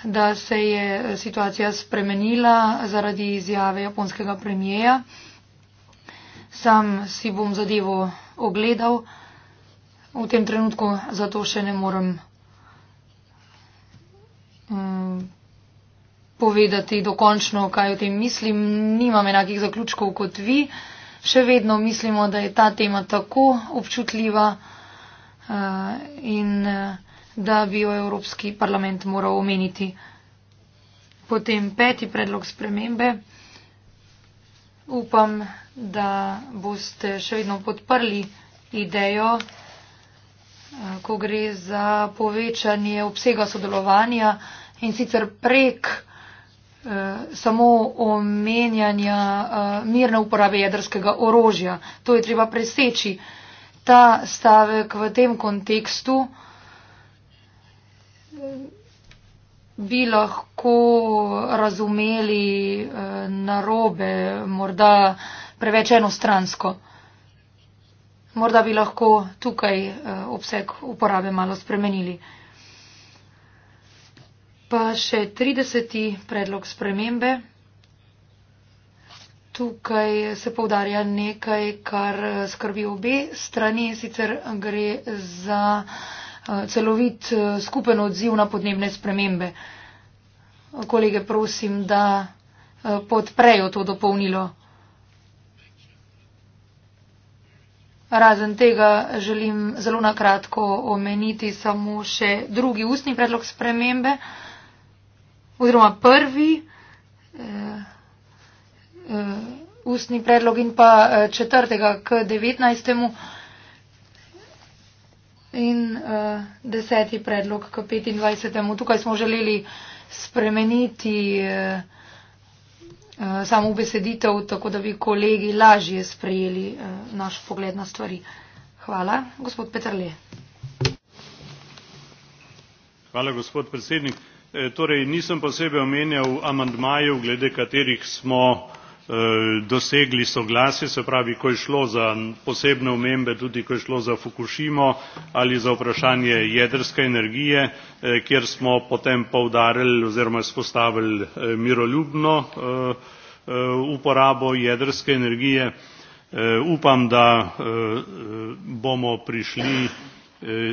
S2: da se je eh, situacija spremenila zaradi izjave japonskega premijeja. Sam si bom zadevo ogledal. V tem trenutku zato še ne morem. Um, povedati dokončno, kaj o tem mislim. Nimam enakih zaključkov kot vi. Še vedno mislimo, da je ta tema tako občutljiva uh, in uh, da bi jo Evropski parlament moral omeniti. Potem peti predlog spremembe. Upam, da boste še vedno podprli idejo, eh, ko gre za povečanje obsega sodelovanja in sicer prek Eh, samo omenjanja eh, mirne uporabe jedrskega orožja. To je treba preseči. Ta stavek v tem kontekstu eh, bi lahko razumeli narobe, morda preveč enostransko. Morda bi lahko tukaj obseg uporabe malo spremenili. Pa še 30. predlog spremembe. Tukaj se povdarja nekaj, kar skrbi obe strani. Sicer gre za eh, celovit eh, skupen odziv na podnebne spremembe. Kolege, prosim, da eh, podprejo to dopolnilo. Razen tega želim zelo nakratko omeniti samo še drugi ustni predlog spremembe oziroma prvi uh, uh, ustni predlog in pa uh, četrtega k devetnajstemu in uh, deseti predlog k petindvajsetemu. Tukaj smo želeli spremeniti uh, uh, samo beseditev, tako da bi kolegi lažje sprejeli uh, naš pogled na stvari. Hvala, gospod Petrle.
S3: Hvala, gospod predsednik. E, torej nisem posebej omenjal amandmajev glede katerih smo e, dosegli soglasje se pravi ko je šlo za posebne omembe tudi ko je šlo za fukušimo ali za vprašanje jedrske energije e, kjer smo potem poudarili oziroma izpostavili miroljubno uporabo jedrske energije upam da bomo prišli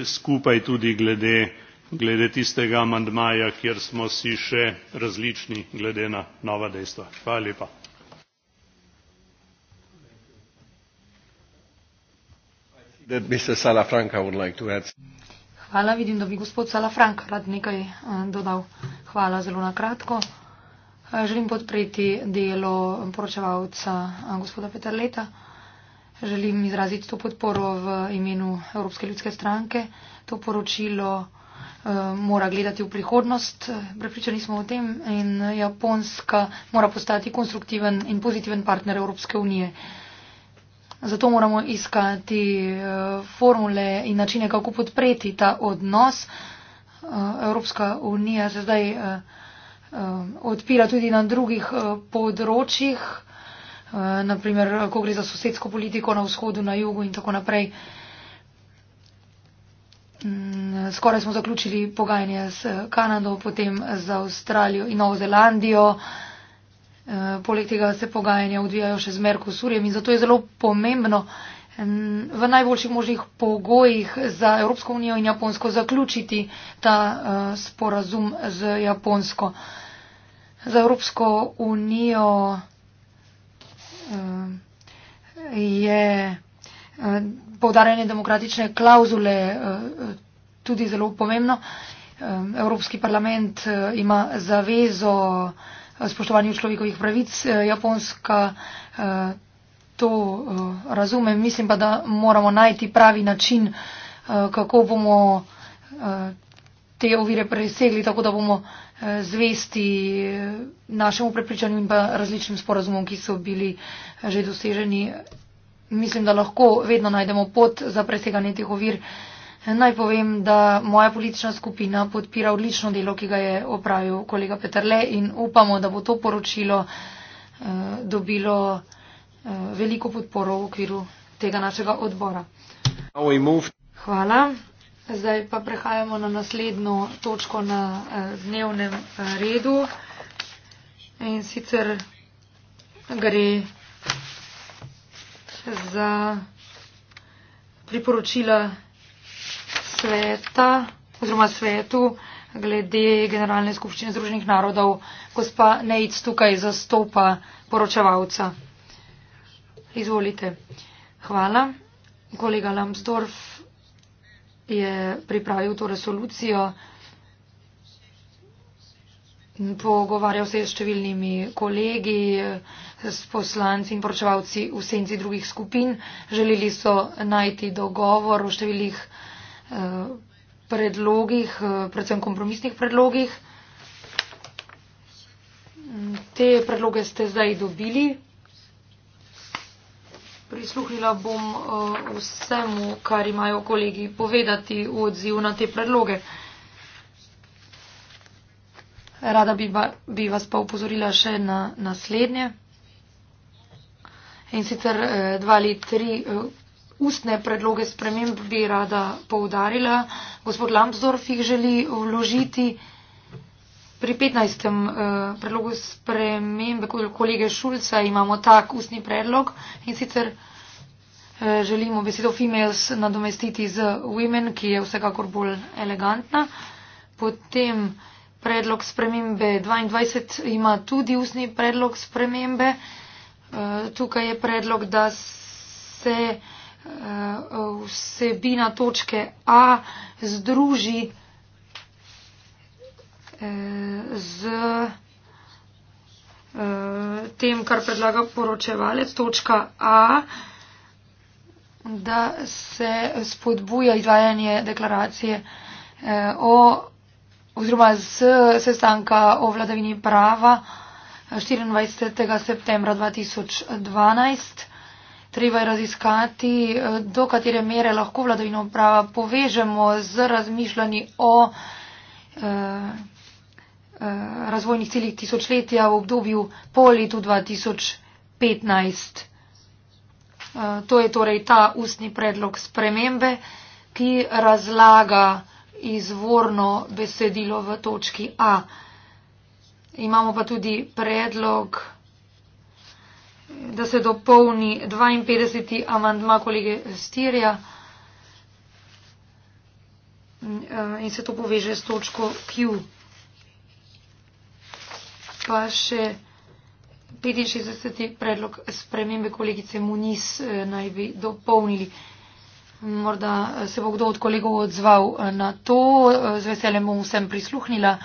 S3: skupaj tudi glede glede tistega amandmaja kjer smo si še različni glede na nova dejstva. Hvala,
S2: vidim, da bi gospod Salafrank rad nekaj eh, dodal. Hvala zelo na kratko. Eh, želim podpreti delo poročevalca eh, gospoda Petrleta. Želim izraziti to podporo v imenu Evropske ljudske stranke. To poročilo Eh, mora gledati v prihodnost. Prepričani smo o tem in Japonska mora postati konstruktiven in pozitiven partner Evropske unije. Zato moramo iskati eh, formule in načine, kako podpreti ta odnos. Eh, Evropska unija se zdaj odpira tudi na drugih področjih, naprimer, ko gre za sosedsko politiko na vzhodu, na jugu in tako naprej. Mm, skoraj smo zaključili pogajanje s Kanado, potem z Avstralijo in Novo Zelandijo. E, poleg tega se pogajanja odvijajo še z Merkosurjem in zato je zelo pomembno v najboljših možnih pogojih za Evropsko unijo in Japonsko zaključiti ta e, sporazum z Japonsko. Za Evropsko unijo e, je. Eh, poudarjanje demokratične klauzule je eh, tudi zelo pomembno. Eh, Evropski parlament ima zavezo spoštovanju človekovih pravic. Japonska to razume. Mislim pa, da moramo najti pravi način, kako bomo te ovire presegli, tako da bomo zvesti našemu prepričanju in pa različnim sporazumom, ki so bili že doseženi mislim, da lahko vedno najdemo pot za preseganje teh ovir. Naj povem, da moja politična skupina podpira odlično delo, ki ga je opravil kolega Petrle in upamo, da bo to poročilo eh, dobilo eh, veliko podporo v okviru tega našega odbora. Hvala. Zdaj pa prehajamo na naslednjo točko na eh, dnevnem eh, redu in sicer gre za priporočila sveta oziroma svetu glede Generalne skupščine Združenih narodov. Gospa Nejc tukaj zastopa poročevalca. Izvolite. Hvala. Kolega Lambsdorff je pripravil to resolucijo pogovarjal se je s številnimi kolegi, s poslanci in poročevalci v senci drugih skupin. Želeli so najti dogovor v številnih eh, predlogih, eh, predvsem kompromisnih predlogih. Te predloge ste zdaj dobili. Prisluhnila bom eh, vsemu, kar imajo kolegi povedati v odzivu na te predloge. Rada bi, ba, bi vas pa upozorila še na naslednje. In sicer eh, dva ali tri eh, ustne predloge sprememb bi rada poudarila. Gospod Lambsdorf jih želi vložiti pri 15. Eh, predlogu sprememb kolege Šulca. Imamo tak ustni predlog in sicer želimo besedo females nadomestiti z women, ki je vsekakor bolj elegantna. Potem predlog spremembe 22 ima tudi usni predlog spremembe. E, tukaj je predlog, da se e, vsebina točke A združi e, z tem, kar predlaga poročevalec. Točka A, da se spodbuja izvajanje deklaracije o oziroma z sestanka o vladavini prava 24. Eh, septembra 2012. Treba je raziskati, eh, do katere mere lahko vladavino prava povežemo z razmišljanji o eh, razvojnih ciljih tisočletja v obdobju po letu 2015. To je torej ta ustni predlog spremembe, ki razlaga izvorno besedilo v točki A. Imamo pa tudi predlog, da se dopolni 52. amandma kolege Stirja eh, in se to poveže s točko Q. Pa še 65. predlog spremembe kolegice Muniz eh, naj bi dopolnili. Morda eh, se bo kdo od kolegov odzval eh, na to. Eh, z veseljem bom vsem prisluhnila.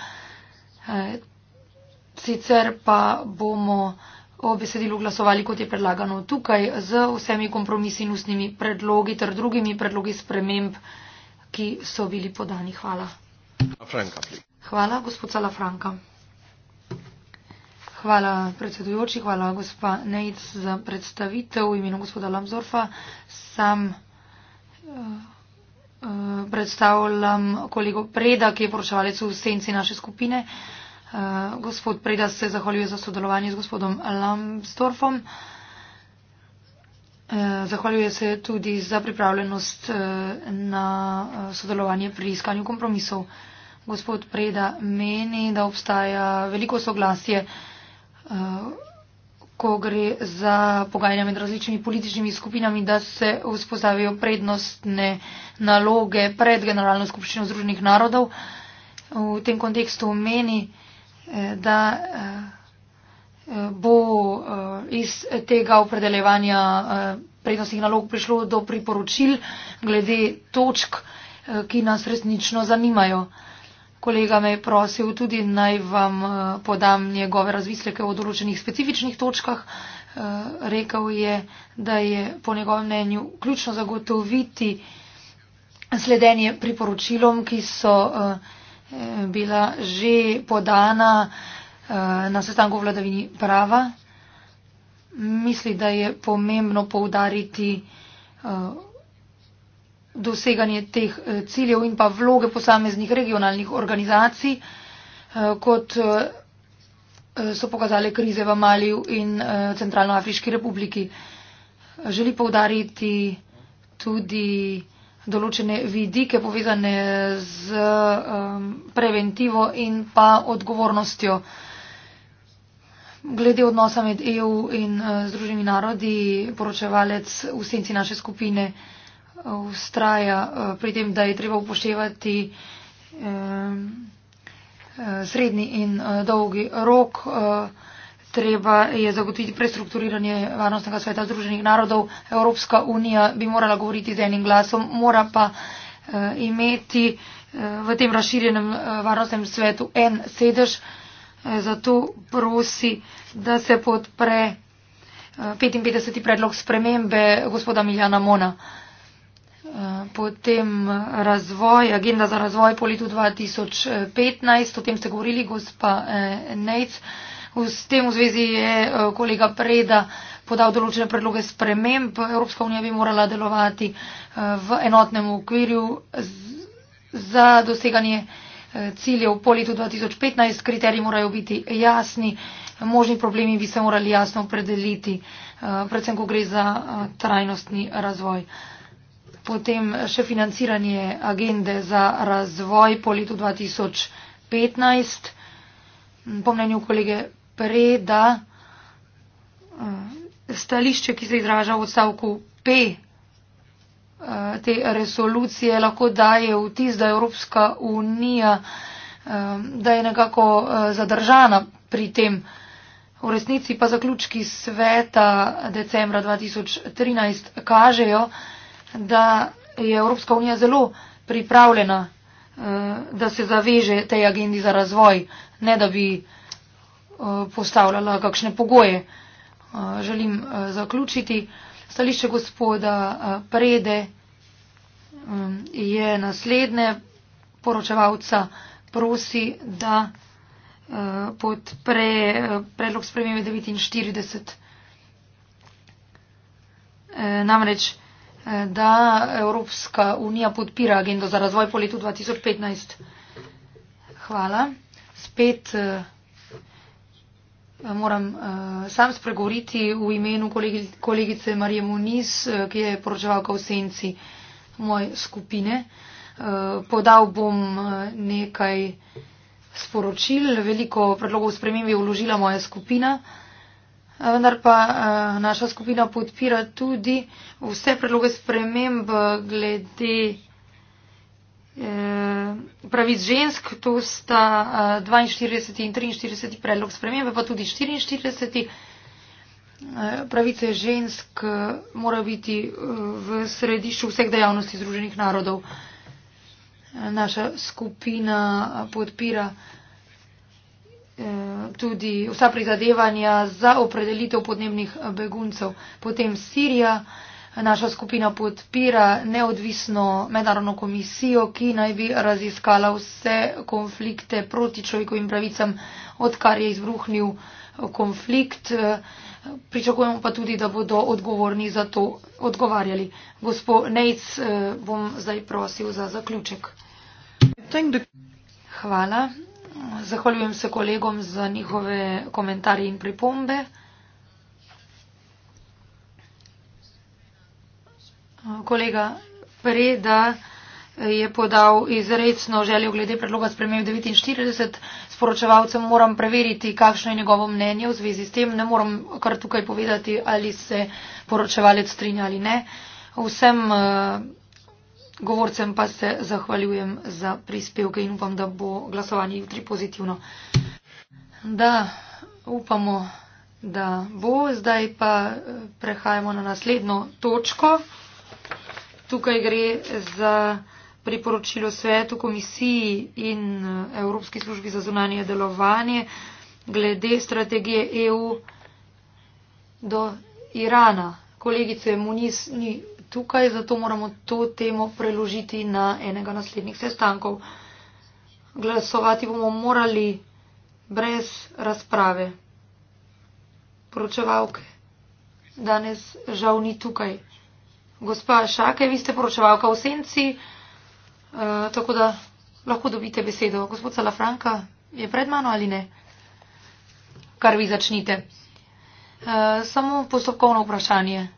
S2: Sicer pa bomo o besedilu glasovali, kot je predlagano tukaj, z vsemi kompromisi in usnimi predlogi ter drugimi predlogi sprememb, ki so bili podani. Hvala. Hvala, gospod Sala Franka. Hvala, predsedujoči. Hvala, gospa Nejc, za predstavitev v imenu gospoda Lamzorfa. Sam uh, predstavljam kolego Preda, ki je poročevalec v senci naše skupine. Uh, gospod Preda se zahvaljuje za sodelovanje z gospodom Lambsdorfom. Uh, eh, zahvaljuje se tudi za pripravljenost uh, na uh, sodelovanje pri iskanju kompromisov. Gospod Preda meni, da obstaja veliko soglasje. Uh, ko gre za pogajanja med različnimi političnimi skupinami, da se vzpostavijo prednostne naloge pred Generalno skupščino Združenih narodov. V tem kontekstu meni, eh, da eh, bo eh, iz tega opredeljevanja prednostnih nalog prišlo do priporočil glede točk, ki nas resnično zanimajo. Kolega me je prosil tudi naj vam eh, podam njegove razmisleke o določenih specifičnih točkah. Eh, rekel je, da je po njegovem mnenju ključno zagotoviti sledenje priporočilom, ki so eh, bila že podana na sestanku vladavini prava. Misli, da je pomembno poudariti doseganje teh eh, ciljev in pa vloge posameznih regionalnih organizacij, eh, kot eh, so pokazale krize v Maliju in Centralnoafriški republiki. Želi povdariti tudi določene vidike povezane z preventivo in pa odgovornostjo. Glede odnosa med EU in Združenimi narodi, poročevalec v senci naše skupine, ustraja eh, pri tem, da je treba upoštevati eh, eh, srednji in dolgi rok. Treba je zagotoviti prestrukturiranje varnostnega sveta Združenih narodov. Evropska unija bi morala govoriti z enim glasom, mora pa imeti v tem razširjenem varnostnem svetu en sedež. Zato prosi, da se podpre 55. predlog spremembe gospoda Miljana Mona potem razvoj, agenda za razvoj po letu 2015, o tem ste govorili, gospa eh, Nejc. V tem v zvezi je eh, kolega Preda podal določene predloge sprememb. Evropska unija bi morala delovati eh, v enotnem okvirju za doseganje ciljev po letu 2015. Kriteriji morajo biti jasni, možni problemi bi se morali jasno opredeliti, predvsem ko gre za trajnostni razvoj potem še financiranje agende za razvoj po letu 2015. Po mnenju kolege Preda, eh, stališče, ki se izraža v odstavku P eh, te resolucije, lahko daje vtis, da Evropska unija, eh, da je nekako zadržana pri tem. V resnici pa zaključki sveta decembra 2013 kažejo, da je Evropska unija zelo pripravljena, eh, da se zaveže tej agendi za razvoj, ne da bi eh, postavljala kakšne pogoje. Eh, želim zaključiti. Stališče gospoda Prede je naslednje. Poročevalca prosi, da podpre predlog spremembe 49. Namreč da Evropska unija podpira agendo za razvoj po letu 2015. Hvala. Spet eh, moram eh, sam spregovoriti v imenu kolegice Marije Muniz, eh, ki je poročevalka v senci moje skupine. Podal bom nekaj sporočil, veliko predlogov spremembi je vložila moja skupina. Eh, vendar pa eh, naša skupina podpira tudi vse predloge sprememb eh, glede pravic žensk, to sta 42. in 43. predlog spremembe, pa tudi 44. Pravice žensk mora biti v središču vseh dejavnosti Združenih narodov. Naša skupina podpira. Eh, tudi vsa prizadevanja za opredelitev podnebnih eh, beguncev. Potem Sirija, naša skupina podpira neodvisno mednarodno komisijo, ki naj bi raziskala vse konflikte proti človekovim pravicam, odkar je izbruhnil eh, konflikt. Pričakujemo pa tudi, da bodo odgovorni za to odgovarjali. Gospod Nejc, bom zdaj prosil za zaključek. Hvala. Zahvaljujem se kolegom za njihove komentarje in pripombe. Kolega Preda je podal izrecno željo glede predloga sprememb 49. Sporočevalcem moram preveriti, kakšno je njegovo mnenje v zvezi s tem. Ne moram kar tukaj povedati, ali se poročevalec strinja ali ne. Vsem uh, Govorcem pa se zahvaljujem za prispevke in upam, da bo glasovanje jutri pozitivno. Da, upamo, da bo. Zdaj pa eh, prehajamo na naslednjo točko. Tukaj gre za priporočilo svetu, komisiji in eh, Evropski službi za zunanje delovanje glede strategije EU do Irana. Kolegice Muniz ni tukaj, zato moramo to temo preložiti na enega naslednjih sestankov. Glasovati bomo morali brez razprave. Poročevalke danes žal ni tukaj. Gospa Šake, vi ste poročevalka v senci, uh, tako da lahko dobite besedo. Gospod Salafranka, je pred mano ali ne? Kar vi začnite. Uh, samo postopkovno vprašanje.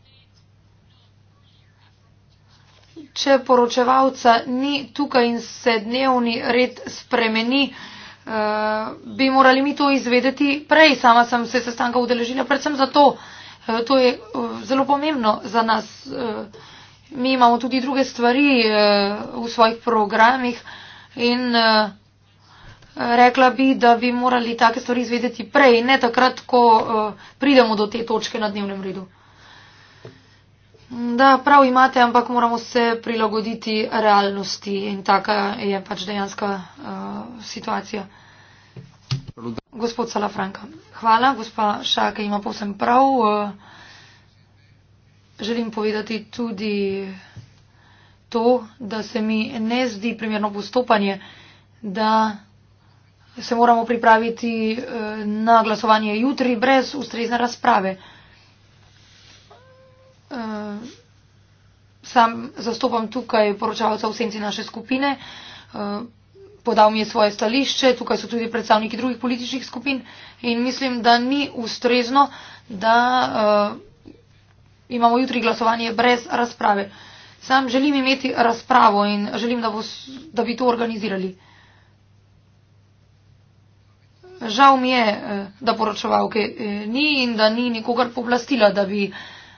S2: če poročevalca ni tukaj in se dnevni red spremeni, eh, bi morali mi to izvedeti prej. Sama sem se sestanka udeležila predvsem zato. Eh, to je eh, zelo pomembno za nas. Mi imamo tudi druge stvari v svojih programih in rekla bi, da bi morali take stvari izvedeti prej, ne takrat, ko pridemo do te točke na dnevnem redu. Da, prav imate, ampak moramo se prilagoditi realnosti in taka je pač dejanska uh, situacija. Gospod Salafranka. Hvala, gospa Šake ima povsem prav. Eh, želim povedati tudi to, da se mi ne zdi primerno postopanje, da se moramo pripraviti eh, na glasovanje jutri brez ustrezne razprave uh, sam zastopam tukaj poročavca v senci naše skupine, uh, podal mi je svoje stališče, tukaj so tudi predstavniki drugih političnih skupin in mislim, da ni ustrezno, da uh, imamo jutri glasovanje brez razprave. Sam želim imeti razpravo in želim, da, bo, da bi to organizirali. Žal mi je, da poročevalke ni in da ni nikogar povlastila, da bi uh,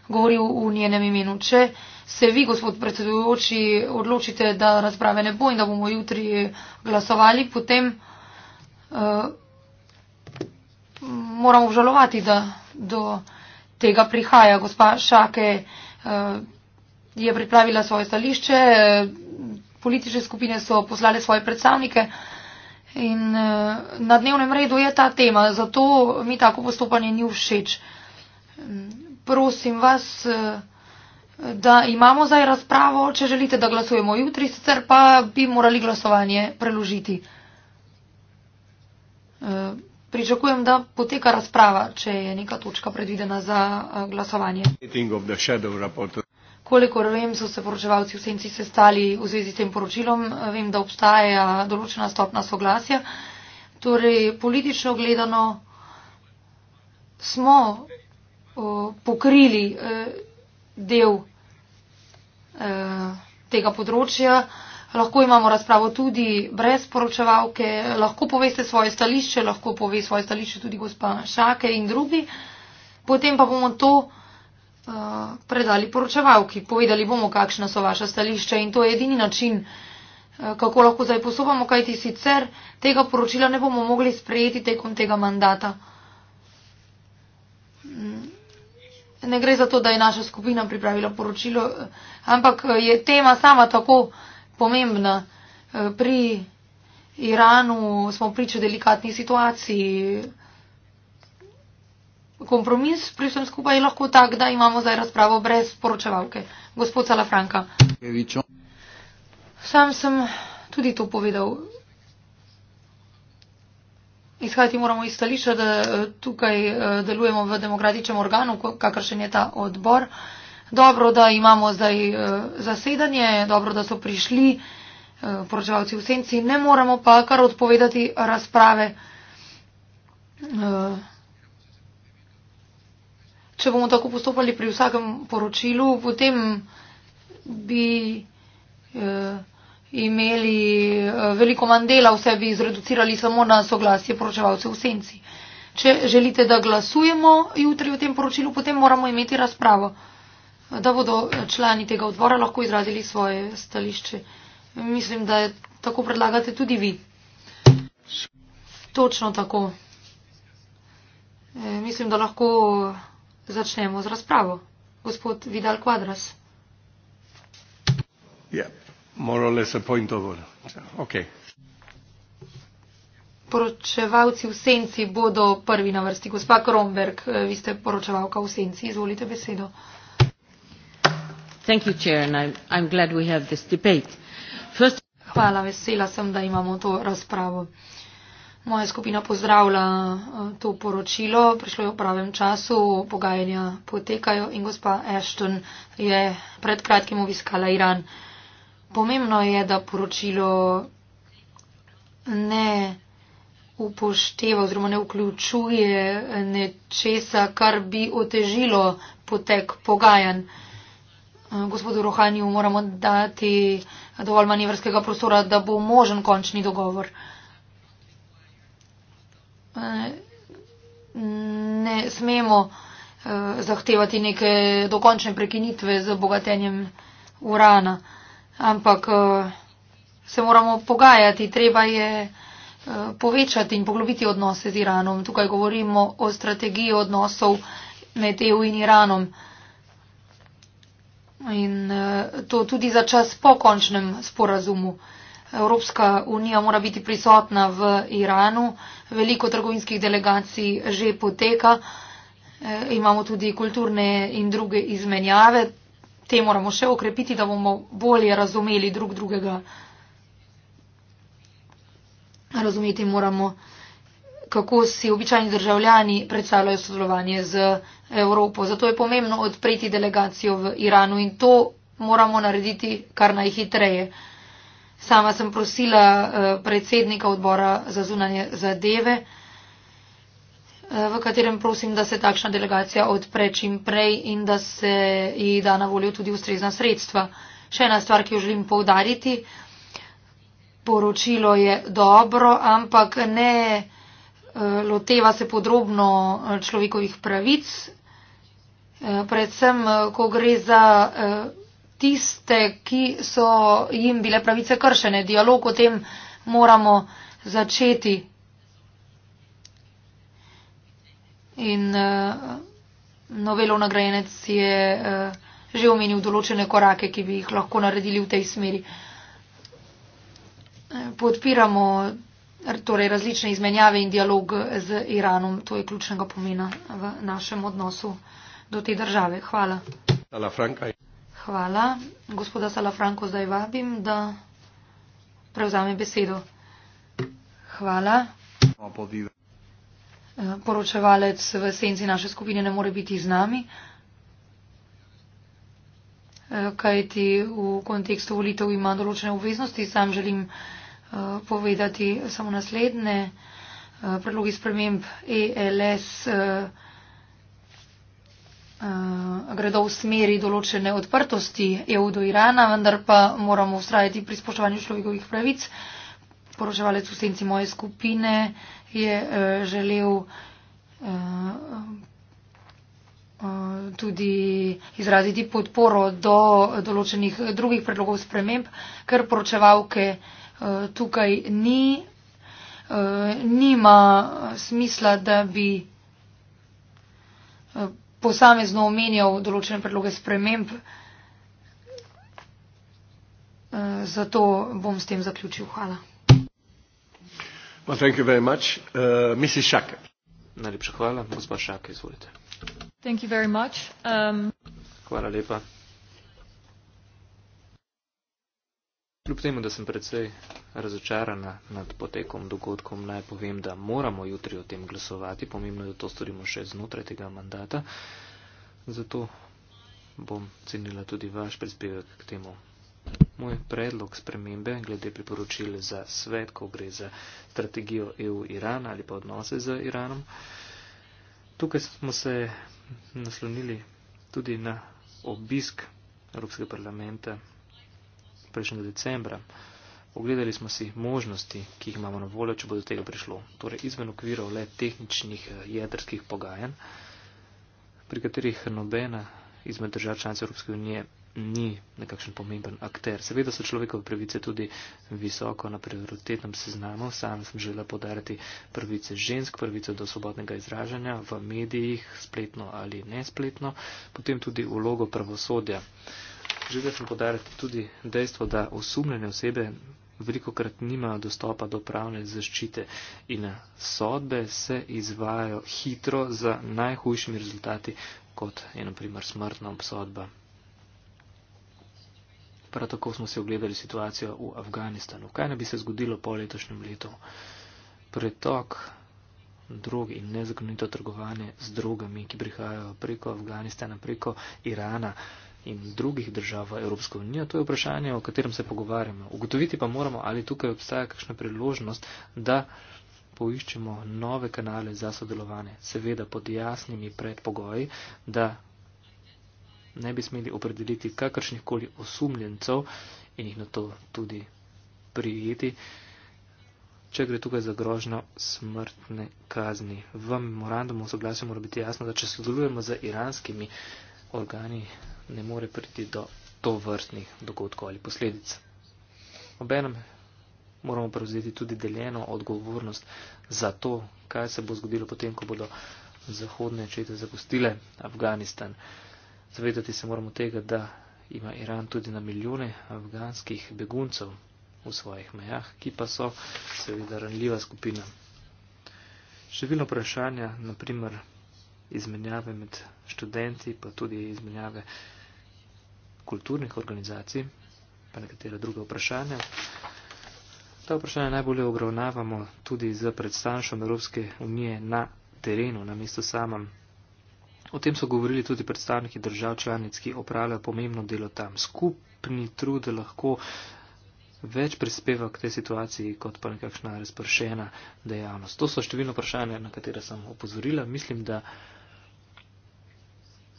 S2: govoril v njenem imenu. Če se vi, gospod predsedujoči, odločite, da razprave ne bo in da bomo jutri glasovali, potem uh, eh, moramo obžalovati, da do tega prihaja. Gospa Šake uh, je pripravila svoje stališče, uh, politične skupine so poslale svoje predstavnike. In na dnevnem redu je ta tema, zato mi tako postopanje ni všeč prosim vas, eh, da imamo zdaj razpravo, če želite, da glasujemo jutri, sicer pa bi morali glasovanje preložiti. Eh, pričakujem, da poteka razprava, če je neka točka predvidena za eh, glasovanje. Kolikor vem, so se poročevalci v senci sestali v zvezi s tem poročilom. Vem, da obstaja določena stopna soglasja. Torej, politično gledano smo pokrili eh, del eh, tega področja. Lahko imamo razpravo tudi brez poročevalke, lahko poveste svoje stališče, lahko pove svoje stališče tudi gospa Šake in drugi. Potem pa bomo to eh, predali poročevalki, povedali bomo, kakšna so vaša stališča in to je edini način, kako lahko zdaj posobamo, kajti sicer tega poročila ne bomo mogli sprejeti tekom tega mandata. Mm, ne gre za to, da je naša skupina pripravila poročilo, ampak eh, je tema sama tako pomembna. Eh, pri Iranu smo priča delikatni situaciji. Kompromis pri vsem skupaj je lahko tak, da imamo zdaj razpravo brez poročevalke. Gospod Salafranka. Sam sem tudi to povedal izhajati moramo iz stališča, da eh, tukaj eh, delujemo v demokratičnem organu, kakršen je ta odbor. Dobro, da imamo zdaj eh, zasedanje, dobro, da so prišli poročevalci v senci, ne moramo pa kar odpovedati razprave. Če bomo tako postopali pri vsakem poročilu, potem bi. Eh, imeli eh, veliko mandela, vse bi zreducirali samo na soglasje poročevalcev v senci. Če želite, da glasujemo jutri o tem poročilu, potem moramo imeti razpravo, da bodo člani tega odbora lahko izrazili svoje stališče. Mislim, da tako predlagate tudi vi. Točno tako. E, mislim, da lahko začnemo z razpravo. Gospod Vidal Quadras.
S3: Yeah. Ja morale se point over. Okay.
S2: Poročevalci v senci bodo prvi na vrsti. Gospa Kromberg, eh, vi ste poročevalka v senci. Izvolite besedo.
S1: Thank you, Chair, and I'm, I'm glad we have this debate.
S2: First... Hvala, vesela sem, da imamo to razpravo. Moja skupina pozdravlja eh, to poročilo, prišlo je v pravem času, pogajanja potekajo in gospa Ashton je pred kratkim obiskala Iran. Uh, Pomembno je, da poročilo ne upošteva oziroma ne vključuje nečesa, kar bi otežilo potek pogajanj. Gospodu Rohanju moramo dati dovolj manjvrskega prostora, da bo možen končni dogovor. Ne smemo eh, zahtevati neke dokončne prekinitve z obogatenjem urana ampak eh, se moramo pogajati, treba je eh, povečati in poglobiti odnose z Iranom. Tukaj govorimo o strategiji odnosov med EU in Iranom. In eh, to tudi za čas po končnem sporazumu. Evropska unija mora biti prisotna v Iranu, veliko trgovinskih delegacij že poteka, imamo tudi kulturne in druge izmenjave, te moramo še okrepiti, da bomo bolje razumeli drug drugega. Razumeti moramo, kako si običajni državljani predstavljajo sodelovanje z Evropo. Zato je pomembno odpreti delegacijo v Iranu in to moramo narediti kar najhitreje. Sama sem prosila eh, predsednika odbora za zunanje zadeve v katerem prosim, da se takšna delegacija odpre čim prej in da se ji da na voljo tudi ustrezna sredstva. Še ena stvar, ki jo želim povdariti, poročilo je dobro, ampak ne eh, loteva se podrobno eh, človekovih pravic, eh, predvsem, ko gre za tiste, ki so jim bile pravice kršene. Dialog o tem moramo začeti. In uh, novelo nagrajenec je uh, že omenil določene korake, ki bi jih lahko naredili v tej smeri. Eh, podpiramo torej, različne izmenjave in dialog z Iranom. To je ključnega pomena v našem odnosu do te države. Hvala. Hvala, Franka. Hvala. Gospoda Salafranko zdaj vabim, da prevzame besedo. Hvala poročevalec v senci naše skupine ne more biti z nami. Eh, kajti v kontekstu volitev ima določene obveznosti. Sam želim eh, povedati samo naslednje. Eh, predlogi sprememb ELS gredo v smeri določene odprtosti EU do Irana, vendar pa moramo ustrajati pri spoštovanju človekovih pravic. Poročevalec v senci moje skupine je uh, želel uh, uh, tudi izraziti podporo do določenih drugih predlogov sprememb, ker poročevalke uh, tukaj ni, uh, nima smisla, da bi posamezno omenjal določene predloge sprememb. Zato bom s tem zaključil. Hvala.
S3: Well, thank you very much.
S4: Uh, Mrs. Shaker. Najlepša hvala. Gospa Shaker, izvolite.
S2: Thank you very much. Um...
S4: Hvala lepa. Kljub temu, da sem predvsej razočarana nad potekom dogodkom, naj povem, da moramo jutri o tem glasovati. Pomembno je, da to storimo še znotraj tega mandata. Zato bom cenila tudi vaš prispevek k temu Moj predlog spremembe glede priporočil za svet, ko gre za strategijo EU-Iran ali pa odnose z Iranom. Tukaj smo se naslonili tudi na obisk Evropskega parlamenta prejšnjega decembra. Pogledali smo si možnosti, ki jih imamo na voljo, če bo do tega prišlo. Torej izven okvirov le tehničnih eh, jedrskih pogajanj, pri katerih nobena izmed držav članic Evropske unije ni nekakšen pomemben akter. Seveda so človekove pravice tudi visoko na prioritetnem seznamu. Sam sem želela podarjati pravice žensk, pravice do svobodnega izražanja v medijih, spletno ali nespletno, potem tudi vlogo pravosodja. Želela sem podarjati tudi dejstvo, da osumljene osebe veliko krat nimajo dostopa do pravne zaščite in sodbe se izvajajo hitro za najhujšimi rezultati kot je naprimer smrtna obsodba. Prav tako smo si ogledali situacijo v Afganistanu. Kaj ne bi se zgodilo po letošnjem letu? Pretok drog in nezakonito trgovanje z drogami, ki prihajajo preko Afganistana, preko Irana in drugih držav v Evropsko unijo, to je vprašanje, o katerem se pogovarjamo. Ugotoviti pa moramo, ali tukaj obstaja kakšna priložnost, da poiščemo nove kanale za sodelovanje. Seveda pod jasnimi predpogoji, da ne bi smeli opredeliti kakršnih koli osumljencev in jih na to tudi prijeti, če gre tukaj za grožno smrtne kazni. V memorandumu o soglasju mora biti jasno, da če sodelujemo z iranskimi organi, ne more priti do tovrstnih dogodkov ali posledic. Obenem moramo prevzeti tudi deljeno odgovornost za to, kaj se bo zgodilo potem, ko bodo zahodne čete zapustile Afganistan. Zavedati se moramo tega, da ima Iran tudi na milijone afganskih beguncev v svojih mejah, ki pa so seveda ranljiva skupina. Številno vprašanja, naprimer izmenjave med študenti, pa tudi izmenjave kulturnih organizacij, pa nekatera druga vprašanja. Ta vprašanja najbolje obravnavamo tudi z predstavnšom Evropske unije na terenu, na mestu samem, O tem so govorili tudi predstavniki držav članic, ki opravljajo pomembno delo tam. Skupni trud lahko več prispeva k tej situaciji, kot pa nekakšna razpršena dejavnost. To so številno vprašanje, na katera sem opozorila. Mislim, da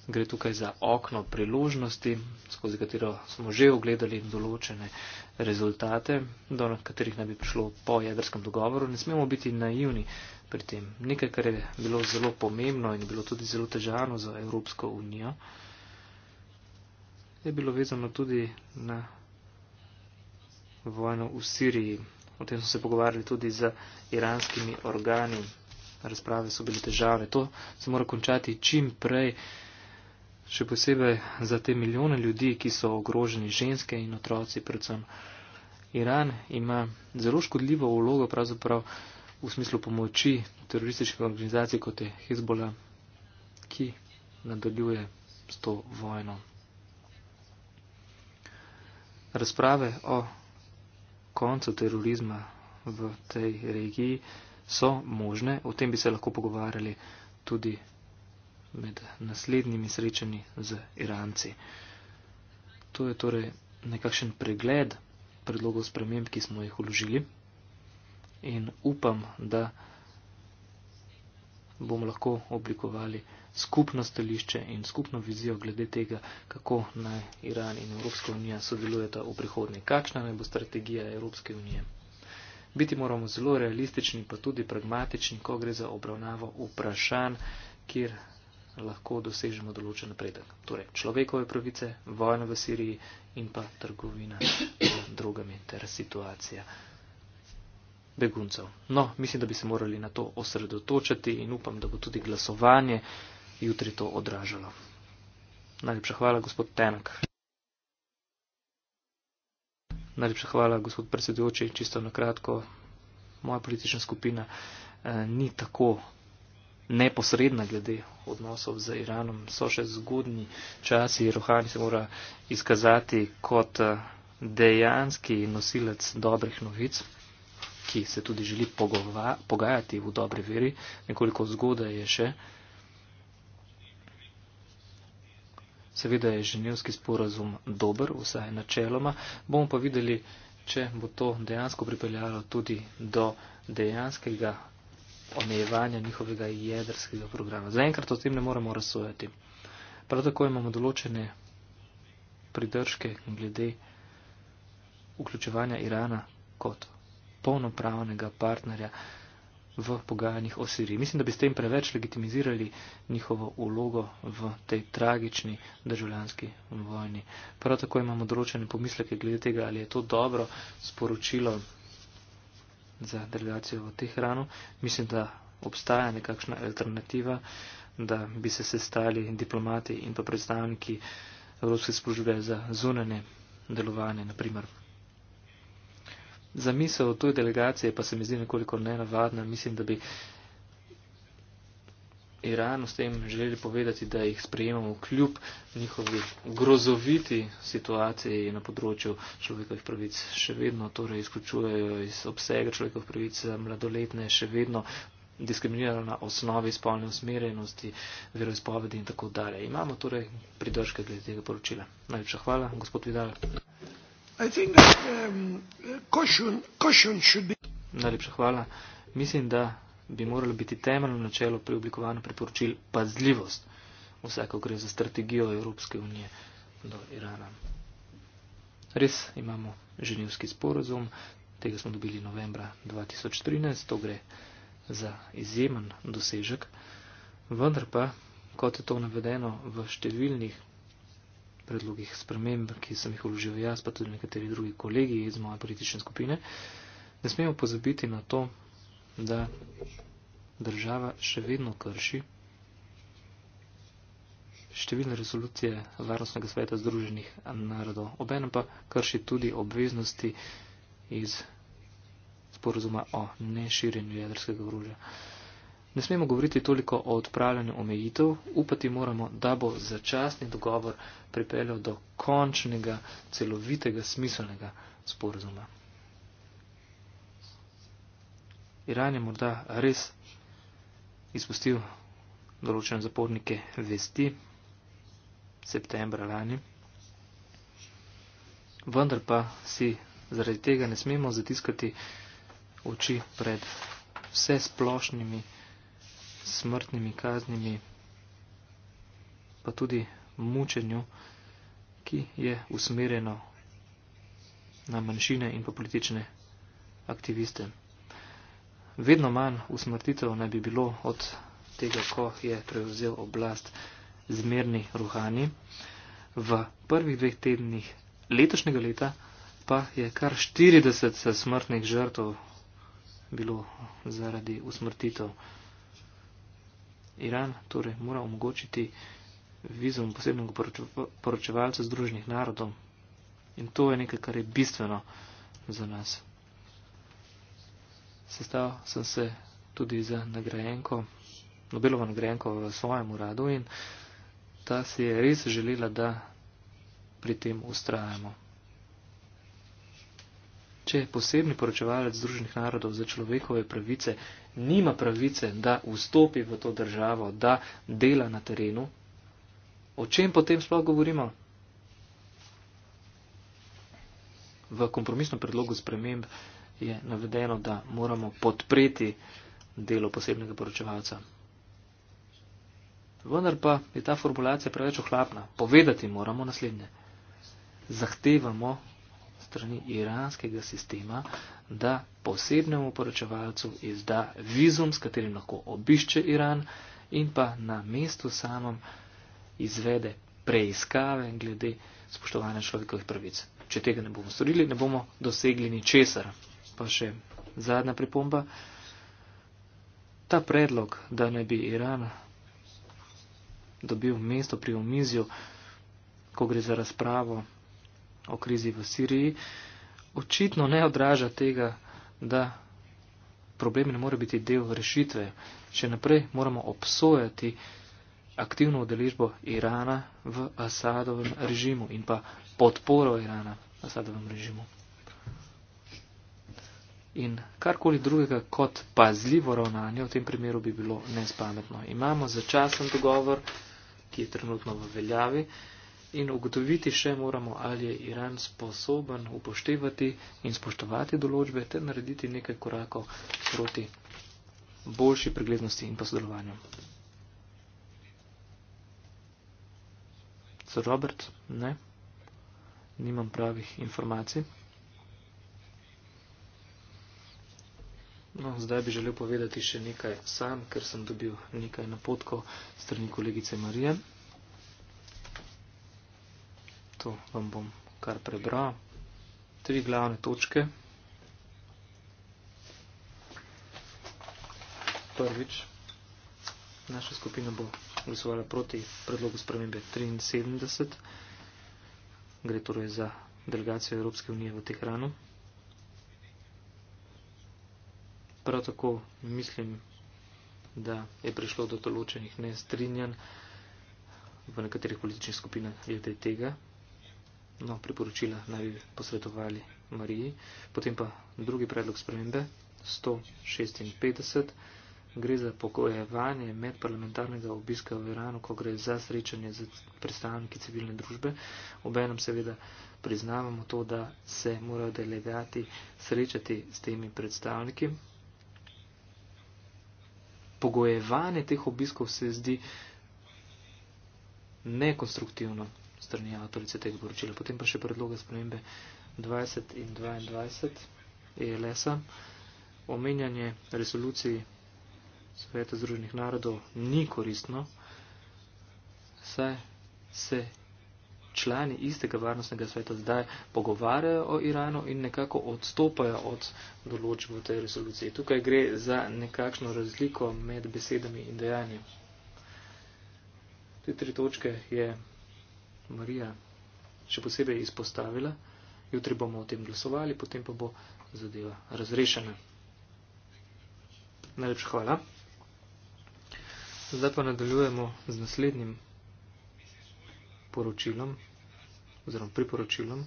S4: gre tukaj za okno priložnosti, skozi katero smo že ogledali določene rezultate, do katerih naj bi prišlo po jedrskem dogovoru. Ne smemo biti naivni pri tem. Nekaj, kar je bilo zelo pomembno in bilo tudi zelo težano za Evropsko unijo, je bilo vezano tudi na vojno v Siriji. O tem so se pogovarjali tudi z iranskimi organi. Razprave so bile težave. To se mora končati čim prej še posebej za te milijone ljudi, ki so ogroženi, ženske in otroci, predvsem Iran, ima zelo škodljivo vlogo pravzaprav v smislu pomoči teroristične organizacije kot je Hezbola, ki nadaljuje s to vojno. Razprave o koncu terorizma v tej regiji so možne, o tem bi se lahko pogovarjali tudi med naslednjimi srečanji z Iranci. To je torej nekakšen pregled predlogov sprememb, ki smo jih uložili in upam, da bomo lahko oblikovali skupno stališče in skupno vizijo glede tega, kako naj Iran in Evropska unija sodelujeta v prihodnje, kakšna naj bo strategija Evropske unije. Biti moramo zelo realistični, pa tudi pragmatični, ko gre za obravnavo vprašanj, kjer lahko dosežemo določen napredek. Torej, človekove pravice, vojna v Siriji in pa trgovina z drugami ter situacija beguncev. No, mislim, da bi se morali na to osredotočiti in upam, da bo tudi glasovanje jutri to odražalo. Najlepša hvala, gospod Tenak. Najlepša hvala, gospod predsedujoči. Čisto na kratko, moja politična skupina eh, ni tako neposredna glede odnosov z Iranom. So še zgodni časi, Rohani se mora izkazati kot eh, dejanski nosilec dobrih novic, ki se tudi želi pogova, pogajati v dobri veri, nekoliko zgodaj je še. Seveda je ženevski sporazum dober, vsaj načeloma. Bomo pa videli, če bo to dejansko pripeljalo tudi do dejanskega omejevanja njihovega jedrskega programa. Zaenkrat o tem ne moremo razsojati. Prav tako imamo določene pridržke glede vključevanja Irana kot polnopravnega partnerja v pogajanjih o Siriji. Mislim, da bi s tem preveč legitimizirali njihovo ulogo v tej tragični državljanski vojni. Prav tako imamo določene pomisleke glede tega, ali je to dobro sporočilo za delegacijo v Tehranu. Mislim, da obstaja nekakšna alternativa, da bi se sestali diplomati in pa predstavniki Evropske službe za zunanje delovanje, naprimer. Za misel o toj delegaciji pa se mi zdi nekoliko nenavadna. Mislim, da bi Iranu s tem želeli povedati, da jih sprejemamo kljub njihovi grozoviti situaciji na področju človekovih pravic. Še vedno torej izključujejo iz obsega človekovih pravic mladoletne, še vedno diskriminirajo na osnovi spolne usmerjenosti, veroizpovedi in tako dalje. Imamo torej pridržke glede tega poročila. Najlepša hvala, gospod Vidal.
S3: That, um,
S4: caution, caution be... Najlepša hvala. Mislim, da bi moralo biti temeljno načelo pri oblikovanju priporočil pazljivost, vsako gre za strategijo Evropske unije do Irana. Res imamo ženevski sporozum, tega smo dobili novembra 2013, to gre za izjemen dosežek, vendar pa, kot je to navedeno v številnih predlogih sprememb, ki sem jih vložil jaz, pa tudi nekateri drugi kolegi iz moje politične skupine, ne smemo pozabiti na to, da država še vedno krši številne rezolucije Varnostnega sveta Združenih narodov. Obenem pa krši tudi obveznosti iz sporozuma o neširjenju jedrskega orožja. Ne smemo govoriti toliko o odpravljanju omejitev, upati moramo, da bo začasni dogovor pripeljal do končnega, celovitega, smiselnega sporozuma. Iran je morda res izpustil določene zapornike vesti septembra lani, vendar pa si zaradi tega ne smemo zatiskati oči pred vse splošnimi smrtnimi kaznimi, pa tudi mučenju, ki je usmerjeno na manjšine in pa politične aktiviste vedno manj usmrtitev naj bi bilo od tega, ko je prevzel oblast zmerni ruhani. V prvih dveh tednih letošnjega leta pa je kar 40 smrtnih žrtov bilo zaradi usmrtitev. Iran torej mora omogočiti vizum posebnega poročevalca Združenih narodov in to je nekaj, kar je bistveno za nas sestal sem se tudi za nagrajenko, Nobelovo nagrajenko v svojem uradu in ta si je res želela, da pri tem ustrajamo. Če posebni poročevalec Združenih narodov za človekove pravice nima pravice, da vstopi v to državo, da dela na terenu, o čem potem sploh govorimo? V kompromisnem predlogu sprememb je navedeno, da moramo podpreti delo posebnega poročevalca. Vendar pa je ta formulacija preveč ohlapna. Povedati moramo naslednje. Zahtevamo strani iranskega sistema, da posebnemu poročevalcu izda vizum, s katerim lahko obišče Iran in pa na mestu samem izvede preiskave glede spoštovanja človekovih pravic. Če tega ne bomo storili, ne bomo dosegli ničesar pa še zadnja pripomba. Ta predlog, da ne bi Iran dobil mesto pri omizju, ko gre za razpravo o krizi v Siriji, očitno ne odraža tega, da problemi ne more biti del rešitve. Še naprej moramo obsojati aktivno udeležbo Irana v Asadovem režimu in pa podporo Irana v Asadovem režimu in karkoli drugega kot pazljivo ravnanje, v tem primeru bi bilo nespametno. Imamo začasen dogovor, ki je trenutno v veljavi in ugotoviti še moramo, ali je Iran sposoben upoštevati in spoštovati določbe ter narediti nekaj korakov proti boljši preglednosti in pa sodelovanju. Sir Robert, ne, nimam pravih informacij. No, zdaj bi želel povedati še nekaj sam, ker sem dobil nekaj napotkov strani kolegice Marije. To vam bom kar prebral. Tri glavne točke. Prvič, naša skupina bo glasovala proti predlogu spremembe 73. Gre torej za delegacijo Evropske unije v Tehranu. Prav tako mislim, da je prišlo do določenih nestrinjanj v nekaterih političnih skupinah glede tega. No, priporočila naj bi posredovali Mariji. Potem pa drugi predlog spremembe, 156. Gre za pokojevanje medparlamentarnega obiska v Iranu, ko gre za srečanje z predstavniki civilne družbe. Obenem seveda priznavamo to, da se morajo delegati srečati s temi predstavniki, pogojevanje teh obiskov se zdi nekonstruktivno strani avtorice tega poročila. Potem pa še predloga spremembe 20 in 22 ELS-a. Omenjanje resoluciji Sveta Združenih narodov ni koristno, saj se člani istega varnostnega sveta zdaj pogovarjajo o Iranu in nekako odstopajo od določb v tej resoluciji. Tukaj gre za nekakšno razliko med besedami in dejanjem. Te tri točke je Marija še posebej izpostavila. Jutri bomo o tem glasovali, potem pa bo zadeva razrešena. Najlepša hvala. Zdaj pa nadaljujemo z naslednjim poročilom oziroma priporočilom,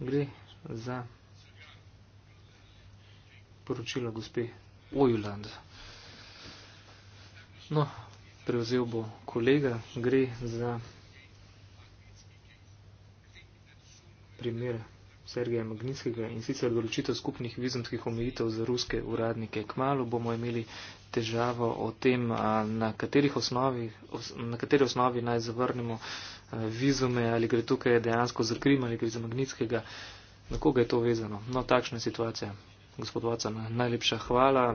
S4: gre za poročilo gospe Ojuland. No, prevzel bo kolega, gre za primer Sergeja Magnitskega in sicer določitev skupnih vizumskih omejitev za ruske uradnike. Kmalo bomo imeli težavo o tem, na, os, na kateri osnovi naj zavrnemo vizume, ali gre tukaj dejansko za krim ali gre za magnitskega, na koga je to vezano. No, takšna je situacija. Gospod Vacan, najlepša hvala.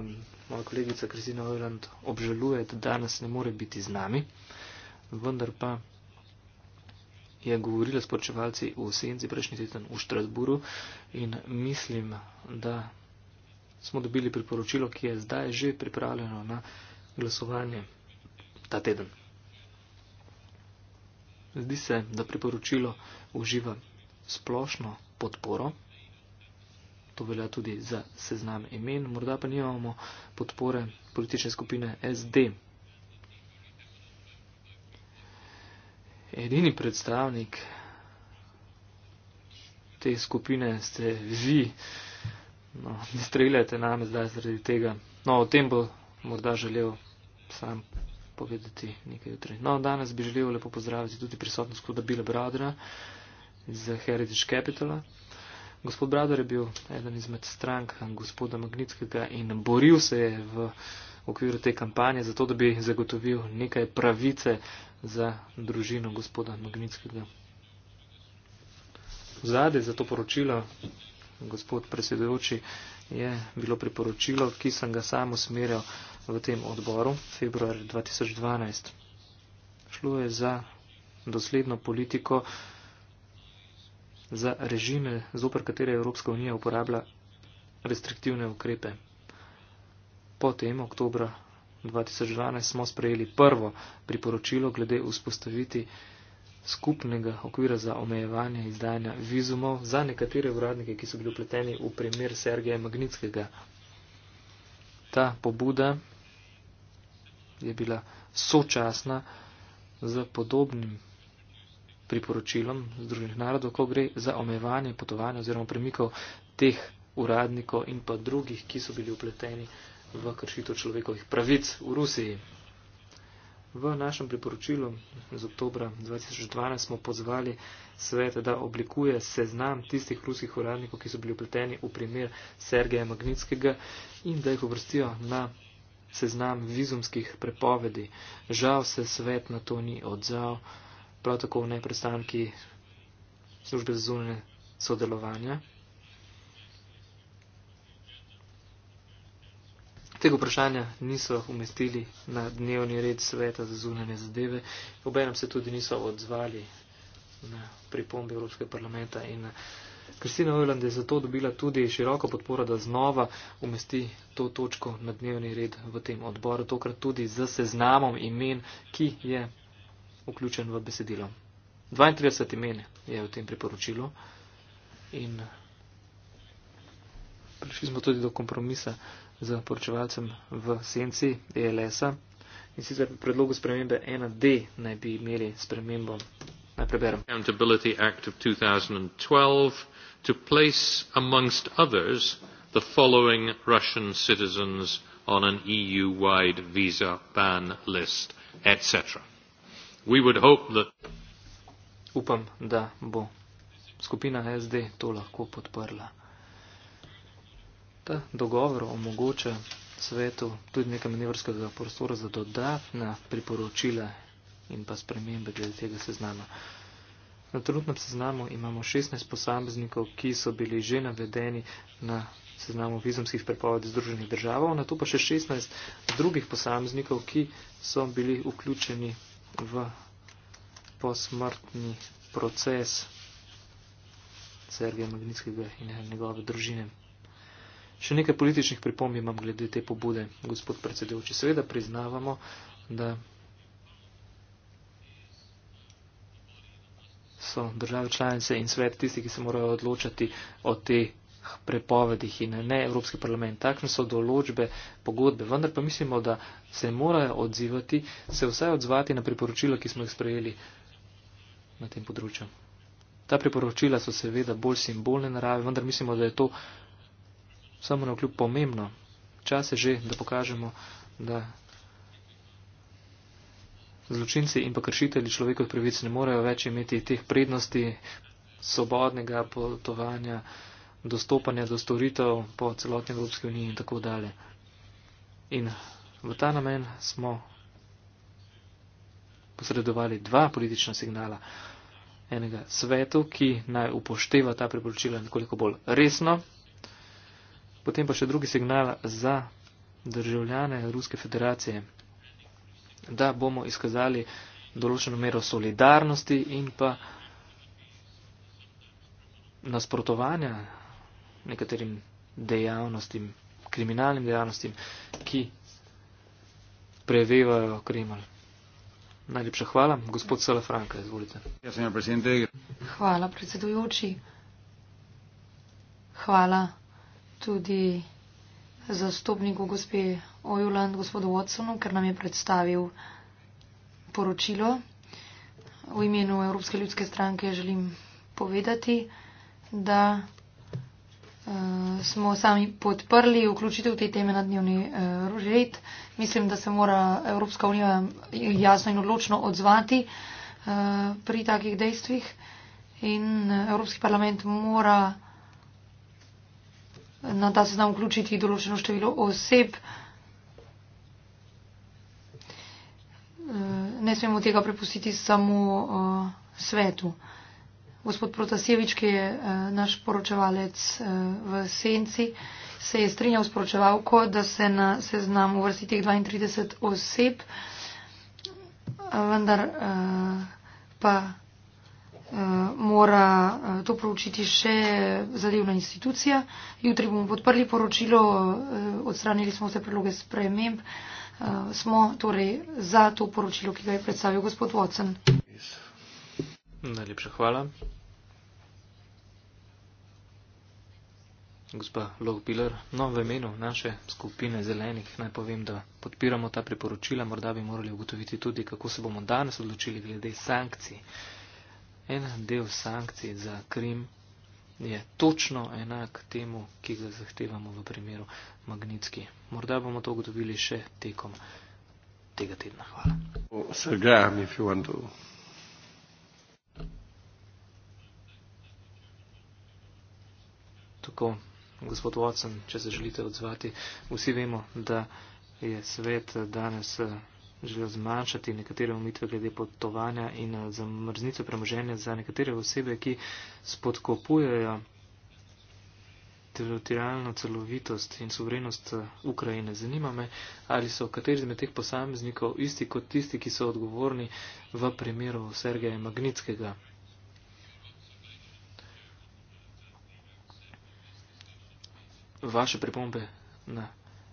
S4: Moja kolegica Krizina Ojland obžaluje, da danes ne more biti z nami, vendar pa je govorila s porčevalci v Senci prejšnji teden v Štrasburu in mislim, da smo dobili priporočilo, ki je zdaj že pripravljeno na glasovanje ta teden. Zdi se, da priporočilo uživa splošno podporo. To velja tudi za seznam imen, morda pa nimamo podpore politične skupine SD. Edini predstavnik te skupine ste vi. No, ne streljajte name zdaj zaradi tega. No, o tem bo morda želel sam povedati nekaj jutri. No, danes bi želel lepo pozdraviti tudi prisotnost kuda Bila Bradra iz Heritage Capitala. Gospod Bradar je bil eden izmed strank gospoda Magnitskega in boril se je v okviru te kampanje za to, da bi zagotovil nekaj pravice za družino gospoda Magnitskega. Zade za to poročilo gospod predsedujoči, je bilo priporočilo, ki sem ga sam usmerjal v tem odboru februar 2012. Šlo je za dosledno politiko, za režime, zoper katere Evropska unija uporablja restriktivne ukrepe. Potem, oktober 2012, smo sprejeli prvo priporočilo glede vzpostaviti skupnega okvira za omejevanje izdajanja vizumov za nekatere uradnike, ki so bili upleteni v primer Sergeja Magnitskega. Ta pobuda je bila sočasna z podobnim priporočilom Združenih narodov, ko gre za omejevanje potovanja oziroma premikov teh uradnikov in pa drugih, ki so bili upleteni v kršitev človekovih pravic v Rusiji. V našem priporočilu iz oktobra 2012 smo pozvali svet, da oblikuje seznam tistih ruskih uradnikov, ki so bili upleteni v primer Sergeja Magnitskega in da jih uvrstijo na seznam vizumskih prepovedi. Žal se svet na to ni odzal, prav tako v nepredstavniki službe za zunanje sodelovanja. Tega vprašanja niso umestili na dnevni red sveta za zunanje zadeve. Obenem se tudi niso odzvali na pripombe Evropskega parlamenta in Kristina Ojland je zato dobila tudi široko podporo, da znova umesti to točko na dnevni red v tem odboru, tokrat tudi z seznamom imen, ki je vključen v besedilo. 32 imen je v tem priporočilu in prišli smo tudi do kompromisa z poročevalcem v senci ELS-a. In sicer predlogu spremembe 1D naj bi imeli spremembo. Naj preberem.
S1: Accountability Act of 2012 to place amongst others the following Russian citizens on an EU-wide visa ban list, etc. We would hope that
S4: Upam, da bo skupina SD to lahko podprla ta dogovor omogoča svetu tudi nekaj manevrskega prostora za dodatna priporočila in pa spremembe glede tega seznama. Na trenutnem seznamu imamo 16 posameznikov, ki so bili že navedeni na seznamu vizumskih prepovedi Združenih državov, na to pa še 16 drugih posameznikov, ki so bili vključeni v posmrtni proces Sergeja Magnitskega in njegove družine. Še nekaj političnih pripomb imam glede te pobude, gospod predsedujoči. Seveda priznavamo, da so države članice in svet tisti, ki se morajo odločati o teh prepovedih in ne Evropski parlament. Takšne so določbe, pogodbe, vendar pa mislimo, da se morajo odzivati, se vsaj odzvati na priporočila, ki smo jih sprejeli na tem področju. Ta priporočila so seveda bolj simbolne narave, vendar mislimo, da je to samo na vkljub pomembno. Čas je že, da pokažemo, da zločinci in pa kršitelji človekovih pravic ne morejo več imeti teh prednosti svobodnega potovanja, dostopanja do storitev po celotni Evropski uniji in tako dalje. In v ta namen smo posredovali dva politična signala. Enega svetu, ki naj upošteva ta priporočila nekoliko bolj resno, Potem pa še drugi signal za državljane Ruske federacije, da bomo izkazali določeno mero solidarnosti in pa nasprotovanja nekaterim dejavnostim, kriminalnim dejavnostim, ki prevevajo Kremelj. Najlepša hvala. Gospod Sala Franka, izvolite. Ja,
S2: hvala, predsedujoči. Hvala tudi zastopniku gospe Ojuland, gospodu Watsonu, ker nam je predstavil poročilo. V imenu Evropske ljudske stranke želim povedati, da uh, smo sami podprli vključitev te teme na dnevni uh, red. Mislim, da se mora Evropska unija jasno in odločno odzvati uh, pri takih dejstvih in Evropski parlament mora na no, ta seznam vključiti določeno število oseb. Eh, ne smemo tega prepustiti samo eh, svetu. Gospod Protasjevič, ki je eh, naš poročevalec v Senci, se je strinjal s poročevalko, da se na seznam uvrsti teh 32 oseb, vendar pa Eh, mora eh, to proučiti še zadevna institucija. Jutri bomo podprli poročilo, eh, odstranili smo vse predloge sprememb, smo torej za to poročilo, ki ga je predstavil gospod Watson.
S4: Najlepša hvala. Gospa Lohbiler, no v imenu naše skupine zelenih naj povem, da podpiramo ta priporočila, morda bi morali ugotoviti tudi, kako se bomo danes odločili glede sankcij. En del sankcij za krim je točno enak temu, ki ga zahtevamo v primeru magnitski. Morda bomo to ugotovili še tekom tega tedna. Hvala. Tako, gospod Watson, če se želite odzvati, vsi vemo, da je svet danes želel zmanjšati nekatere omitve glede potovanja in eh, zamrznitve premoženja za nekatere osebe, ki spodkopujejo teritorijalno celovitost in suverenost eh, Ukrajine. Zanima me, ali so kateri izmed teh posameznikov isti kot tisti, ki so odgovorni v primeru Sergeja Magnitskega. Vaše pripombe na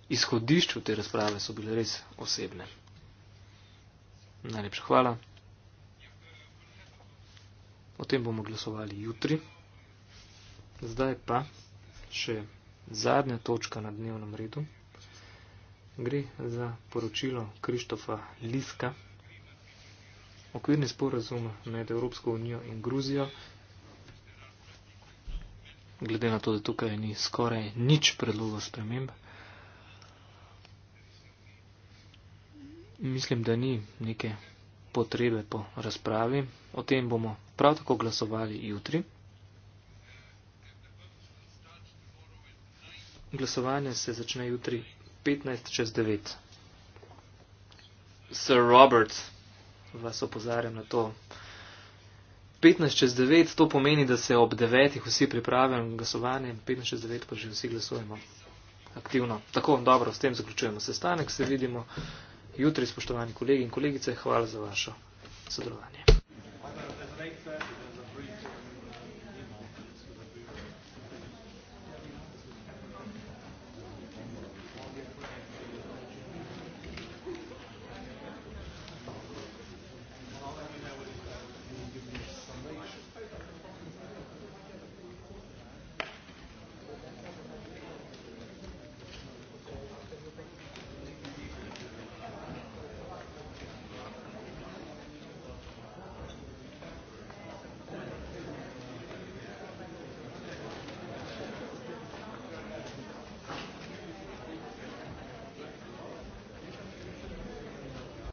S4: izhodišču te razprave so bile res osebne. Najlepša hvala. O tem bomo glasovali jutri. Zdaj pa še zadnja točka na dnevnem redu. Gre za poročilo Krištofa Liska. Okvirni sporazum med Evropsko unijo in Gruzijo. Glede na to, da tukaj ni skoraj nič predlogov sprememb, Mislim, da ni neke potrebe po razpravi. O tem bomo prav tako glasovali jutri. Glasovanje se začne jutri 15 čez 9. Sir Robert, vas opozarjam na to. 15 čez 9, to pomeni, da se ob 9 vsi pripravljamo glasovanje, 15 čez 9 pa že vsi glasujemo aktivno. Tako, dobro, s tem zaključujemo sestanek, se vidimo jutri, spoštovani kolegi in kolegice, hvala za vašo sodelovanje.